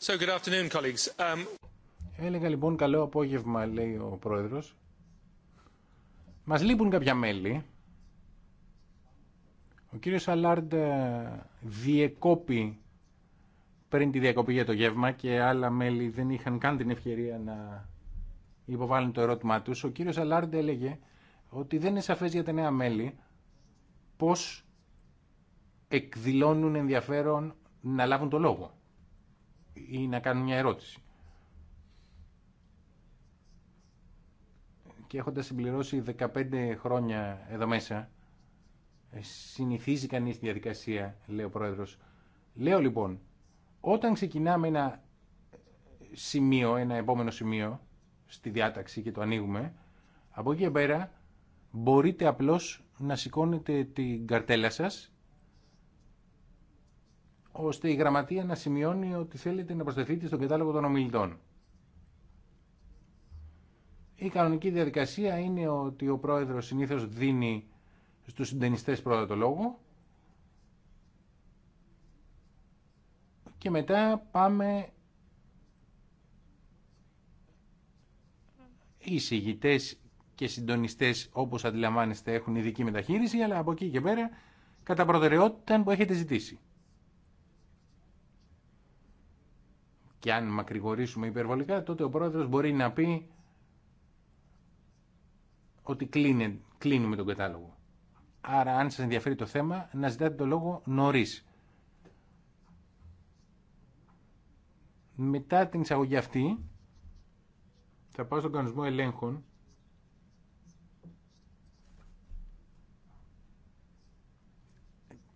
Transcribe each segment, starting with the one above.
Um, Έλεγα λοιπόν καλό απόγευμα, λέει ο πρόεδρος. Μας λείπουν κάποια μέλη. Ο κύριος Αλάρντ ε, διεκόπη πριν τη διακοπή για το γεύμα και άλλα μέλη δεν είχαν καν την ευκαιρία να υποβάλουν το ερώτημά τους. Ο κύριος Αλάρντ έλεγε ότι δεν είναι σαφές για τα νέα μέλη πώς εκδηλώνουν ενδιαφέρον να λάβουν το λόγο ή να κάνουν μια ερώτηση. Και έχοντας συμπληρώσει 15 χρόνια εδώ μέσα, ε, συνηθίζει κανείς τη διαδικασία, λέει ο Πρόεδρος. Λέω λοιπόν, όταν ξεκινάμε ένα σημείο, ένα επόμενο σημείο στη διάταξη και το ανοίγουμε, από εκεί πέρα μπορείτε απλώς να σηκώνετε την καρτέλα σας ώστε η γραμματεία να σημειώνει ότι θέλετε να προσθεθείτε στον κατάλογο των ομιλητών. Η κανονική διαδικασία είναι ότι ο πρόεδρος συνήθως δίνει στους συντενιστές πρώτα το λόγο και μετά πάμε οι συγητές και συντονιστές όπως αντιλαμβάνεστε έχουν ειδική μεταχείριση αλλά από εκεί και πέρα κατά προτεραιότητα που έχετε ζητήσει. και αν μακρηγορήσουμε υπερβολικά, τότε ο πρόεδρος μπορεί να πει ότι κλείνουμε τον κατάλογο. Άρα, αν σας ενδιαφέρει το θέμα, να ζητάτε το λόγο νωρίς. Μετά την εισαγωγή αυτή, θα πάω στον κανονισμό ελέγχων,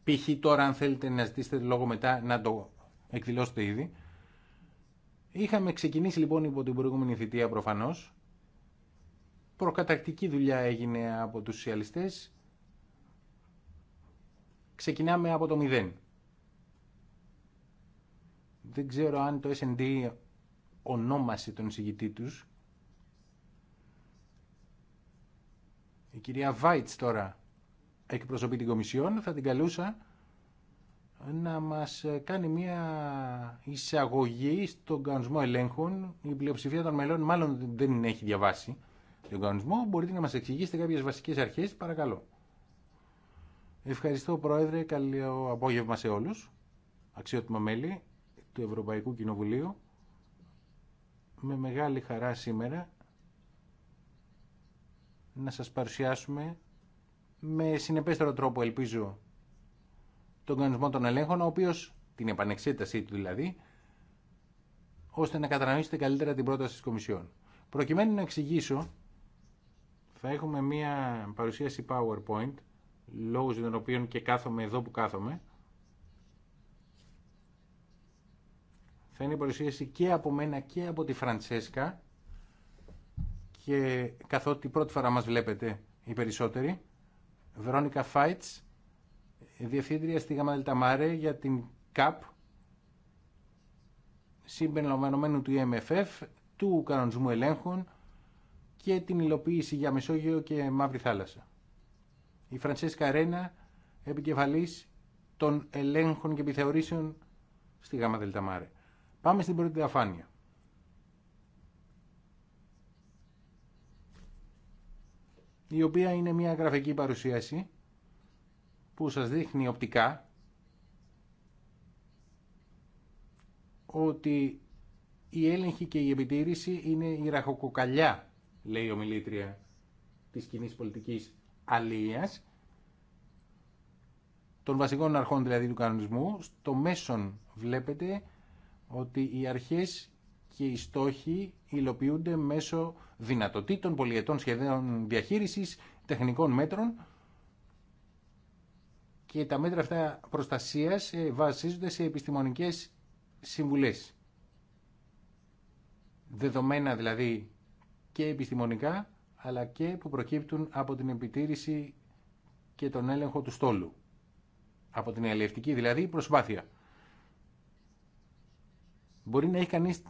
π.χ. τώρα αν θέλετε να ζητήσετε λόγο μετά να το εκδηλώσετε ήδη. Είχαμε ξεκινήσει λοιπόν υπό την προηγούμενη θητεία προφανώς. Προκατακτική δουλειά έγινε από τους σοσιαλιστές. Ξεκινάμε από το μηδέν. Δεν ξέρω αν το SND ονόμασε τον συγητή τους. Η κυρία Βάιτς τώρα εκπροσωπεί την Κομισιόν. Θα την καλούσα να μας κάνει μια εισαγωγή στον κανονισμό ελέγχων. Η πλειοψηφία των μελών μάλλον δεν έχει διαβάσει τον κανονισμό. Μπορείτε να μας εξηγήσετε κάποιες βασικές αρχές, παρακαλώ. Ευχαριστώ Πρόεδρε, καλό απόγευμα σε όλους, αξιότιμα μέλη του Ευρωπαϊκού Κοινοβουλίου. Με μεγάλη χαρά σήμερα να σας παρουσιάσουμε με συνεπέστερο τρόπο ελπίζω τον κανονισμό των ελέγχων, ο οποίο την επανεξέτασή του δηλαδή, ώστε να κατανοήσετε καλύτερα την πρόταση της Κομισιόν. Προκειμένου να εξηγήσω, θα έχουμε μία παρουσίαση PowerPoint, λόγω των οποίων και κάθομαι εδώ που κάθομαι. Θα είναι παρουσίαση και από μένα και από τη Φραντσέσκα και καθότι πρώτη φορά μας βλέπετε οι περισσότεροι. Βερόνικα Φάιτς, διευθύντρια στη Μάρε για την ΚΑΠ συμπεριλαμβανομένου του EMFF, του κανονισμού ελέγχων και την υλοποίηση για Μεσόγειο και Μαύρη Θάλασσα. Η Φρανσέσκα Ρένα, επικεφαλής των ελέγχων και επιθεωρήσεων στη Μάρε. Πάμε στην πρώτη διαφάνεια. η οποία είναι μια γραφική παρουσίαση που σας δείχνει οπτικά ότι η έλεγχη και η επιτήρηση είναι η ραχοκοκαλιά, λέει η μιλήτρια της κοινή πολιτικής αλίας, των βασικών αρχών δηλαδή του κανονισμού, στο μέσον βλέπετε ότι οι αρχές και οι στόχοι υλοποιούνται μέσω δυνατοτήτων πολιετών σχεδίων διαχείρισης, τεχνικών μέτρων και τα μέτρα αυτά προστασίας ε, βασίζονται σε επιστημονικές συμβουλές. Δεδομένα δηλαδή και επιστημονικά, αλλά και που προκύπτουν από την επιτήρηση και τον έλεγχο του στόλου. Από την ελευτική δηλαδή προσπάθεια. Μπορεί να έχει κανείς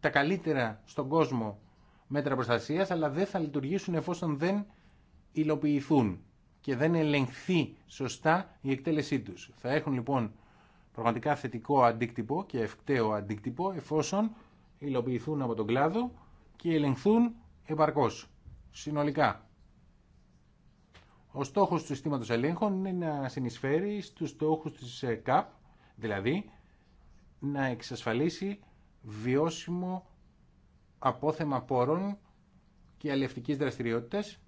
τα καλύτερα στον κόσμο μέτρα προστασίας, αλλά δεν θα λειτουργήσουν εφόσον δεν υλοποιηθούν και δεν ελεγχθεί σωστά η εκτέλεσή τους. Θα έχουν λοιπόν πραγματικά θετικό αντίκτυπο και ευκταίο αντίκτυπο εφόσον υλοποιηθούν από τον κλάδο και ελεγχθούν επαρκώς, συνολικά. Ο στόχος του συστήματος ελέγχων είναι να συνεισφέρει στους στόχους της ε, ΚΑΠ, δηλαδή να εξασφαλίσει βιώσιμο απόθεμα πόρων και αλληλευτικής δραστηριότητας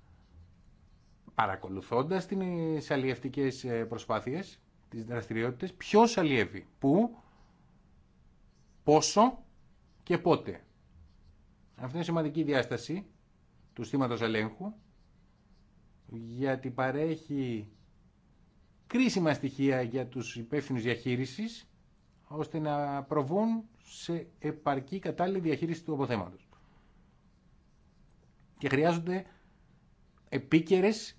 παρακολουθώντας τις ε, αλλιευτικές ε, προσπάθειες, τις δραστηριότητες, ποιος αλλιεύει, πού, πόσο και πότε. Αυτή είναι σημαντική διάσταση του στήματος ελέγχου, γιατί παρέχει κρίσιμα στοιχεία για τους υπεύθυνου διαχείρισης, ώστε να προβούν σε επαρκή κατάλληλη διαχείριση του αποθέματος. Και χρειάζονται επίκαιρες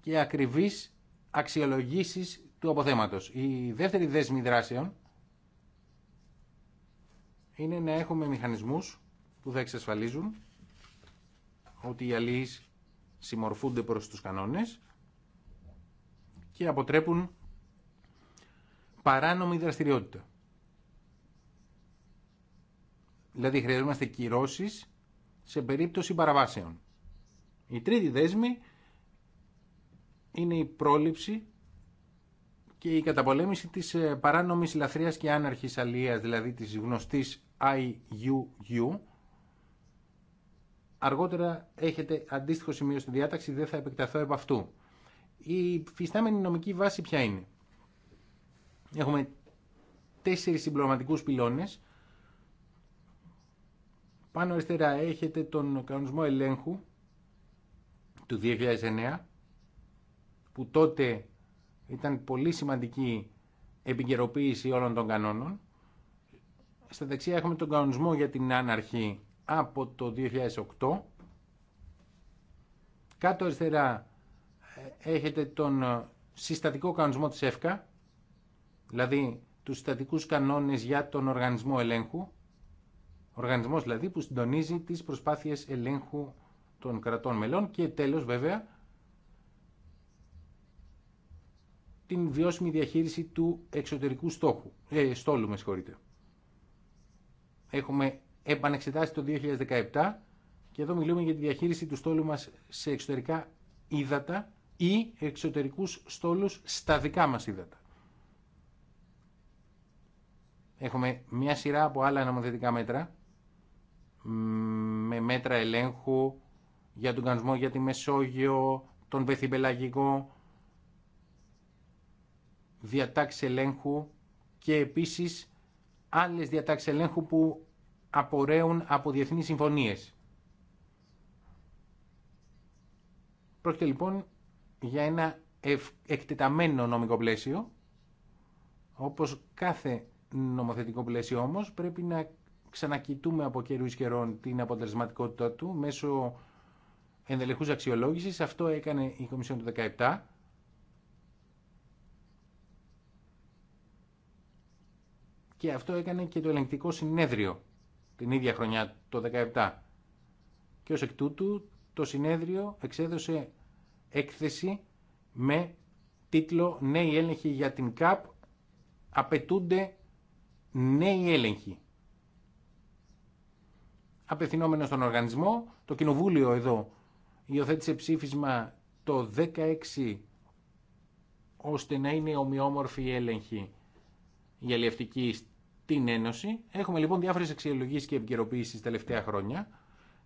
και ακριβείς αξιολογήσεις του αποθέματος. Η δεύτερη δέσμη δράσεων είναι να έχουμε μηχανισμούς που θα εξασφαλίζουν ότι οι αλληλείς συμμορφούνται προς τους κανόνες και αποτρέπουν παράνομη δραστηριότητα. Δηλαδή χρειαζόμαστε κυρώσεις σε περίπτωση παραβάσεων. Η τρίτη δέσμη είναι η πρόληψη και η καταπολέμηση της ε, παράνομης λαθρείας και άναρχης αλίας, δηλαδή της γνωστής IUU. Αργότερα έχετε αντίστοιχο σημείο στη διάταξη, δεν θα επεκταθώ επ' αυτού. Η φυστάμενη νομική βάση ποια είναι. Έχουμε τέσσερις συμπληρωματικούς πυλώνες. Πάνω αριστερά έχετε τον κανονισμό ελέγχου του 2009 που τότε ήταν πολύ σημαντική επικαιροποίηση όλων των κανόνων. Στα δεξιά έχουμε τον κανονισμό για την άναρχη από το 2008. Κάτω αριστερά ε, έχετε τον ε, συστατικό κανονισμό της ΕΦΚΑ, δηλαδή τους συστατικούς κανόνες για τον οργανισμό ελέγχου, οργανισμός δηλαδή που συντονίζει τις προσπάθειες ελέγχου των κρατών μελών και τέλος βέβαια την βιώσιμη διαχείριση του εξωτερικού στόχου, ε, στόλου. Με συγχωρείτε. Έχουμε επανεξετάσει το 2017 και εδώ μιλούμε για τη διαχείριση του στόλου μας σε εξωτερικά ύδατα ή εξωτερικούς στόλους στα δικά μας ύδατα. Έχουμε μια σειρά από άλλα νομοθετικά μέτρα με μέτρα ελέγχου για τον κανονισμό για τη Μεσόγειο, τον Βεθυπελαγικό διατάξει ελέγχου και επίσης άλλες διατάξει ελέγχου που απορρέουν από διεθνείς συμφωνίες. Πρόκειται λοιπόν για ένα εκτεταμένο νομικό πλαίσιο, όπως κάθε νομοθετικό πλαίσιο όμως πρέπει να ξανακοιτούμε από καιρούς καιρών την αποτελεσματικότητά του μέσω ενδελεχούς αξιολόγησης. Αυτό έκανε η Κομισιόν του 2017 και αυτό έκανε και το ελεγκτικό συνέδριο την ίδια χρονιά το 2017. Και ως εκ τούτου το συνέδριο εξέδωσε έκθεση με τίτλο «Νέοι έλεγχοι για την ΚΑΠ απαιτούνται νέοι έλεγχοι». Απευθυνόμενο στον οργανισμό, το κοινοβούλιο εδώ υιοθέτησε ψήφισμα το 16 ώστε να είναι ομοιόμορφη η έλεγχη γελιευτική στην Ένωση. Έχουμε λοιπόν διάφορε αξιολογήσει και τα τελευταία χρόνια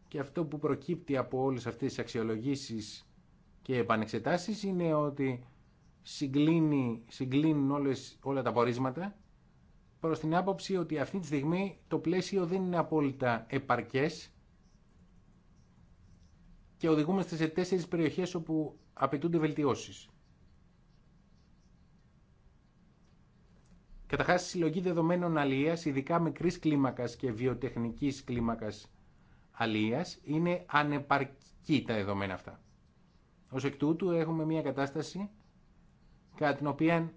και αυτό που προκύπτει από όλες αυτές τις αξιολογήσει και επανεξετάσεις είναι ότι συγκλίνει, συγκλίνουν όλες, όλα τα πορίσματα προς την άποψη ότι αυτή τη στιγμή το πλαίσιο δεν είναι απόλυτα επαρκές και οδηγούμαστε σε τέσσερις περιοχές όπου απαιτούνται βελτιώσεις. Καταρχά, η συλλογή δεδομένων αλληλεία, ειδικά μικρή κλίμακα και βιοτεχνική κλίμακα αλληλεία, είναι ανεπαρκή τα δεδομένα αυτά. Ω εκ τούτου, έχουμε μια κατάσταση κατά την οποία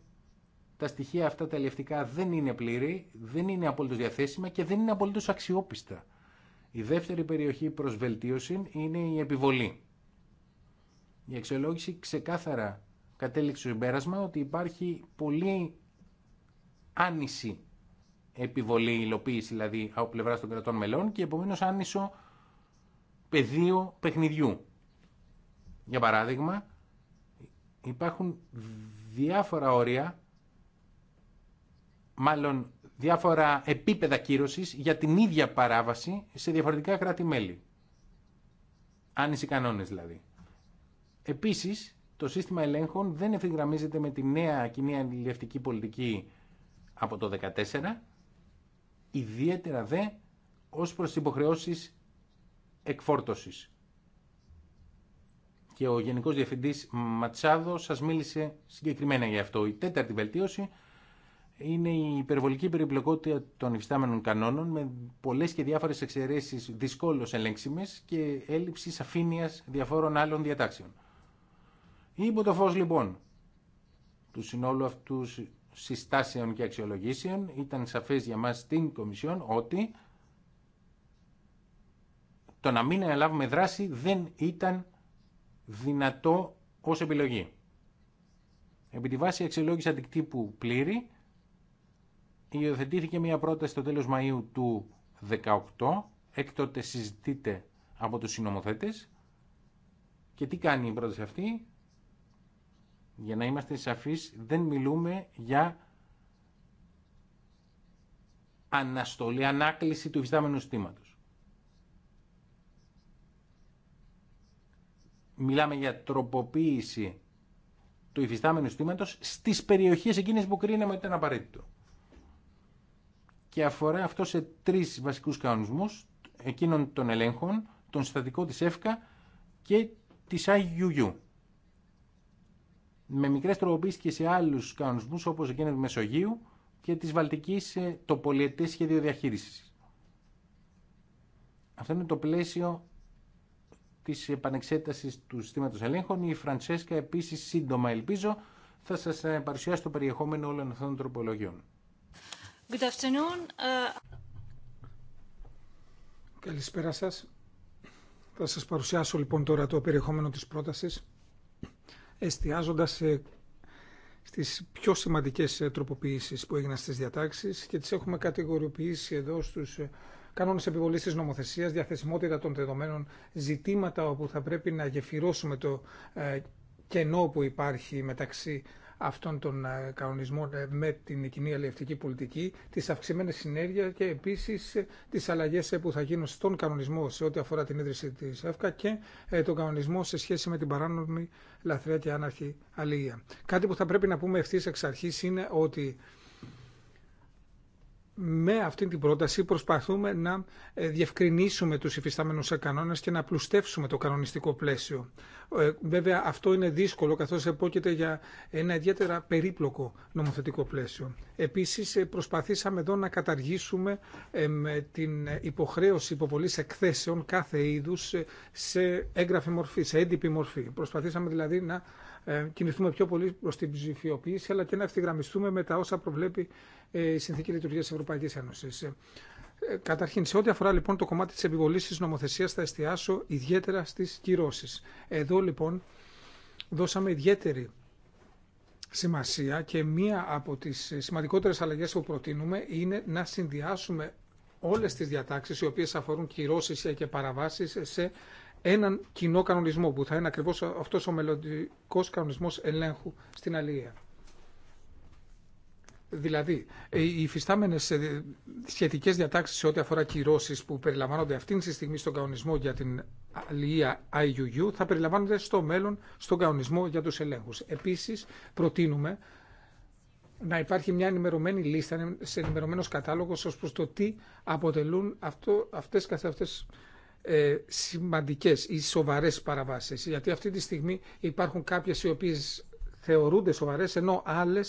τα στοιχεία αυτά τα δεν είναι πλήρη, δεν είναι απολύτως διαθέσιμα και δεν είναι απολύτω αξιόπιστα. Η δεύτερη περιοχή προς βελτίωση είναι η επιβολή. Η αξιολόγηση ξεκάθαρα κατέληξε στο συμπέρασμα ότι υπάρχει πολύ άνηση επιβολή, υλοποίηση δηλαδή από πλευρά των κρατών μελών και επομένως άνισο πεδίο παιχνιδιού. Για παράδειγμα, υπάρχουν διάφορα όρια, μάλλον διάφορα επίπεδα κύρωσης για την ίδια παράβαση σε διαφορετικά κράτη-μέλη. άνιση κανόνες δηλαδή. Επίσης, το σύστημα ελέγχων δεν ευθυγραμμίζεται με τη νέα κοινή αντιληφτική πολιτική από το 2014, ιδιαίτερα δε ως προς τις υποχρεώσεις εκφόρτωσης. Και ο Γενικός Διευθυντής Ματσάδο σας μίλησε συγκεκριμένα για αυτό. Η τέταρτη βελτίωση είναι η υπερβολική περιπλοκότητα των υφιστάμενων κανόνων με πολλές και διάφορες εξαιρέσεις δυσκόλως ελέγξιμες και έλλειψη αφήνειας διαφόρων άλλων διατάξεων. Υπό το φως λοιπόν του συνόλου αυτούς συστάσεων και αξιολογήσεων ήταν σαφές για μας στην Κομισιόν ότι το να μην αναλάβουμε δράση δεν ήταν δυνατό ως επιλογή. Επί τη βάση αξιολόγηση αντικτύπου πλήρη, υιοθετήθηκε μια πρόταση το τέλος Μαΐου του 18, έκτοτε συζητείται από τους συνομοθέτες. Και τι κάνει η πρόταση αυτή, για να είμαστε σαφείς, δεν μιλούμε για αναστολή, ανάκληση του υφιστάμενου στήματος. Μιλάμε για τροποποίηση του υφιστάμενου στήματος στις περιοχές εκείνες που κρίναμε ότι ήταν απαραίτητο. Και αφορά αυτό σε τρεις βασικούς κανονισμούς, εκείνων των ελέγχων, τον στατικό της ΕΦΚΑ και της IUU με μικρέ τροποποίησεις και σε άλλου κανονισμού όπως εκείνη του Μεσογείου και τη βαλτική ε, το σχέδιο διαχείριση. Αυτό είναι το πλαίσιο της επανεξέτασης του συστήματο ελέγχων. Η Φραντσέσκα επίση σύντομα ελπίζω θα σας ε, παρουσιάσει το περιεχόμενο όλων αυτών των τροπολογιών. Uh, Καλησπέρα σα. Θα σας παρουσιάσω λοιπόν τώρα το περιεχόμενο της πρότασης εστιάζοντας στις πιο σημαντικές ε, τροποποιήσεις που έγιναν στις διατάξεις και τις έχουμε κατηγοριοποιήσει εδώ στους ε, κανόνε επιβολή τη νομοθεσία, διαθεσιμότητα των δεδομένων, ζητήματα όπου θα πρέπει να γεφυρώσουμε το ε, κενό που υπάρχει μεταξύ αυτών των ε, κανονισμών ε, με την κοινή αλληλευτική πολιτική, τι αυξημένε συνέργεια και επίση ε, τι αλλαγέ που θα γίνουν στον κανονισμό σε ό,τι αφορά την ίδρυση τη ΕΦΚΑ και τον κανονισμό σε σχέση με την παράνομη λαθρέα και άναρχη αλληλεία. Κάτι που θα πρέπει να πούμε ευθύ εξ αρχή είναι ότι με αυτή την πρόταση προσπαθούμε να ε, διευκρινίσουμε τους υφιστάμενους κανόνες και να πλουστεύσουμε το κανονιστικό πλαίσιο. Ε, βέβαια αυτό είναι δύσκολο καθώς επόκειται για ένα ιδιαίτερα περίπλοκο νομοθετικό πλαίσιο. Επίσης ε, προσπαθήσαμε εδώ να καταργήσουμε με την υποχρέωση υποβολής εκθέσεων κάθε είδους σε έγγραφη μορφή, σε έντυπη μορφή. Προσπαθήσαμε δηλαδή να κινηθούμε πιο πολύ προς την ψηφιοποίηση αλλά και να ευθυγραμμιστούμε με τα όσα προβλέπει ε, η Συνθήκη Λειτουργία τη Ευρωπαϊκή Ένωση. Ε, καταρχήν, σε ό,τι αφορά λοιπόν το κομμάτι τη επιβολή τη νομοθεσία, θα εστιάσω ιδιαίτερα στι κυρώσει. Εδώ λοιπόν δώσαμε ιδιαίτερη σημασία και μία από τις σημαντικότερες αλλαγές που προτείνουμε είναι να συνδυάσουμε όλες τις διατάξεις οι οποίες αφορούν κυρώσεις και παραβάσεις σε έναν κοινό κανονισμό που θα είναι ακριβώς αυτός ο μελλοντικό κανονισμός ελέγχου στην Αλία. Δηλαδή, ε, οι υφιστάμενε ε, σχετικέ διατάξει σε ό,τι αφορά κυρώσει που περιλαμβάνονται αυτήν τη στιγμή στον κανονισμό για την αλληλεία IUU θα περιλαμβάνονται στο μέλλον στον κανονισμό για του ελέγχου. Επίση, προτείνουμε να υπάρχει μια ενημερωμένη λίστα, σε ενημερωμένο κατάλογο ω προ το τι αποτελούν αυτέ αυτές καθ' αυτές ε, σημαντικές ή σοβαρέ παραβάσει, Γιατί αυτή τη στιγμή υπάρχουν κάποιε οι οποίε θεωρούνται σοβαρέ, ενώ άλλε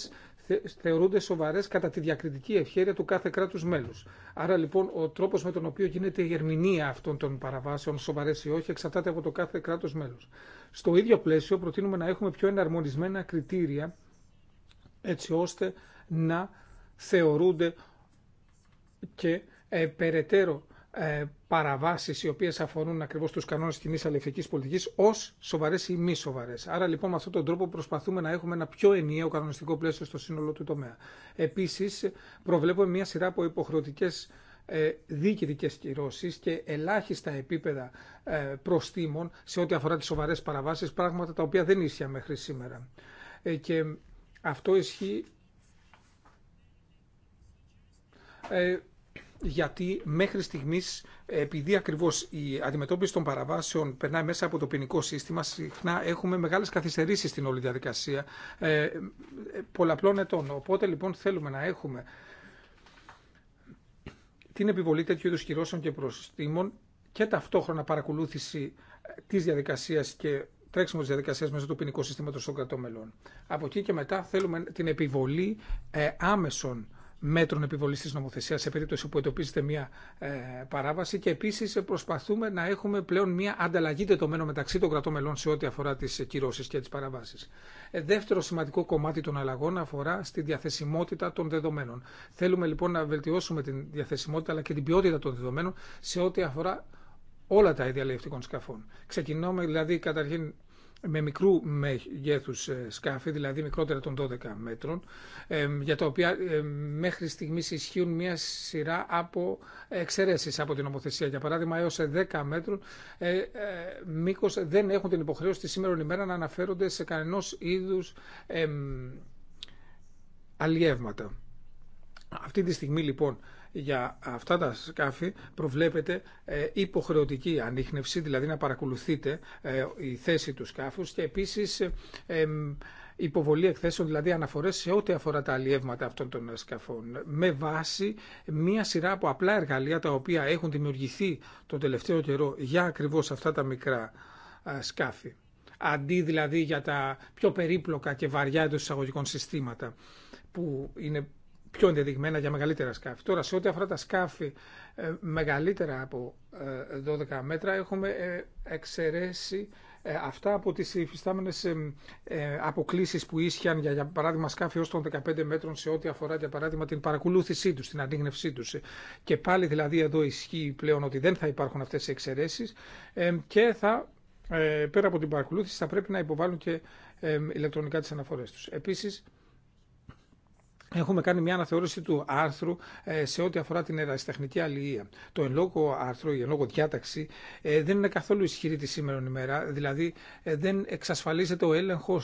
θεωρούνται σοβαρέ κατά τη διακριτική ευχέρεια του κάθε κράτου μέλου. Άρα λοιπόν ο τρόπο με τον οποίο γίνεται η ερμηνεία αυτών των παραβάσεων, σοβαρέ ή όχι, εξαρτάται από το κάθε κράτο μέλο. Στο ίδιο πλαίσιο προτείνουμε να έχουμε πιο εναρμονισμένα κριτήρια έτσι ώστε να θεωρούνται και ε, περαιτέρω ε, παραβάσεις οι οποίε αφορούν ακριβώ του κανόνε κοινή αλληλευτικής πολιτικής ω σοβαρέ ή μη σοβαρέ. Άρα λοιπόν με αυτόν τον τρόπο προσπαθούμε να έχουμε ένα πιο ενιαίο κανονιστικό πλαίσιο στο σύνολο του τομέα. Επίση, προβλέπουμε μια σειρά από υποχρεωτικές ε, διοικητικέ κυρώσει και ελάχιστα επίπεδα ε, προστήμων σε ό,τι αφορά τι σοβαρέ παραβάσει, πράγματα τα οποία δεν ίσια μέχρι σήμερα. Ε, και αυτό ισχύει γιατί μέχρι στιγμή, επειδή ακριβώ η αντιμετώπιση των παραβάσεων περνάει μέσα από το ποινικό σύστημα συχνά έχουμε μεγάλε καθυστερήσει στην όλη διαδικασία ε, πολλαπλών ετών. Οπότε λοιπόν θέλουμε να έχουμε την επιβολή τέτοιου είδου κυρώσεων και προστήμων και ταυτόχρονα παρακολούθηση τη διαδικασία και τρέξιμο τη διαδικασία μέσα του ποινικού συστήματο των κρατών μελών. Από εκεί και μετά θέλουμε την επιβολή ε, άμεσων μέτρων επιβολή τη νομοθεσία σε περίπτωση που εντοπίζεται μια ε, παράβαση και επίση προσπαθούμε να έχουμε πλέον μια ανταλλαγή δεδομένων μεταξύ των κρατών μελών σε ό,τι αφορά τι κυρώσει και τι παραβάσει. Ε, δεύτερο σημαντικό κομμάτι των αλλαγών αφορά στη διαθεσιμότητα των δεδομένων. Θέλουμε λοιπόν να βελτιώσουμε την διαθεσιμότητα αλλά και την ποιότητα των δεδομένων σε ό,τι αφορά όλα τα είδη σκαφών. Ξεκινάμε δηλαδή καταρχήν με μικρού μεγέθους ε, σκάφη, δηλαδή μικρότερα των 12 μέτρων, για τα οποία μέχρι στιγμής ισχύουν μια σειρά από εξαιρέσεις από την νομοθεσία. Για παράδειγμα, έως 10 μέτρων ε, ε, μήκος δεν έχουν την υποχρέωση τη σήμερα ημέρα να αναφέρονται σε κανενός είδους αλλιεύματα. Αυτή τη στιγμή λοιπόν για αυτά τα σκάφη προβλέπεται ε, υποχρεωτική ανείχνευση, δηλαδή να παρακολουθείτε ε, η θέση του σκάφους και επίσης υποβολή εκθέσεων, δηλαδή αναφορές σε ό,τι αφορά τα αλλιεύματα αυτών των σκαφών, με βάση μία σειρά από απλά εργαλεία τα οποία έχουν δημιουργηθεί τον τελευταίο καιρό για ακριβώς αυτά τα μικρά ε, σκάφη. Αντί δηλαδή για τα πιο περίπλοκα και βαριά εντό εισαγωγικών συστήματα που είναι πιο ενδεδειγμένα για μεγαλύτερα σκάφη. Τώρα, σε ό,τι αφορά τα σκάφη ε, μεγαλύτερα από 12 ε, μέτρα, έχουμε ε, εξαιρέσει αυτά από τις υφιστάμενες αποκλήσεις που ίσχυαν για, για παράδειγμα σκάφη ως των 15 μέτρων σε ό,τι αφορά για παράδειγμα την παρακολούθησή τους, την αντίγνευσή τους. Και πάλι δηλαδή εδώ ισχύει πλέον ότι δεν θα υπάρχουν αυτές οι εξαιρέσεις και θα πέρα από την παρακολούθηση θα πρέπει να υποβάλουν και ηλεκτρονικά τις αναφορές τους. Επίσης, Έχουμε κάνει μια αναθεώρηση του άρθρου ε, σε ό,τι αφορά την ερασιτεχνική αλληλεία. Το εν λόγω άρθρο, η εν λόγω διάταξη, ε, δεν είναι καθόλου ισχυρή τη σήμερα ημέρα. Δηλαδή, ε, δεν εξασφαλίζεται ο έλεγχο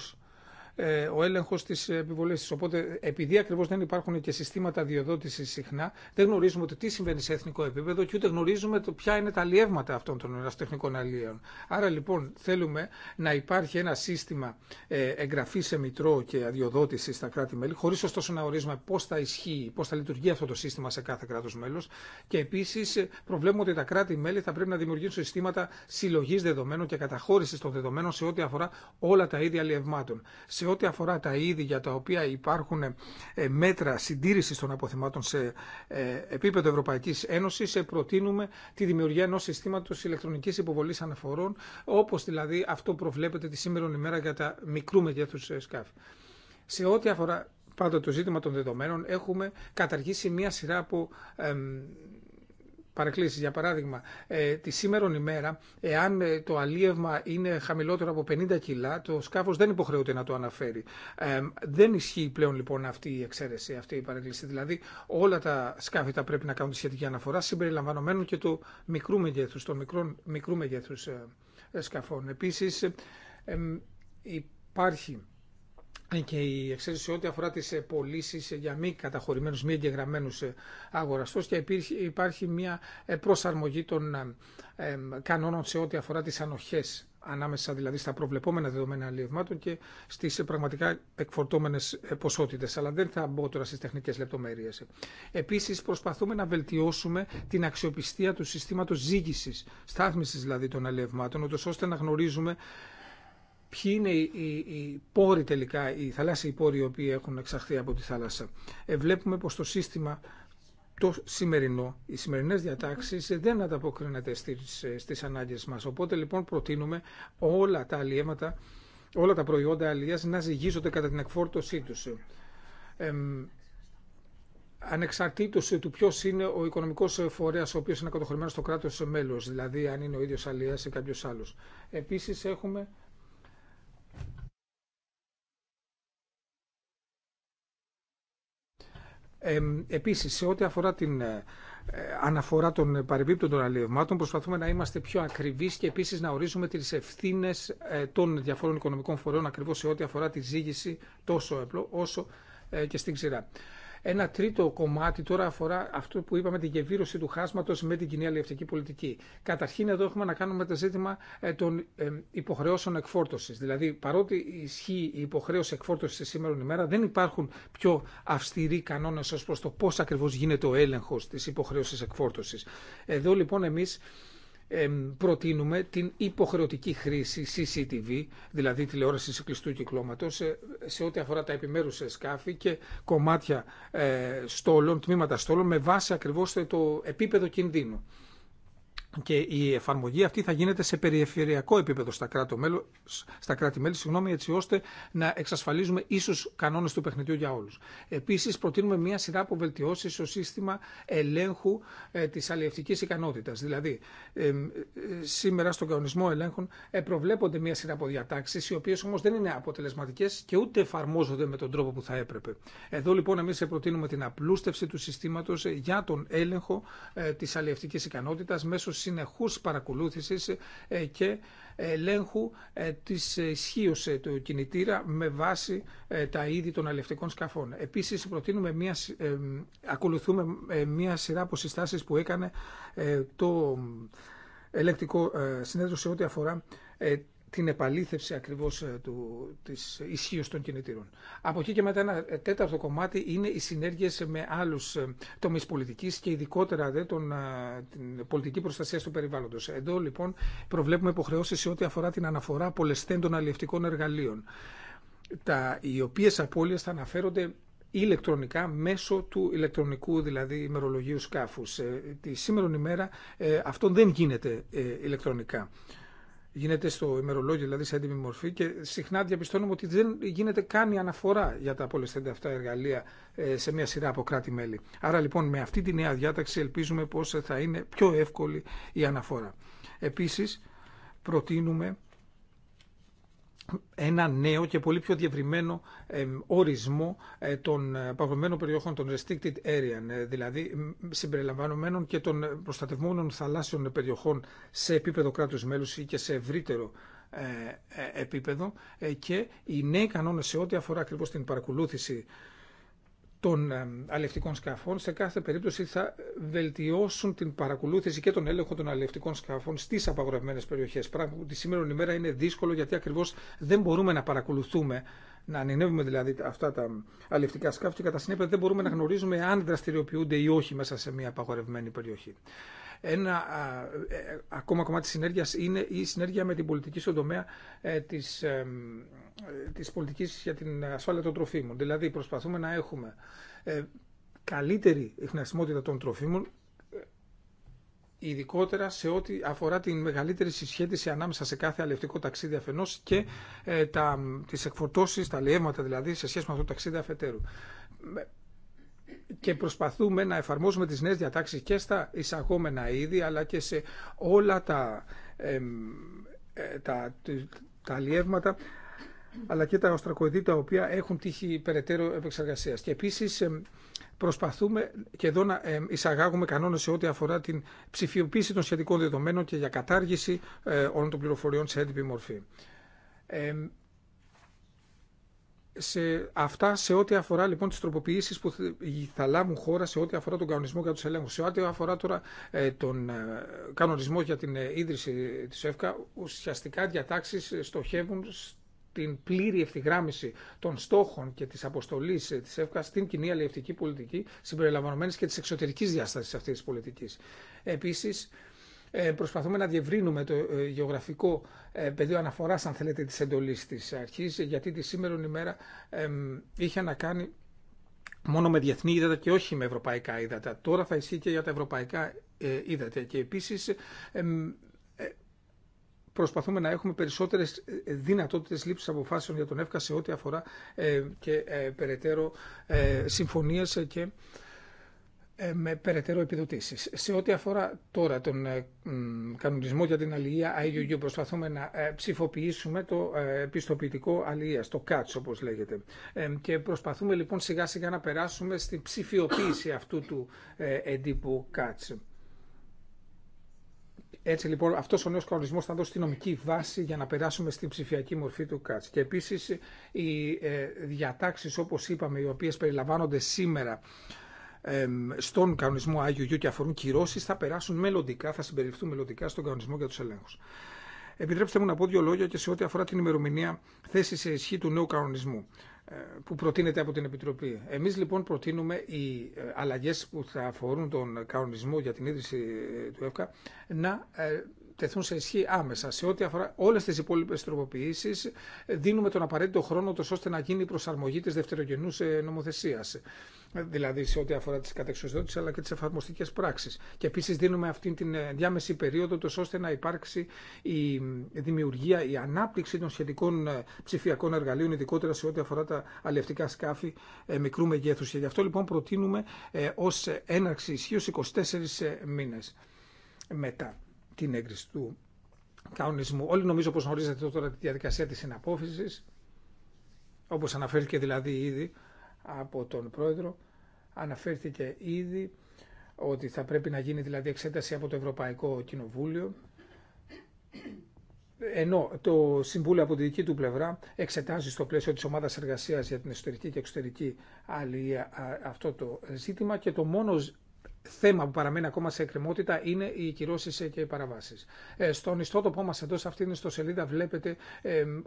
ε, ο έλεγχο τη επιβολή τη. Οπότε, επειδή ακριβώ δεν υπάρχουν και συστήματα διοδότηση συχνά, δεν γνωρίζουμε τι συμβαίνει σε εθνικό επίπεδο και ούτε γνωρίζουμε το ποια είναι τα αλλιεύματα αυτών των ερασιτεχνικών αλλιέων. Άρα, λοιπόν, θέλουμε να υπάρχει ένα σύστημα ε, εγγραφή σε μητρό και αδειοδότηση στα κράτη-μέλη, χωρί ωστόσο να ορίζουμε πώ θα ισχύει, πώ θα λειτουργεί αυτό το σύστημα σε κάθε κράτο μέλο. Και επίση, ε, προβλέπουμε ότι τα κράτη-μέλη θα πρέπει να δημιουργήσουν συστήματα συλλογή δεδομένων και καταχώρηση των δεδομένων σε ό,τι αφορά όλα τα ίδια αλλιευμάτων σε ό,τι αφορά τα είδη για τα οποία υπάρχουν ε, μέτρα συντήρησης των αποθεμάτων σε ε, επίπεδο Ευρωπαϊκής Ένωσης, ε, προτείνουμε τη δημιουργία ενός συστήματος ηλεκτρονικής υποβολής αναφορών, όπως δηλαδή αυτό προβλέπεται τη σήμερα ημέρα για τα μικρού μεγέθους σκάφη. Σε ό,τι αφορά πάντα το ζήτημα των δεδομένων, έχουμε καταργήσει μία σειρά από παρεκκλήσει, Για παράδειγμα, ε, τη σήμερον ημέρα, εάν ε, το αλίευμα είναι χαμηλότερο από 50 κιλά, το σκάφος δεν υποχρεούται να το αναφέρει. Ε, δεν ισχύει πλέον λοιπόν αυτή η εξαίρεση, αυτή η παρεκκλήση. Δηλαδή όλα τα σκάφη τα πρέπει να κάνουν τη σχετική αναφορά, συμπεριλαμβανομένου και του μικρού μεγέθου, των μικρών, μικρού μεγέθους ε, σκαφών. Επίσης, υπάρχει ε, και η εξαίρεση ό,τι αφορά τις ε, πωλήσει ε, για μη καταχωρημένους, μη εγγεγραμμένους αγοραστούς και υπάρχει μια προσαρμογή των κανόνων σε ό,τι αφορά τις ανοχές ανάμεσα δηλαδή στα προβλεπόμενα δεδομένα αλλιευμάτων και στις πραγματικά εκφορτώμενες ποσότητες. Αλλά δεν θα μπω τώρα στις τεχνικές λεπτομέρειες. Επίσης προσπαθούμε να βελτιώσουμε την αξιοπιστία του συστήματος ζήγησης, στάθμισης δηλαδή των αλλιευμάτων, ώστε να γνωρίζουμε ποιοι είναι οι, πόροι τελικά, οι θαλάσσιοι πόροι οι οποίοι έχουν εξαχθεί από τη θάλασσα. Ε, βλέπουμε πως το σύστημα το σημερινό, οι σημερινές διατάξεις δεν ανταποκρίνεται στις, στις ανάγκες μας. Οπότε λοιπόν προτείνουμε όλα τα αλλιέματα, όλα τα προϊόντα αλλιές να ζυγίζονται κατά την εκφόρτωσή τους. Ε, ανεξαρτήτως του ποιο είναι ο οικονομικός φορέας ο οποίος είναι κατοχωρημένος στο κράτος μέλος, δηλαδή αν είναι ο ίδιος αλλιές ή κάποιος άλλος. Επίσης έχουμε Ε, επίσης, σε ό,τι αφορά την ε, αναφορά των παρεμπίπτων των αλλιευμάτων, προσπαθούμε να είμαστε πιο ακριβείς και επίσης να ορίζουμε τις ευθύνε ε, των διαφόρων οικονομικών φορέων ακριβώς σε ό,τι αφορά τη ζήγηση τόσο έπλο όσο ε, και στην ξηρά. Ένα τρίτο κομμάτι τώρα αφορά αυτό που είπαμε, την γεβήρωση του χάσματος με την κοινή αλληλευτική πολιτική. Καταρχήν εδώ έχουμε να κάνουμε το ζήτημα ε, των ε, υποχρεώσεων εκφόρτωση. Δηλαδή παρότι ισχύει η υποχρέωση εκφόρτωσης σήμερα ημέρα, δεν υπάρχουν πιο αυστηροί κανόνες ω προς το πώ ακριβώ γίνεται ο έλεγχο τη υποχρέωση εκφόρτωση. Εδώ λοιπόν εμεί προτείνουμε την υποχρεωτική χρήση CCTV, δηλαδή τηλεόραση κλειστού κυκλώματο, σε ό,τι αφορά τα επιμέρους σκάφη και κομμάτια ε, στόλων, τμήματα στόλων, με βάση ακριβώ το επίπεδο κινδύνου και η εφαρμογή αυτή θα γίνεται σε περιφερειακό επίπεδο στα, κράτη-μέλη, συγγνώμη, έτσι ώστε να εξασφαλίζουμε ίσου κανόνε του παιχνιδιού για όλου. Επίση, προτείνουμε μια σειρά από βελτιώσει στο σύστημα ελέγχου ε, της ικανότητα. ικανότητας. Δηλαδή, ε, ε, σήμερα στον κανονισμό ελέγχων ε, προβλέπονται μια σειρά από διατάξει, οι οποίε όμω δεν είναι αποτελεσματικέ και ούτε εφαρμόζονται με τον τρόπο που θα έπρεπε. Εδώ λοιπόν εμεί προτείνουμε την απλούστευση του συστήματο για τον έλεγχο ε, της αλλιευτικής μέσω συνεχούς παρακολούθησης ε, και ελέγχου ε, της ισχύω ε, του κινητήρα με βάση τα είδη των αλευτικών σκαφών. Επίσης προτείνουμε μια, ακολουθούμε μια σειρά από που έκανε το ελεκτικό συνέδριο σε ό,τι αφορά την επαλήθευση ακριβώς ε, του, της ισχύω των κινητήρων. Από εκεί και μετά ένα ε, τέταρτο κομμάτι είναι οι συνέργειες με άλλους ε, τομείς πολιτικής και ειδικότερα δε, τον, την πολιτική προστασία του περιβάλλοντος. Εδώ λοιπόν προβλέπουμε υποχρεώσεις σε ό,τι αφορά την αναφορά των αλληλευτικών εργαλείων, τα, οι οποίες απώλειες θα αναφέρονται ηλεκτρονικά μέσω του ηλεκτρονικού δηλαδή ημερολογίου σκάφους. τη σήμερα ημέρα αυτό δεν γίνεται ηλεκτρονικά γίνεται στο ημερολόγιο, δηλαδή σε έντιμη μορφή και συχνά διαπιστώνουμε ότι δεν γίνεται καν η αναφορά για τα απολεσθέντα αυτά εργαλεία ε, σε μια σειρά από κράτη-μέλη. Άρα λοιπόν με αυτή τη νέα διάταξη ελπίζουμε πως θα είναι πιο εύκολη η αναφορά. Επίσης προτείνουμε ένα νέο και πολύ πιο διευρυμένο ορισμό ε, των ε, παγωμένων περιοχών, των restricted area, ε, δηλαδή συμπεριλαμβανομένων και των προστατευμένων θαλάσσιων περιοχών σε επίπεδο κράτους μέλους ή και σε ευρύτερο επίπεδο και οι νέοι κανόνες σε ό,τι αφορά ακριβώς την παρακολούθηση των αλληλευτικών σκαφών σε κάθε περίπτωση θα βελτιώσουν την παρακολούθηση και τον έλεγχο των αλληλευτικών σκαφών στι απαγορευμένε περιοχέ. Πράγμα που τη σήμερα ημέρα είναι δύσκολο γιατί ακριβώ δεν μπορούμε να παρακολουθούμε, να ανενεύουμε δηλαδή αυτά τα αλευτικά σκάφη και κατά συνέπεια δεν μπορούμε να γνωρίζουμε αν δραστηριοποιούνται ή όχι μέσα σε μια απαγορευμένη περιοχή. Ένα ε, ακόμα κομμάτι της συνέργειας είναι η συνέργεια με την πολιτική στον τομέα ε, της, ε, της πολιτικής για την ασφάλεια των τροφίμων. Δηλαδή προσπαθούμε να έχουμε καλύτερη ειχνασιμότητα των τροφίμων ειδικότερα σε ό,τι αφορά την μεγαλύτερη συσχέτιση ανάμεσα σε κάθε αλευτικό ταξίδι αφενό και ε, τα, τις εκφορτώσεις, τα λιεύματα δηλαδή, σε σχέση με αυτό το ταξίδι αφετέρου και προσπαθούμε να εφαρμόζουμε τις νέες διατάξεις και στα εισαγόμενα είδη αλλά και σε όλα τα, ε, τα, τα αλλιεύματα αλλά και τα οστρακοειδή τα οποία έχουν τύχει περαιτέρω επεξεργασίας. Και επίσης προσπαθούμε και εδώ να εισαγάγουμε κανόνες σε ό,τι αφορά την ψηφιοποίηση των σχετικών δεδομένων και για κατάργηση ε, όλων των πληροφοριών σε έντυπη μορφή σε αυτά σε ό,τι αφορά λοιπόν τις τροποποιήσεις που θα λάβουν χώρα σε ό,τι αφορά τον κανονισμό για τους ελέγχους. Σε ό,τι αφορά τώρα ε, τον ε, κανονισμό για την ε, ίδρυση της ΕΦΚΑ, ουσιαστικά διατάξεις στοχεύουν την πλήρη ευθυγράμμιση των στόχων και της αποστολής της ΕΦΚΑ στην κοινή αλληλευτική πολιτική, συμπεριλαμβανομένης και τη εξωτερική διάσταση αυτής της πολιτικής. Επίσης ε, προσπαθούμε να διευρύνουμε το ε, γεωγραφικό ε, πεδίο αναφοράς, αν θέλετε, της εντολής της αρχής, γιατί τη σήμερα ημέρα είχε να κάνει μόνο με διεθνή ύδατα και όχι με ευρωπαϊκά ύδατα. Τώρα θα ισχύει και για τα ευρωπαϊκά ύδατα. Και επίσης προσπαθούμε να έχουμε περισσότερες δυνατότητες λήψης αποφάσεων για τον ΕΦΚΑ σε ό,τι αφορά και περαιτέρω συμφωνίες και ε, με περαιτέρω επιδοτήσει. Σε ό,τι αφορά τώρα τον ε, κανονισμό για την αλληλεία IUU, προσπαθούμε να ε, ψηφοποιήσουμε το πιστοποιητικό αλληλεία, το CATS όπω λέγεται. Και προσπαθούμε λοιπόν σιγά σιγά να περάσουμε στην ψηφιοποίηση αυτού του εντύπου CATS. Έτσι λοιπόν αυτό ο νέο κανονισμό θα δώσει τη νομική βάση για να περάσουμε στην ψηφιακή μορφή του ΚΑΤΣ. Και επίση οι διατάξει όπω είπαμε οι οποίε περιλαμβάνονται σήμερα στον κανονισμό IUU και αφορούν κυρώσει θα περάσουν μελλοντικά, θα συμπεριληφθούν μελλοντικά στον κανονισμό για του ελέγχου. Επιτρέψτε μου να πω δύο λόγια και σε ό,τι αφορά την ημερομηνία θέση σε ισχύ του νέου κανονισμού ε, που προτείνεται από την Επιτροπή. Εμείς λοιπόν προτείνουμε οι ε, αλλαγές που θα αφορούν τον κανονισμό για την ίδρυση ε, του ΕΦΚΑ να τεθούν σε ισχύ άμεσα. Σε ό,τι αφορά όλε τι υπόλοιπε τροποποιήσει, δίνουμε τον απαραίτητο χρόνο ώστε να γίνει η προσαρμογή τη δευτερογενού ε, νομοθεσία. Δηλαδή σε ό,τι αφορά τι κατεξοδότητε αλλά και τι εφαρμοστικέ πράξει. Και επίση δίνουμε αυτή την ε, διάμεση περίοδο ώστε να υπάρξει η ε, δημιουργία, η ανάπτυξη των σχετικών ψηφιακών εργαλείων, ειδικότερα σε ό,τι αφορά τα αλληλευτικά σκάφη μικρού μεγέθου. Και γι' αυτό λοιπόν προτείνουμε ω έναρξη ισχύω 24 μήνε μετά την έγκριση του κανονισμού. Όλοι νομίζω πως γνωρίζετε τώρα τη διαδικασία της συναπόφησης, όπως αναφέρθηκε δηλαδή ήδη από τον πρόεδρο, αναφέρθηκε ήδη ότι θα πρέπει να γίνει δηλαδή εξέταση από το Ευρωπαϊκό Κοινοβούλιο, ενώ το Συμβούλιο από τη δική του πλευρά εξετάζει στο πλαίσιο της ομάδας εργασίας για την εσωτερική και εξωτερική αλληλεία αυτό το ζήτημα και το μόνο θέμα που παραμένει ακόμα σε εκκρεμότητα είναι οι κυρώσει και οι παραβάσει. Ε, στον ιστότοπό μα εδώ σε αυτήν την ιστοσελίδα βλέπετε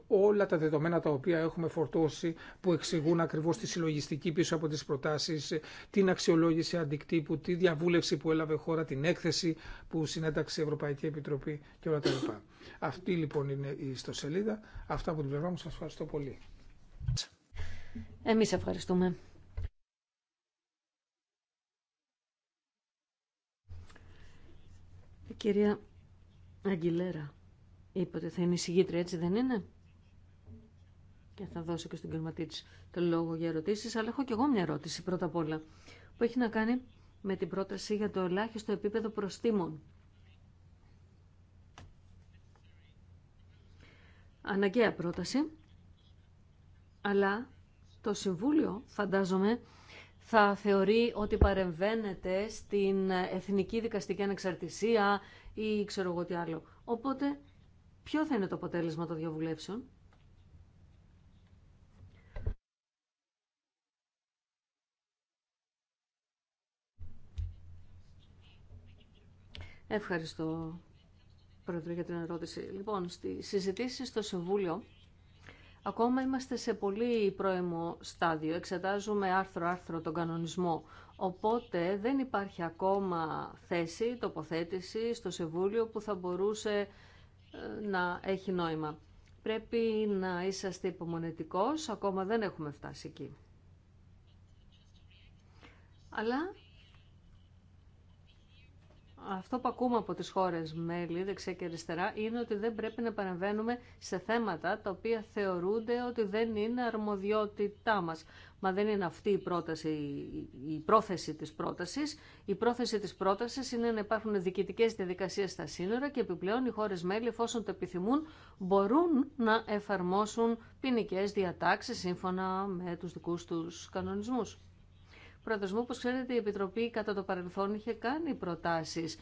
όλα τα δεδομένα τα οποία έχουμε φορτώσει που εξηγούν ακριβώ τη συλλογιστική πίσω από τι προτάσει, ε, την αξιολόγηση αντικτύπου, τη διαβούλευση που έλαβε χώρα, την έκθεση που συνέταξε η Ευρωπαϊκή Επιτροπή και όλα τα λοιπά. Αυτή λοιπόν είναι η ιστοσελίδα. Αυτά από την πλευρά μου. Σα ευχαριστώ πολύ. Εμείς ευχαριστούμε. Η κυρία Αγγιλέρα είπε ότι θα είναι συγγήτρια, έτσι δεν είναι. Και θα δώσω και στον κύριο τη το λόγο για ερωτήσει, αλλά έχω και εγώ μια ερώτηση πρώτα απ' όλα, που έχει να κάνει με την πρόταση για το ελάχιστο επίπεδο προστήμων. Αναγκαία πρόταση, αλλά το Συμβούλιο, φαντάζομαι, θα θεωρεί ότι παρεμβαίνεται στην εθνική δικαστική ανεξαρτησία ή ξέρω εγώ τι άλλο. Οπότε, ποιο θα είναι το αποτέλεσμα των διαβουλεύσεων. Ευχαριστώ, Πρόεδρε, για την ερώτηση. Λοιπόν, στη συζητήσεις στο Συμβούλιο Ακόμα είμαστε σε πολύ πρώιμο στάδιο. Εξετάζουμε άρθρο-άρθρο τον κανονισμό. Οπότε δεν υπάρχει ακόμα θέση, τοποθέτηση στο Σεβούλιο που θα μπορούσε ε, να έχει νόημα. Πρέπει να είσαστε υπομονετικός, ακόμα δεν έχουμε φτάσει εκεί. Αλλά αυτό που ακούμε από τις χώρες μέλη, δεξιά και αριστερά, είναι ότι δεν πρέπει να παρεμβαίνουμε σε θέματα τα οποία θεωρούνται ότι δεν είναι αρμοδιότητά μας. Μα δεν είναι αυτή η, πρόταση, η πρόθεση της πρότασης. Η πρόθεση της πρότασης είναι να υπάρχουν διοικητικές διαδικασίες στα σύνορα και επιπλέον οι χώρες μέλη, εφόσον το επιθυμούν, μπορούν να εφαρμόσουν ποινικέ διατάξεις σύμφωνα με τους δικούς τους κανονισμούς προεδροσμό. Όπως ξέρετε, η Επιτροπή κατά το παρελθόν είχε κάνει προτάσεις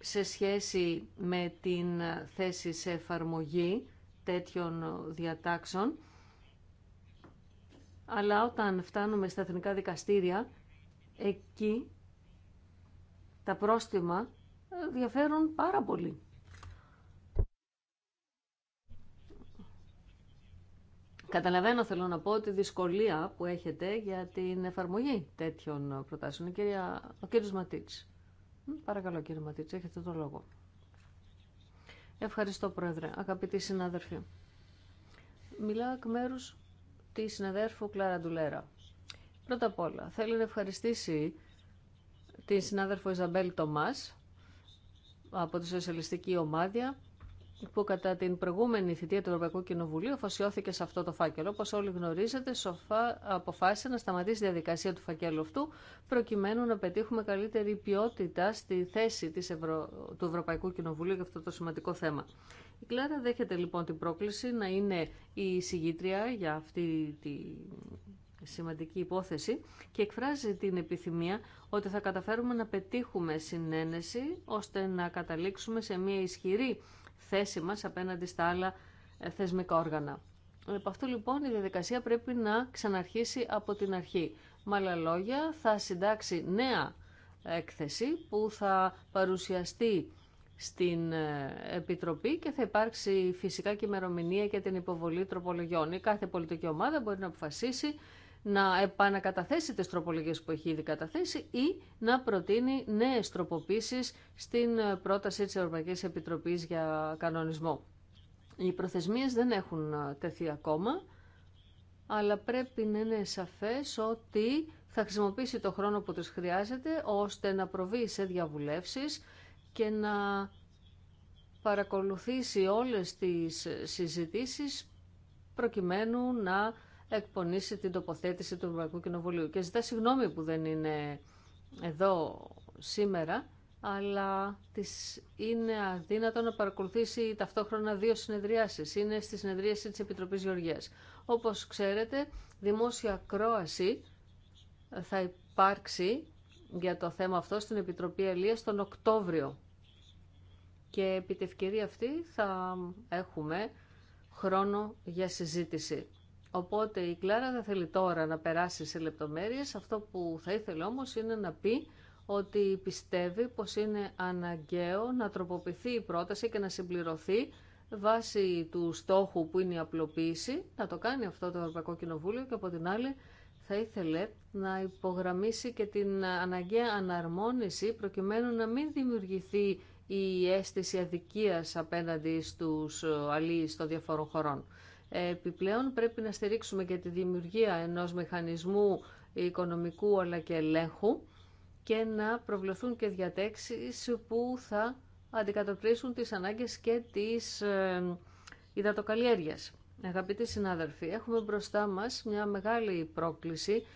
σε σχέση με την θέση σε εφαρμογή τέτοιων διατάξεων. Αλλά όταν φτάνουμε στα εθνικά δικαστήρια, εκεί τα πρόστιμα ε, διαφέρουν πάρα πολύ. Καταλαβαίνω, θέλω να πω, τη δυσκολία που έχετε για την εφαρμογή τέτοιων προτάσεων. Κυρία, ο κύριος Ματίτς. Παρακαλώ κύριε Ματίτς, έχετε το λόγο. Ευχαριστώ Πρόεδρε, αγαπητοί συνάδελφοι. Μιλάω εκ μέρους τη συναδέρφου Κλάρα Ντουλέρα. Πρώτα απ' όλα, θέλω να ευχαριστήσει την συνάδελφο Ιζαμπέλ Τομάς από τη Σοσιαλιστική Ομάδια που κατά την προηγούμενη θητεία του Ευρωπαϊκού Κοινοβουλίου αφοσιώθηκε σε αυτό το φάκελο. όπω όλοι γνωρίζετε, σοφά αποφάσισε να σταματήσει η διαδικασία του φακέλου αυτού, προκειμένου να πετύχουμε καλύτερη ποιότητα στη θέση της του Ευρωπαϊκού Κοινοβουλίου για αυτό το σημαντικό θέμα. Η Κλάρα δέχεται λοιπόν την πρόκληση να είναι η συγγήτρια για αυτή τη σημαντική υπόθεση και εκφράζει την επιθυμία ότι θα καταφέρουμε να πετύχουμε συνένεση ώστε να καταλήξουμε σε μια ισχυρή θέση μας απέναντι στα άλλα ε, θεσμικά όργανα. Από αυτού λοιπόν η διαδικασία πρέπει να ξαναρχίσει από την αρχή. Με άλλα λόγια θα συντάξει νέα έκθεση που θα παρουσιαστεί στην ε, Επιτροπή και θα υπάρξει φυσικά και ημερομηνία για την υποβολή τροπολογιών. Η κάθε πολιτική ομάδα μπορεί να αποφασίσει να επανακαταθέσει τις τροπολογίες που έχει ήδη καταθέσει ή να προτείνει νέες τροποποίησεις στην πρόταση της Ευρωπαϊκής Επιτροπής για κανονισμό. Οι προθεσμίες δεν έχουν τεθεί ακόμα, αλλά πρέπει να είναι σαφές ότι θα χρησιμοποιήσει το χρόνο που τους χρειάζεται ώστε να προβεί σε διαβουλεύσεις και να παρακολουθήσει όλες τις συζητήσεις προκειμένου να εκπονήσει την τοποθέτηση του Ευρωπαϊκού Κοινοβουλίου. Και ζητά συγγνώμη που δεν είναι εδώ σήμερα, αλλά της είναι αδύνατο να παρακολουθήσει ταυτόχρονα δύο συνεδριάσεις. Είναι στη συνεδρίαση της Επιτροπής Γεωργίας. Όπως ξέρετε, δημόσια ακρόαση θα υπάρξει για το θέμα αυτό στην Επιτροπή Ελίας τον Οκτώβριο. Και επί τη ευκαιρία αυτή θα έχουμε χρόνο για συζήτηση. Οπότε η Κλάρα δεν θέλει τώρα να περάσει σε λεπτομέρειες. Αυτό που θα ήθελε όμως είναι να πει ότι πιστεύει πως είναι αναγκαίο να τροποποιηθεί η πρόταση και να συμπληρωθεί βάσει του στόχου που είναι η απλοποίηση, να το κάνει αυτό το Ευρωπαϊκό Κοινοβούλιο και από την άλλη θα ήθελε να υπογραμμίσει και την αναγκαία αναρμόνιση προκειμένου να μην δημιουργηθεί η αίσθηση αδικίας απέναντι στους αλλοί των διαφορών χωρών. Επιπλέον πρέπει να στηρίξουμε και τη δημιουργία ενός μηχανισμού οικονομικού αλλά και ελέγχου και να προβλεφθούν και διατέξεις που θα αντικατοπτρίσουν τις ανάγκες και τις ε, υδατοκαλλιέργειας. Αγαπητοί συνάδελφοι, έχουμε μπροστά μας μια μεγάλη πρόκληση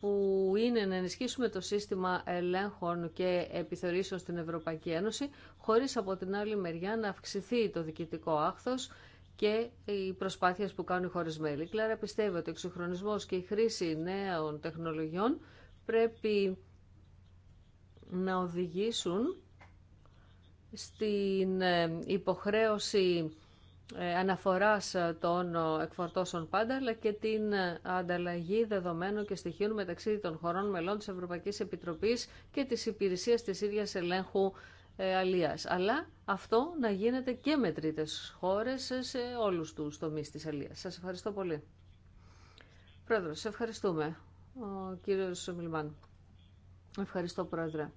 που είναι να ενισχύσουμε το σύστημα ελέγχων και επιθεωρήσεων στην Ευρωπαϊκή Ένωση, χωρίς από την άλλη μεριά να αυξηθεί το διοικητικό άχθος και οι προσπάθειες που κάνουν οι χώρε μέλη. Κλάρα πιστεύει ότι ο εξυγχρονισμό και η χρήση νέων τεχνολογιών πρέπει να οδηγήσουν στην ε, υποχρέωση ε, αναφοράς των εκφορτώσεων πάντα, αλλά και την ανταλλαγή δεδομένων και στοιχείων μεταξύ των χωρών μελών της Ευρωπαϊκής Επιτροπής και της υπηρεσίας της ίδιας ελέγχου ε, αλίας. Αλλά αυτό να γίνεται και με τρίτες χώρες σε όλους τους τομείς της αλίας. Σας ευχαριστώ πολύ. Πρόεδρος, σε ευχαριστούμε. Ο κύριος Μιλμάν. Ευχαριστώ, Πρόεδρε.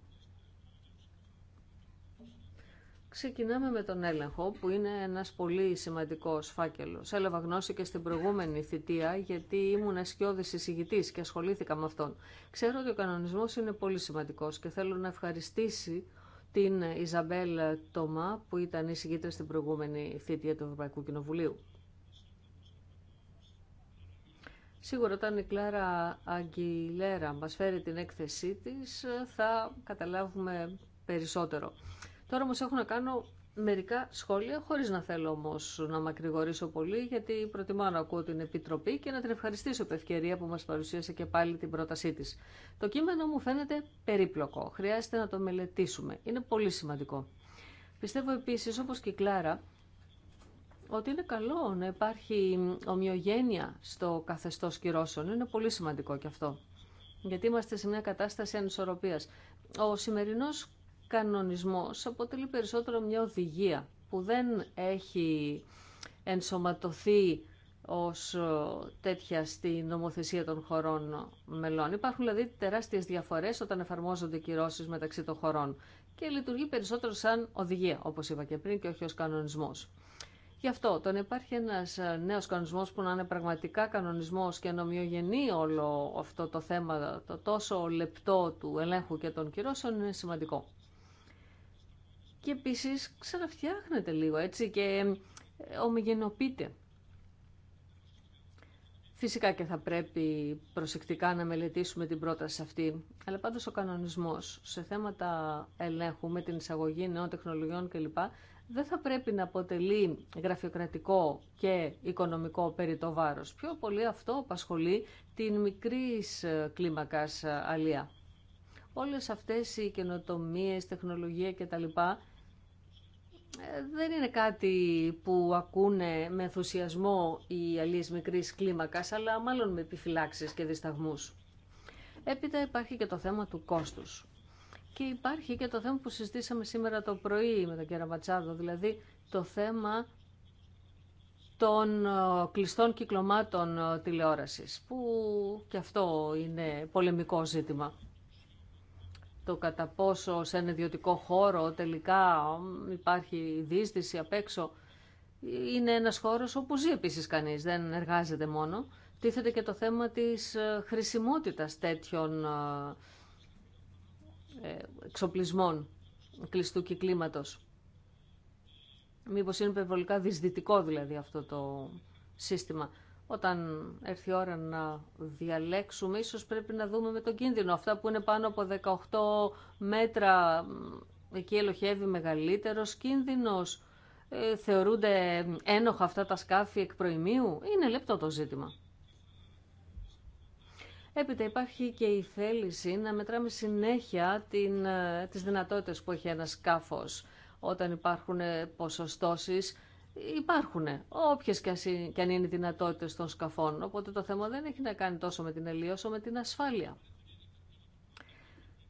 Ξεκινάμε με τον έλεγχο, που είναι ένας πολύ σημαντικός φάκελος. Έλαβα γνώση και στην προηγούμενη θητεία, γιατί ήμουν ασκιώδης εισηγητής και ασχολήθηκα με αυτόν. Ξέρω ότι ο κανονισμός είναι πολύ σημαντικός και θέλω να ευχαριστήσει την Ιζαμπέλ Τόμα που ήταν η εισηγήτρια στην προηγούμενη θητεία του Ευρωπαϊκού Κοινοβουλίου. Σίγουρα όταν η Κλάρα Αγγιλέρα μας φέρει την έκθεσή της θα καταλάβουμε περισσότερο. Τώρα όμως έχω να κάνω μερικά σχόλια, χωρίς να θέλω όμως να μακρηγορήσω πολύ, γιατί προτιμώ να ακούω την Επιτροπή και να την ευχαριστήσω επ' ευκαιρία που μας παρουσίασε και πάλι την πρότασή της. Το κείμενο μου φαίνεται περίπλοκο, χρειάζεται να το μελετήσουμε, είναι πολύ σημαντικό. Πιστεύω επίσης, όπως και η Κλάρα, ότι είναι καλό να υπάρχει ομοιογένεια στο καθεστώς κυρώσεων. Είναι πολύ σημαντικό και αυτό. Γιατί είμαστε σε μια κατάσταση ανισορροπίας. Ο κανονισμός αποτελεί περισσότερο μια οδηγία που δεν έχει ενσωματωθεί ως ε, τέτοια στη νομοθεσία των χωρών μελών. Υπάρχουν δηλαδή τεράστιες διαφορές όταν εφαρμόζονται κυρώσεις μεταξύ των χωρών και λειτουργεί περισσότερο σαν οδηγία, όπως είπα και πριν, και όχι ως κανονισμός. Γι' αυτό, τον υπάρχει ένας ε, νέος κανονισμός που να είναι πραγματικά κανονισμός και νομιογενή όλο αυτό το θέμα, το τόσο λεπτό του ελέγχου και των κυρώσεων, είναι σημαντικό και επίσης ξαναφτιάχνεται λίγο έτσι και ε, ομιγενοποιείται. Φυσικά και θα πρέπει προσεκτικά να μελετήσουμε την πρόταση αυτή, αλλά πάντως ο κανονισμός σε θέματα ελέγχου με την εισαγωγή νέων τεχνολογιών κλπ. δεν θα πρέπει να αποτελεί γραφειοκρατικό και οικονομικό περί το βάρος. Πιο πολύ αυτό απασχολεί την μικρή ε, κλίμακας ε, αλία. Όλες αυτές οι καινοτομίες, τεχνολογία κτλ. Ε, δεν είναι κάτι που ακούνε με ενθουσιασμό οι αλλιείς μικρής κλίμακας, αλλά μάλλον με επιφυλάξεις και δισταγμούς. Έπειτα υπάρχει και το θέμα του κόστους. Και υπάρχει και το θέμα που συζητήσαμε σήμερα το πρωί με τον κύριο Ματσάδο, δηλαδή το θέμα των ε, κλειστών κυκλωμάτων ε, τηλεόρασης, που και αυτό είναι πολεμικό ζήτημα το κατά πόσο σε ένα ιδιωτικό χώρο τελικά υπάρχει δίσδυση απ' έξω. Είναι ένας χώρος όπου ζει επίσης κανείς, δεν εργάζεται μόνο. Τίθεται και το θέμα της ε, χρησιμότητας τέτοιων ε, ε, εξοπλισμών κλειστού κυκλήματος. Μήπως είναι υπερβολικά δυσδυτικό δηλαδή αυτό το σύστημα. Όταν έρθει η ώρα να διαλέξουμε, ίσως πρέπει να δούμε με τον κίνδυνο. Αυτά που είναι πάνω από 18 μέτρα, εκεί ελοχεύει μεγαλύτερος κίνδυνος. Ε, θεωρούνται ένοχα αυτά τα σκάφη εκ προημίου. Είναι λεπτό το ζήτημα. Έπειτα υπάρχει και η θέληση να μετράμε συνέχεια την, ε, τις δυνατότητες που έχει ένα σκάφος όταν υπάρχουν ε, ποσοστώσεις υπάρχουν όποιε και αν είναι οι δυνατότητε των σκαφών. Οπότε το θέμα δεν έχει να κάνει τόσο με την ελεία όσο με την ασφάλεια.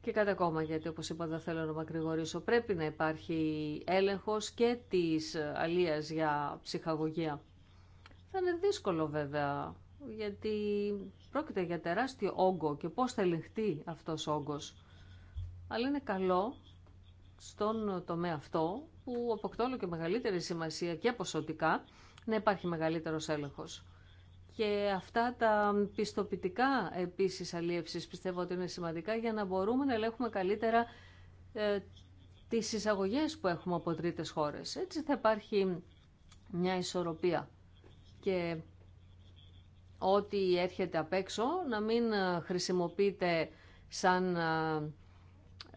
Και κάτι ακόμα, γιατί όπως είπα δεν θέλω να μακρηγορήσω, πρέπει να υπάρχει έλεγχος και της αλίας για ψυχαγωγία. Θα είναι δύσκολο βέβαια, γιατί πρόκειται για τεράστιο όγκο και πώς θα ελεγχθεί αυτός ο όγκος. Αλλά είναι καλό στον τομέα αυτό που αποκτά όλο και μεγαλύτερη σημασία και ποσοτικά να υπάρχει μεγαλύτερος έλεγχος. Και αυτά τα πιστοποιητικά επίσης αλλιεύσει πιστεύω ότι είναι σημαντικά για να μπορούμε να ελέγχουμε καλύτερα ε, τις εισαγωγές που έχουμε από τρίτες χώρες. Έτσι θα υπάρχει μια ισορροπία και ό,τι έρχεται απ' έξω να μην ε, χρησιμοποιείται σαν ε,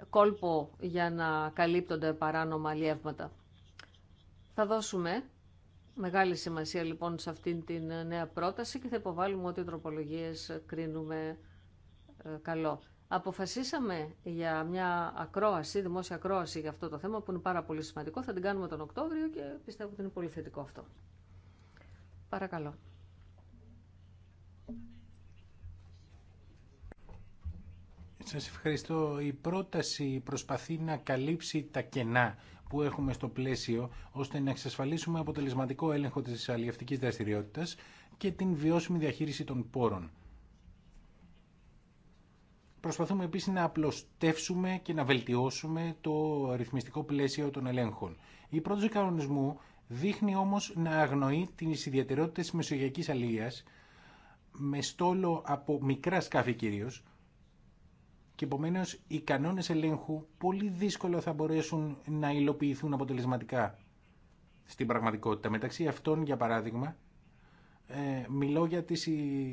κόλπο για να καλύπτονται παράνομα αλλιεύματα. Θα δώσουμε μεγάλη σημασία λοιπόν σε αυτήν την νέα πρόταση και θα υποβάλουμε ό,τι τροπολογίες κρίνουμε ε, καλό. Αποφασίσαμε για μια ακρόαση, δημόσια ακρόαση για αυτό το θέμα που είναι πάρα πολύ σημαντικό. Θα την κάνουμε τον Οκτώβριο και πιστεύω ότι είναι πολύ θετικό αυτό. Παρακαλώ. Σας ευχαριστώ. Η πρόταση προσπαθεί να καλύψει τα κενά που έχουμε στο πλαίσιο, ώστε να εξασφαλίσουμε αποτελεσματικό έλεγχο της αλλιευτικής δραστηριότητας και την βιώσιμη διαχείριση των πόρων. Προσπαθούμε επίσης να απλωστεύσουμε και να βελτιώσουμε το ρυθμιστικό πλαίσιο των ελέγχων. Η πρόταση κανονισμού δείχνει όμως να αγνοεί τι ιδιαιτερότητες τη μεσογειακής αλίας, με στόλο από μικρά σκάφη κυρίως, και επομένω οι κανόνε ελέγχου πολύ δύσκολο θα μπορέσουν να υλοποιηθούν αποτελεσματικά στην πραγματικότητα. Μεταξύ αυτών, για παράδειγμα, ε, μιλώ για τις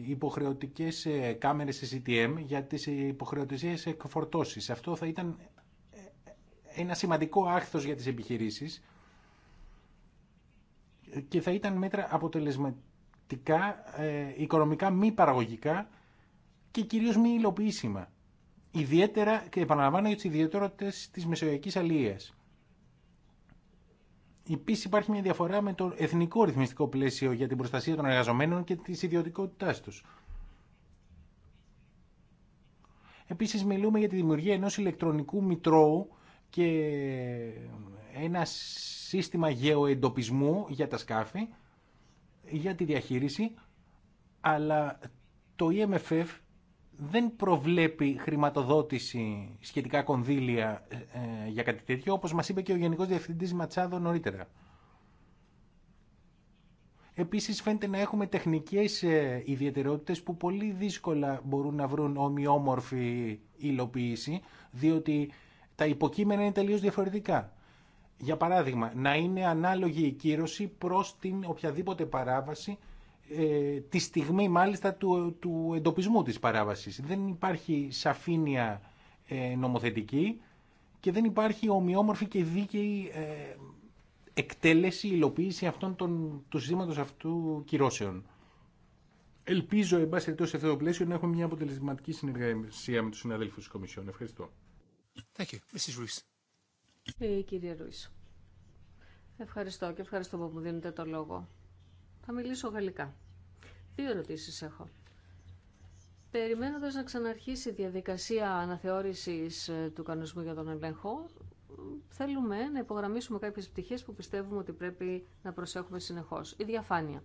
υποχρεωτικές ε, κάμερες CCTM, για τις υποχρεωτικές εκφορτώσεις. Αυτό θα ήταν ε, ένα σημαντικό άχθος για τις επιχειρήσεις και θα ήταν μέτρα αποτελεσματικά, οικονομικά μη παραγωγικά και κυρίως μη υλοποιήσιμα ιδιαίτερα και επαναλαμβάνω για τις ιδιαιτερότητες της μεσογειακής Αλληλεία. Επίση, υπάρχει μια διαφορά με το εθνικό ρυθμιστικό πλαίσιο για την προστασία των εργαζομένων και τη ιδιωτικότητά του. Επίσης μιλούμε για τη δημιουργία ενός ηλεκτρονικού μητρώου και ένα σύστημα γεωεντοπισμού για τα σκάφη, για τη διαχείριση, αλλά το EMFF δεν προβλέπει χρηματοδότηση σχετικά κονδύλια ε, ε, για κάτι τέτοιο, όπως μας είπε και ο Γενικός Διευθυντής Ματσάδο νωρίτερα. Επίσης φαίνεται να έχουμε τεχνικές ε, ιδιαιτερότητες που πολύ δύσκολα μπορούν να βρουν ομοιόμορφη υλοποίηση, διότι τα υποκείμενα είναι τελείως διαφορετικά. Για παράδειγμα, να είναι ανάλογη η κύρωση προς την οποιαδήποτε παράβαση ε, τη στιγμή μάλιστα του, του εντοπισμού της παράβασης. Δεν υπάρχει σαφήνεια ε, νομοθετική και δεν υπάρχει ομοιόμορφη και δίκαιη ε, εκτέλεση, υλοποίηση αυτών των, του συστήματος αυτού κυρώσεων. Ελπίζω, εν πάση σε αυτό το πλαίσιο να έχουμε μια αποτελεσματική συνεργασία με τους συναδέλφους της Κομισιόν. Ευχαριστώ. Thank you. Mrs. Ε, ευχαριστώ και ευχαριστώ που μου δίνετε το λόγο. Θα μιλήσω γαλλικά. Δύο ερωτήσει έχω. Περιμένοντα να ξαναρχίσει η διαδικασία αναθεώρηση ε, του κανονισμού για τον ελέγχο, θέλουμε να υπογραμμίσουμε κάποιε πτυχέ που πιστεύουμε ότι πρέπει να προσέχουμε συνεχώ. Η διαφάνεια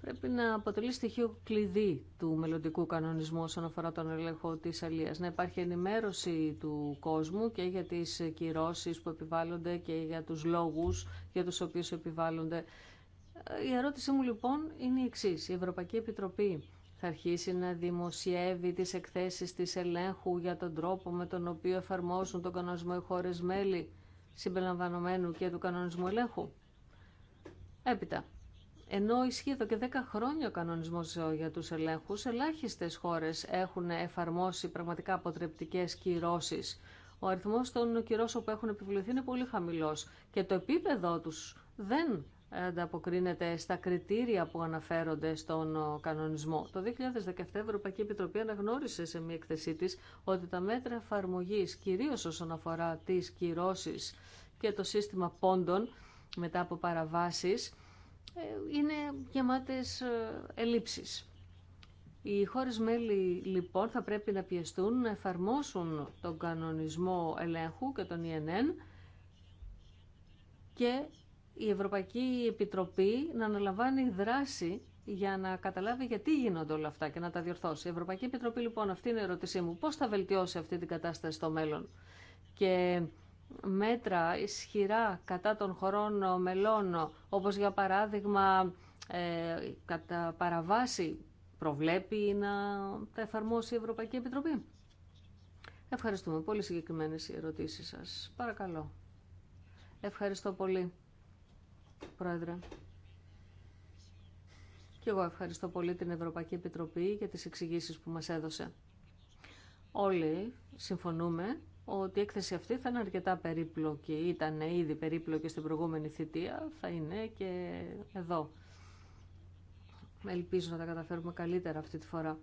πρέπει να αποτελεί στοιχείο κλειδί του μελλοντικού κανονισμού όσον αφορά τον ελέγχο τη Αλλία. Να υπάρχει ενημέρωση του κόσμου και για τι κυρώσει που επιβάλλονται και για του λόγου για του οποίου επιβάλλονται ε, η ερώτησή μου λοιπόν είναι η εξή. Η Ευρωπαϊκή Επιτροπή θα αρχίσει να δημοσιεύει τις εκθέσεις της ελέγχου για τον τρόπο με τον οποίο εφαρμόζουν τον κανονισμό οι χώρες μέλη συμπεριλαμβανομένου και του κανονισμού ελέγχου. Έπειτα, ενώ ισχύει εδώ και 10 χρόνια ο κανονισμό για τους ελέγχους, ελάχιστες χώρες έχουν εφαρμόσει πραγματικά αποτρεπτικέ κυρώσει. Ο αριθμό των κυρώσεων που έχουν επιβληθεί είναι πολύ χαμηλό. και το επίπεδό του δεν ανταποκρίνεται στα κριτήρια που αναφέρονται στον ε, κανονισμό. Το 2017 η Ευρωπαϊκή Επιτροπή αναγνώρισε σε μια εκθεσή της ότι τα μέτρα εφαρμογή κυρίως όσον αφορά τις κυρώσεις και το σύστημα πόντων μετά από παραβάσεις ε, είναι γεμάτες ε, ελλείψεις. Οι χώρες μέλη λοιπόν θα πρέπει να πιεστούν να εφαρμόσουν τον κανονισμό ελέγχου και τον ΙΕΝΕΝ και η Ευρωπαϊκή Επιτροπή να αναλαμβάνει δράση για να καταλάβει γιατί γίνονται όλα αυτά και να τα διορθώσει. Η Ευρωπαϊκή Επιτροπή, λοιπόν, αυτή είναι η ερώτησή μου. Πώς θα βελτιώσει αυτή την κατάσταση στο μέλλον και μέτρα ισχυρά κατά των χωρών μελών, όπως για παράδειγμα ε, κατά παραβάση προβλέπει να τα εφαρμόσει η Ευρωπαϊκή Επιτροπή. Ευχαριστούμε. Πολύ συγκεκριμένες οι ερωτήσεις σας. Παρακαλώ. Ευχαριστώ πολύ. Πρόεδρε. Και εγώ ευχαριστώ πολύ την Ευρωπαϊκή Επιτροπή για τις εξηγήσεις που μας έδωσε. Όλοι συμφωνούμε ότι η έκθεση αυτή θα είναι αρκετά περίπλοκη. Ήταν ήδη περίπλοκη στην προηγούμενη θητεία, θα είναι και εδώ. Ελπίζω να τα καταφέρουμε καλύτερα αυτή τη φορά.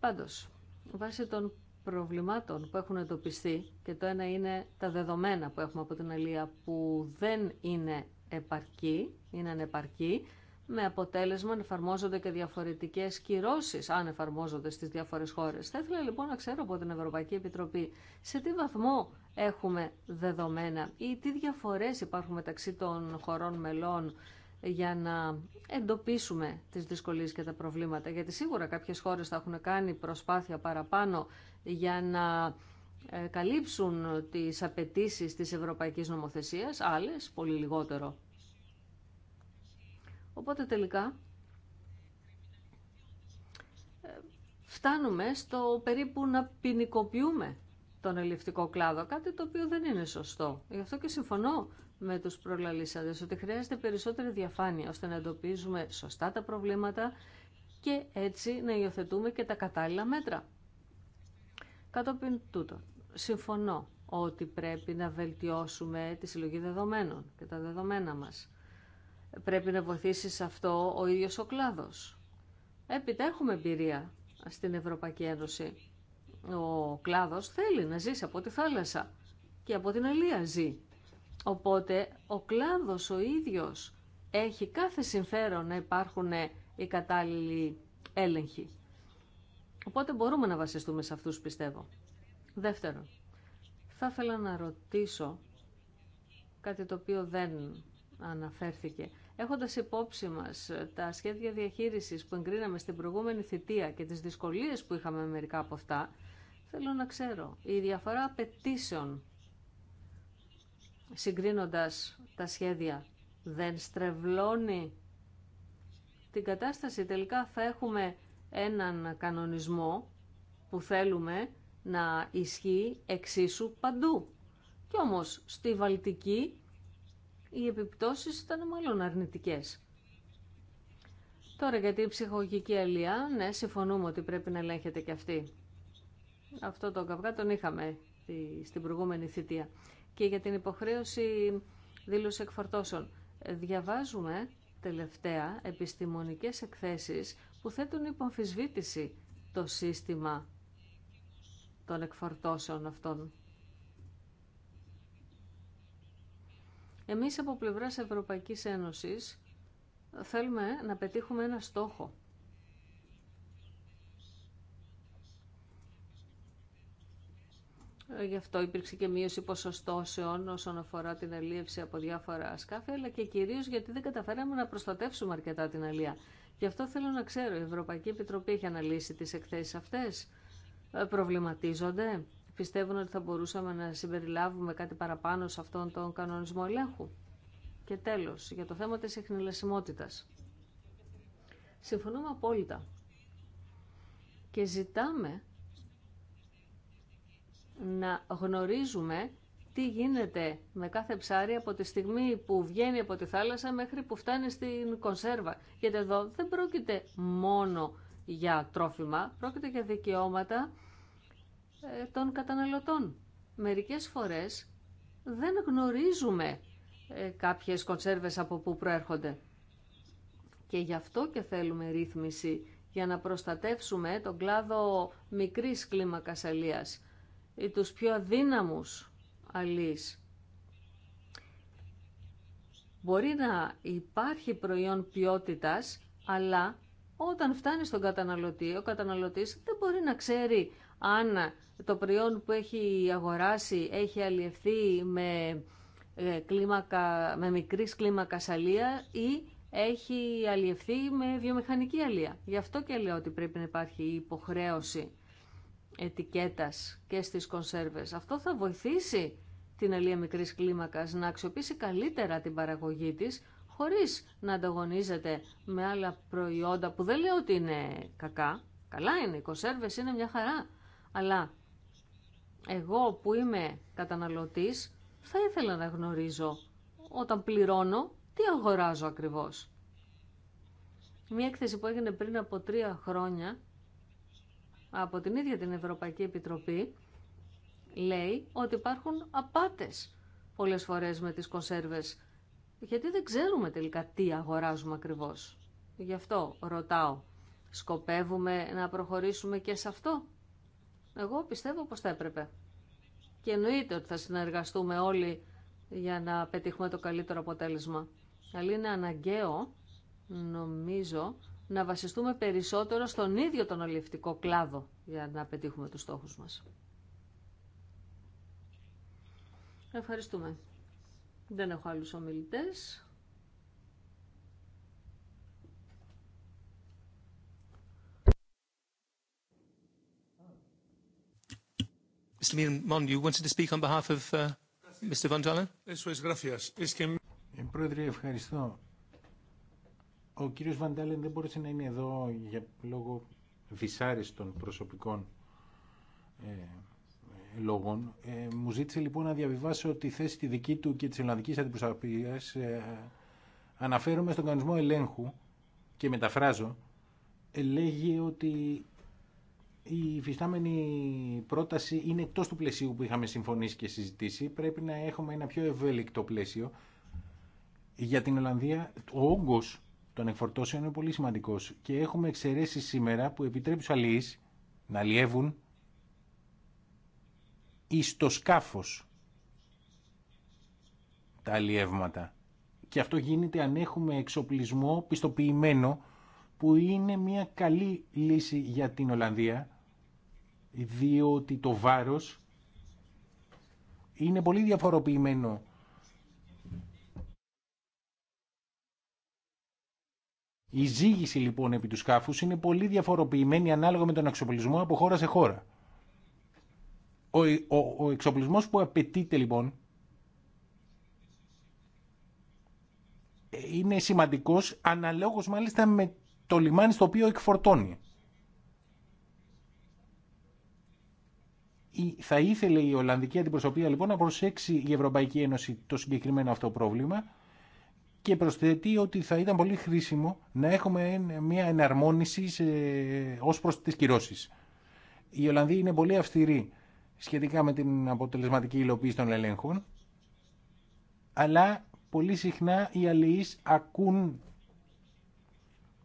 Πάντως, βάσει των προβλημάτων που έχουν εντοπιστεί και το ένα είναι τα δεδομένα που έχουμε από την Αλία που δεν είναι επαρκή, είναι ανεπαρκή, με αποτέλεσμα να εφαρμόζονται και διαφορετικές κυρώσεις αν εφαρμόζονται στις διάφορες χώρες. Θα ήθελα λοιπόν να ξέρω από την Ευρωπαϊκή Επιτροπή σε τι βαθμό έχουμε δεδομένα ή τι διαφορές υπάρχουν μεταξύ των χωρών μελών για να εντοπίσουμε τις δυσκολίες και τα προβλήματα. Γιατί σίγουρα κάποιες χώρες θα έχουν κάνει προσπάθεια παραπάνω για να ε, καλύψουν τις απαιτήσεις της ευρωπαϊκής νομοθεσίας, άλλες πολύ λιγότερο. Οπότε τελικά ε, φτάνουμε στο περίπου να ποινικοποιούμε τον ελληνικό κλάδο, κάτι το οποίο δεν είναι σωστό. Γι' αυτό και συμφωνώ με τους προλαλήσαντες ότι χρειάζεται περισσότερη διαφάνεια ώστε να εντοπίζουμε σωστά τα προβλήματα και έτσι να υιοθετούμε και τα κατάλληλα μέτρα. Κατόπιν τούτο, συμφωνώ ότι πρέπει να βελτιώσουμε τη συλλογή δεδομένων και τα δεδομένα μας. Πρέπει να βοηθήσει σε αυτό ο ίδιος ο κλάδος. Έπειτα έχουμε εμπειρία στην Ευρωπαϊκή Ένωση. Ο κλάδος θέλει να ζήσει από τη θάλασσα και από την αλία ζει. Οπότε ο κλάδος ο ίδιος έχει κάθε συμφέρον να υπάρχουν οι κατάλληλοι έλεγχοι. Οπότε μπορούμε να βασιστούμε σε αυτούς, πιστεύω. Δεύτερον, θα ήθελα να ρωτήσω κάτι το οποίο δεν αναφέρθηκε. Έχοντας υπόψη μας τα σχέδια διαχείρισης που εγκρίναμε στην προηγούμενη θητεία και τις δυσκολίες που είχαμε μερικά από αυτά, θέλω να ξέρω, η διαφορά απαιτήσεων συγκρίνοντας τα σχέδια δεν στρεβλώνει την κατάσταση. Τελικά θα έχουμε έναν κανονισμό που θέλουμε να ισχύει εξίσου παντού. Κι όμως στη Βαλτική οι επιπτώσεις ήταν μάλλον αρνητικές. Τώρα για την ψυχολογική αλία, ναι, συμφωνούμε ότι πρέπει να ελέγχεται και αυτή. Αυτό το καυγά τον είχαμε στην προηγούμενη θητεία. Και για την υποχρέωση δήλωση εκφορτώσεων. Διαβάζουμε τελευταία επιστημονικές εκθέσεις που θέτουν υποαμφισβήτηση το σύστημα των εκφορτώσεων αυτών. Εμείς από πλευράς Ευρωπαϊκής Ένωσης θέλουμε να πετύχουμε ένα στόχο. Γι' αυτό υπήρξε και μείωση ποσοστώσεων όσον αφορά την αλίευση από διάφορα σκάφη, αλλά και κυρίως γιατί δεν καταφέραμε να προστατεύσουμε αρκετά την αλία. Γι' αυτό θέλω να ξέρω, η Ευρωπαϊκή Επιτροπή έχει αναλύσει τις εκθέσεις αυτές, ε, προβληματίζονται, πιστεύουν ότι θα μπορούσαμε να συμπεριλάβουμε κάτι παραπάνω σε αυτόν τον κανονισμό ελέγχου. Και τέλος, για το θέμα της εχνηλασιμότητας. Συμφωνούμε απόλυτα και ζητάμε να γνωρίζουμε τι γίνεται με κάθε ψάρι από τη στιγμή που βγαίνει από τη θάλασσα μέχρι που φτάνει στην κονσέρβα. Γιατί εδώ δεν πρόκειται μόνο για τρόφιμα, πρόκειται για δικαιώματα ε, των καταναλωτών. Μερικές φορές δεν γνωρίζουμε ε, κάποιες κονσέρβες από που προέρχονται. Και γι' αυτό και θέλουμε ρύθμιση για να προστατεύσουμε τον κλάδο μικρής κλίμακας αλίας ή τους πιο αδύναμους αλής. Μπορεί να υπάρχει προϊόν ποιότητας, αλλά όταν φτάνει στον καταναλωτή, ο καταναλωτής δεν μπορεί να ξέρει αν το προϊόν που έχει αγοράσει έχει αλλιευθεί με, ε, κλίμακα, με μικρής κλίμακας αλεία ή έχει αλλιευθεί με βιομηχανική αλεία. Γι' αυτό και λέω ότι πρέπει να υπάρχει υποχρέωση ετικέτας και στις κονσέρβες. Αυτό θα βοηθήσει την αλία μικρής κλίμακας να αξιοποιήσει καλύτερα την παραγωγή της χωρίς να ανταγωνίζεται με άλλα προϊόντα που δεν λέω ότι είναι κακά. Καλά είναι, οι κονσέρβες είναι μια χαρά. Αλλά εγώ που είμαι καταναλωτής θα ήθελα να γνωρίζω όταν πληρώνω τι αγοράζω ακριβώς. Μία έκθεση που έγινε πριν από τρία χρόνια από την ίδια την Ευρωπαϊκή Επιτροπή λέει ότι υπάρχουν απάτες πολλές φορές με τις κονσέρβες γιατί δεν ξέρουμε τελικά τι αγοράζουμε ακριβώς. Γι' αυτό ρωτάω, σκοπεύουμε να προχωρήσουμε και σε αυτό. Εγώ πιστεύω πως θα έπρεπε. Και εννοείται ότι θα συνεργαστούμε όλοι για να πετύχουμε το καλύτερο αποτέλεσμα. Αλλά είναι αναγκαίο, νομίζω, να βασιστούμε περισσότερο στον ίδιο τον αλληλευτικό κλάδο για να πετύχουμε τους στόχους μας. Ευχαριστούμε. Δεν έχω άλλους ομιλητές. Mr. Miramon, you wanted to speak on behalf of uh, Mr. von Dalen? Eso es, gracias. Es que... Ε, πρόεδρε, ευχαριστώ. Ο κύριος Βαντάλεν δεν μπορούσε να είναι εδώ για λόγω δυσάριστων προσωπικών ε, ε, λόγων. Ε, μου ζήτησε λοιπόν να διαβιβάσω τη θέση τη δική του και της Ελλανδικής Αντιπροσωπείας. Ε, αναφέρομαι στον κανονισμό ελέγχου και μεταφράζω. Ε, λέγει ότι η φυστάμενη πρόταση είναι εκτός του πλαισίου που είχαμε συμφωνήσει και συζητήσει. Πρέπει να έχουμε ένα πιο ευέλικτο πλαίσιο. Για την Ολλανδία ο όγκος των εφορτώσεων είναι πολύ σημαντικό και έχουμε εξαιρέσει σήμερα που επιτρέπει στου αλληλείς να αλλιεύουν ει το σκάφο τα αλλιεύματα. Και αυτό γίνεται αν έχουμε εξοπλισμό πιστοποιημένο που είναι μια καλή λύση για την Ολλανδία διότι το βάρος είναι πολύ διαφοροποιημένο Η ζήγηση λοιπόν επί του σκάφους είναι πολύ διαφοροποιημένη ανάλογα με τον εξοπλισμό από χώρα σε χώρα. Ο, ο, ο εξοπλισμός που απαιτείται λοιπόν είναι σημαντικός αναλόγως μάλιστα με το λιμάνι στο οποίο εκφορτώνει. Θα ήθελε η Ολλανδική Αντιπροσωπεία λοιπόν να προσέξει η Ευρωπαϊκή Ένωση το συγκεκριμένο αυτό πρόβλημα και προσθέτει ότι θα ήταν πολύ χρήσιμο να έχουμε μια εναρμόνιση σε, ως προς τις κυρώσεις. Οι Ολλανδοί είναι πολύ αυστηροί σχετικά με την αποτελεσματική υλοποίηση των ελέγχων, αλλά πολύ συχνά οι αλληλείς ακούν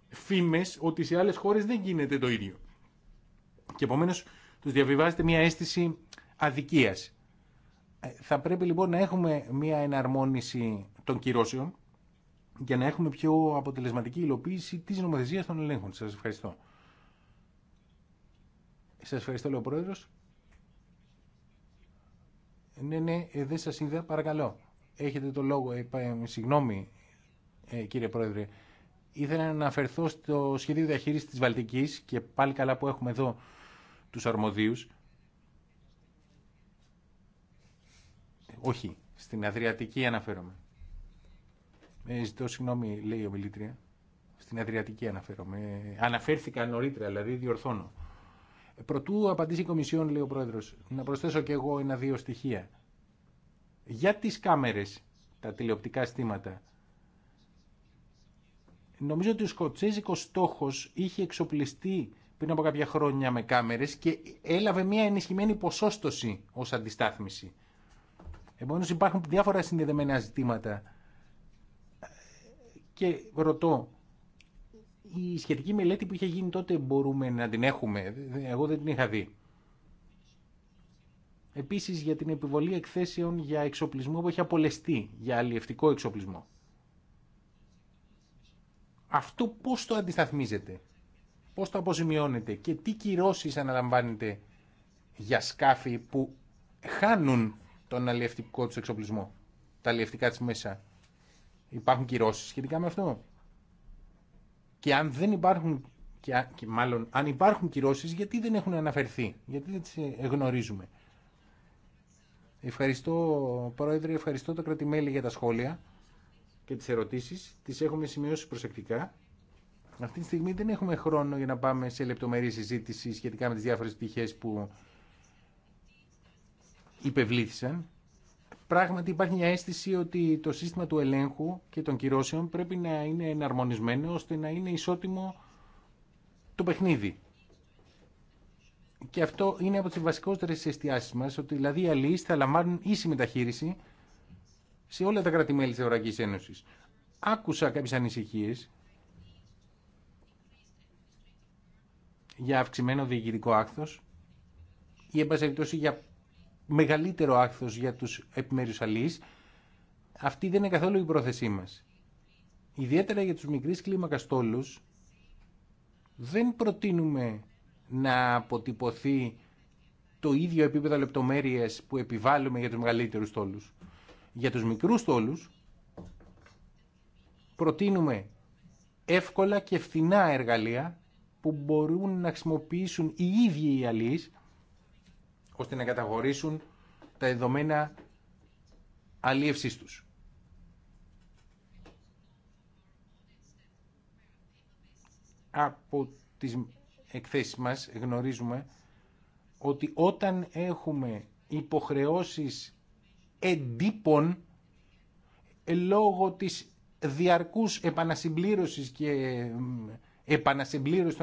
φήμες ότι σε άλλες χώρες δεν γίνεται το ίδιο. Και επομένως τους διαβιβάζεται μια αίσθηση αδικίας. Ε, θα πρέπει λοιπόν να έχουμε μια εναρμόνιση των κυρώσεων για να έχουμε πιο αποτελεσματική υλοποίηση της νομοθεσία των ελέγχων. Σας ευχαριστώ. Σας ευχαριστώ, λέει ο Πρόεδρος. Ναι, ναι, ε, δεν σας είδα, παρακαλώ. Έχετε το λόγο, ε, ε, συγγνώμη, κύριε Πρόεδρε. Ήθελα να αναφερθώ στο σχεδίο διαχείρισης της Βαλτικής και πάλι καλά που έχουμε εδώ τους αρμοδίους. Όχι, στην Αδριατική αναφέρομαι. Ε, ζητώ συγγνώμη, λέει η ομιλήτρια. Στην Αδριατική αναφέρομαι. Αναφέρθηκα νωρίτερα, δηλαδή διορθώνω. Ε, προτού απαντήσει η Κομισιόν, λέει ο Πρόεδρο, να προσθέσω και εγώ ένα-δύο στοιχεία. Για τι κάμερε, τα τηλεοπτικά στήματα. Νομίζω ότι ο Σκοτσέζικο στόχο είχε εξοπλιστεί πριν από κάποια χρόνια με κάμερε και έλαβε μια ενισχυμένη ποσόστοση ω αντιστάθμιση. Επομένω, υπάρχουν διάφορα συνδεδεμένα ζητήματα και ρωτώ, η σχετική μελέτη που είχε γίνει τότε μπορούμε να την έχουμε. Εγώ δεν την είχα δει. Επίσης για την επιβολή εκθέσεων για εξοπλισμό που έχει απολεστεί, για αλλιευτικό εξοπλισμό. Αυτό πώς το αντισταθμίζεται, πώς το αποζημιώνετε; και τι κυρώσεις αναλαμβάνεται για σκάφη που χάνουν τον αλλιευτικό του εξοπλισμό, τα αλλιευτικά της μέσα. Υπάρχουν κυρώσεις σχετικά με αυτό. Και αν δεν υπάρχουν, και, και μάλλον αν υπάρχουν κυρώσει, γιατί δεν έχουν αναφερθεί, γιατί δεν τις ε, γνωρίζουμε. Ευχαριστώ, Πρόεδρε, ευχαριστώ τα κρατημέλη για τα σχόλια και τις ερωτήσεις. Τις έχουμε σημειώσει προσεκτικά. Αυτή τη στιγμή δεν έχουμε χρόνο για να πάμε σε λεπτομερή συζήτηση σχετικά με τις διάφορες πτυχές που υπευλήθησαν πράγματι υπάρχει μια αίσθηση ότι το σύστημα του ελέγχου και των κυρώσεων πρέπει να είναι εναρμονισμένο ώστε να είναι ισότιμο το παιχνίδι. Και αυτό είναι από τι βασικότερε εστιάσεις μα, ότι δηλαδή οι αλληλείς θα λαμβάνουν ίση μεταχείριση σε όλα τα κράτη-μέλη της Ευρωπαϊκής Άκουσα κάποιε ανησυχίε. για αυξημένο διοικητικό άκθο ή εν για μεγαλύτερο άκθος για τους επιμέρους αλείς. Αυτή δεν είναι καθόλου η πρόθεσή μας. Ιδιαίτερα για τους μικρής κλίμακα τόλους, δεν προτείνουμε να αποτυπωθεί το ίδιο επίπεδο λεπτομέρειες που επιβάλλουμε για τους μεγαλύτερους τόλους. Για τους μικρούς τόλους προτείνουμε εύκολα και φθηνά εργαλεία που μπορούν να χρησιμοποιήσουν οι ίδιοι οι αλείς ώστε να καταγορήσουν τα δεδομένα αλίευσής τους. Από τις εκθέσεις μας γνωρίζουμε ότι όταν έχουμε υποχρεώσεις εντύπων λόγω της διαρκούς επανασυμπλήρωσης και επανασυμπλήρωση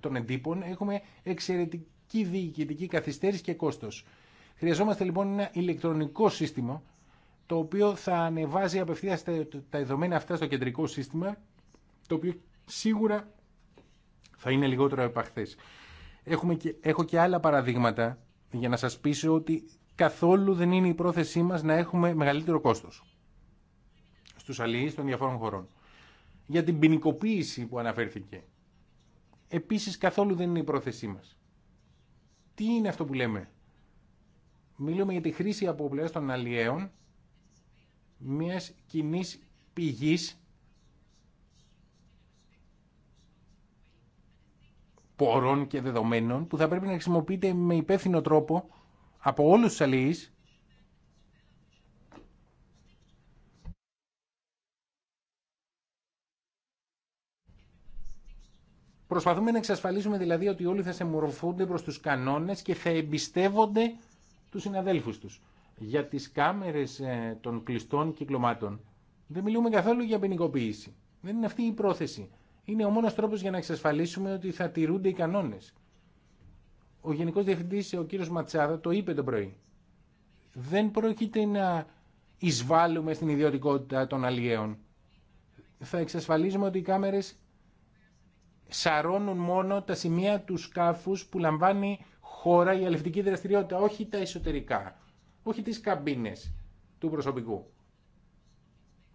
των, εντύπων έχουμε εξαιρετική πρακτική διοικητική καθυστέρηση και κόστο. Χρειαζόμαστε λοιπόν ένα ηλεκτρονικό σύστημα το οποίο θα ανεβάζει απευθεία τα δεδομένα αυτά στο κεντρικό σύστημα το οποίο σίγουρα θα είναι λιγότερο επαχθές. έχω και άλλα παραδείγματα για να σας πείσω ότι καθόλου δεν είναι η πρόθεσή μας να έχουμε μεγαλύτερο κόστος στους αλληλείς των διαφόρων χωρών. Για την ποινικοποίηση που αναφέρθηκε. Επίσης καθόλου δεν είναι η πρόθεσή μα. Τι είναι αυτό που λέμε. Μιλούμε για τη χρήση από πλευρά των αλλιέων μιας κοινή πηγής πόρων και δεδομένων που θα πρέπει να χρησιμοποιείται με υπεύθυνο τρόπο από όλους τους αλληλείς Προσπαθούμε να εξασφαλίσουμε δηλαδή ότι όλοι θα σε μορφούνται προς τους κανόνες και θα εμπιστεύονται τους συναδέλφους τους. Για τις κάμερες ε, των κλειστών κυκλωμάτων δεν μιλούμε καθόλου για ποινικοποίηση. Δεν είναι αυτή η πρόθεση. Είναι ο μόνος τρόπος για να εξασφαλίσουμε ότι θα τηρούνται οι κανόνες. Ο Γενικός Διευθυντής, ο κύριος Ματσάδα, το είπε το πρωί. Δεν πρόκειται να εισβάλλουμε στην ιδιωτικότητα των αλλιέων. Θα εξασφαλίζουμε ότι οι κάμερες σαρώνουν μόνο τα σημεία του σκάφους που λαμβάνει χώρα η αλευτική δραστηριότητα, όχι τα εσωτερικά, όχι τις καμπίνες του προσωπικού,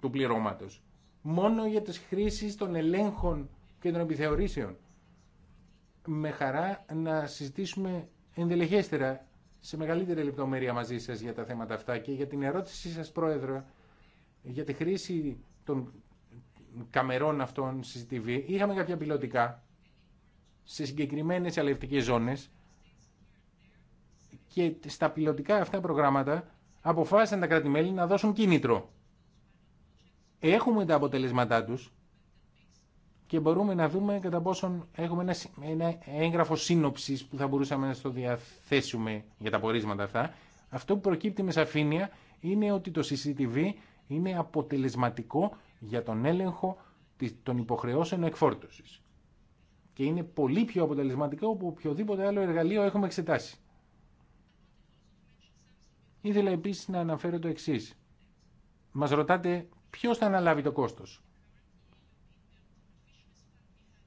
του πληρώματος. Μόνο για τις χρήσεις των ελέγχων και των επιθεωρήσεων. Με χαρά να συζητήσουμε ενδελεχέστερα, σε μεγαλύτερη λεπτομέρεια μαζί σας για τα θέματα αυτά και για την ερώτησή σας, Πρόεδρο, για τη χρήση των καμερών αυτών CCTV είχαμε κάποια πιλωτικά σε συγκεκριμένες αλευτικές ζώνες και στα πιλωτικά αυτά προγράμματα αποφάσισαν τα κρατη να δώσουν κίνητρο. Έχουμε τα αποτελέσματά τους και μπορούμε να δούμε κατά πόσον έχουμε ένα, έγγραφο σύνοψης που θα μπορούσαμε να στο διαθέσουμε για τα πορίσματα αυτά. Αυτό που προκύπτει με σαφήνεια είναι ότι το CCTV είναι αποτελεσματικό για τον έλεγχο των υποχρεώσεων εκφόρτωσης. Και είναι πολύ πιο αποτελεσματικό από οποιοδήποτε άλλο εργαλείο έχουμε εξετάσει. Ήθελα επίσης να αναφέρω το εξής. Μας ρωτάτε ποιος θα αναλάβει το κόστος.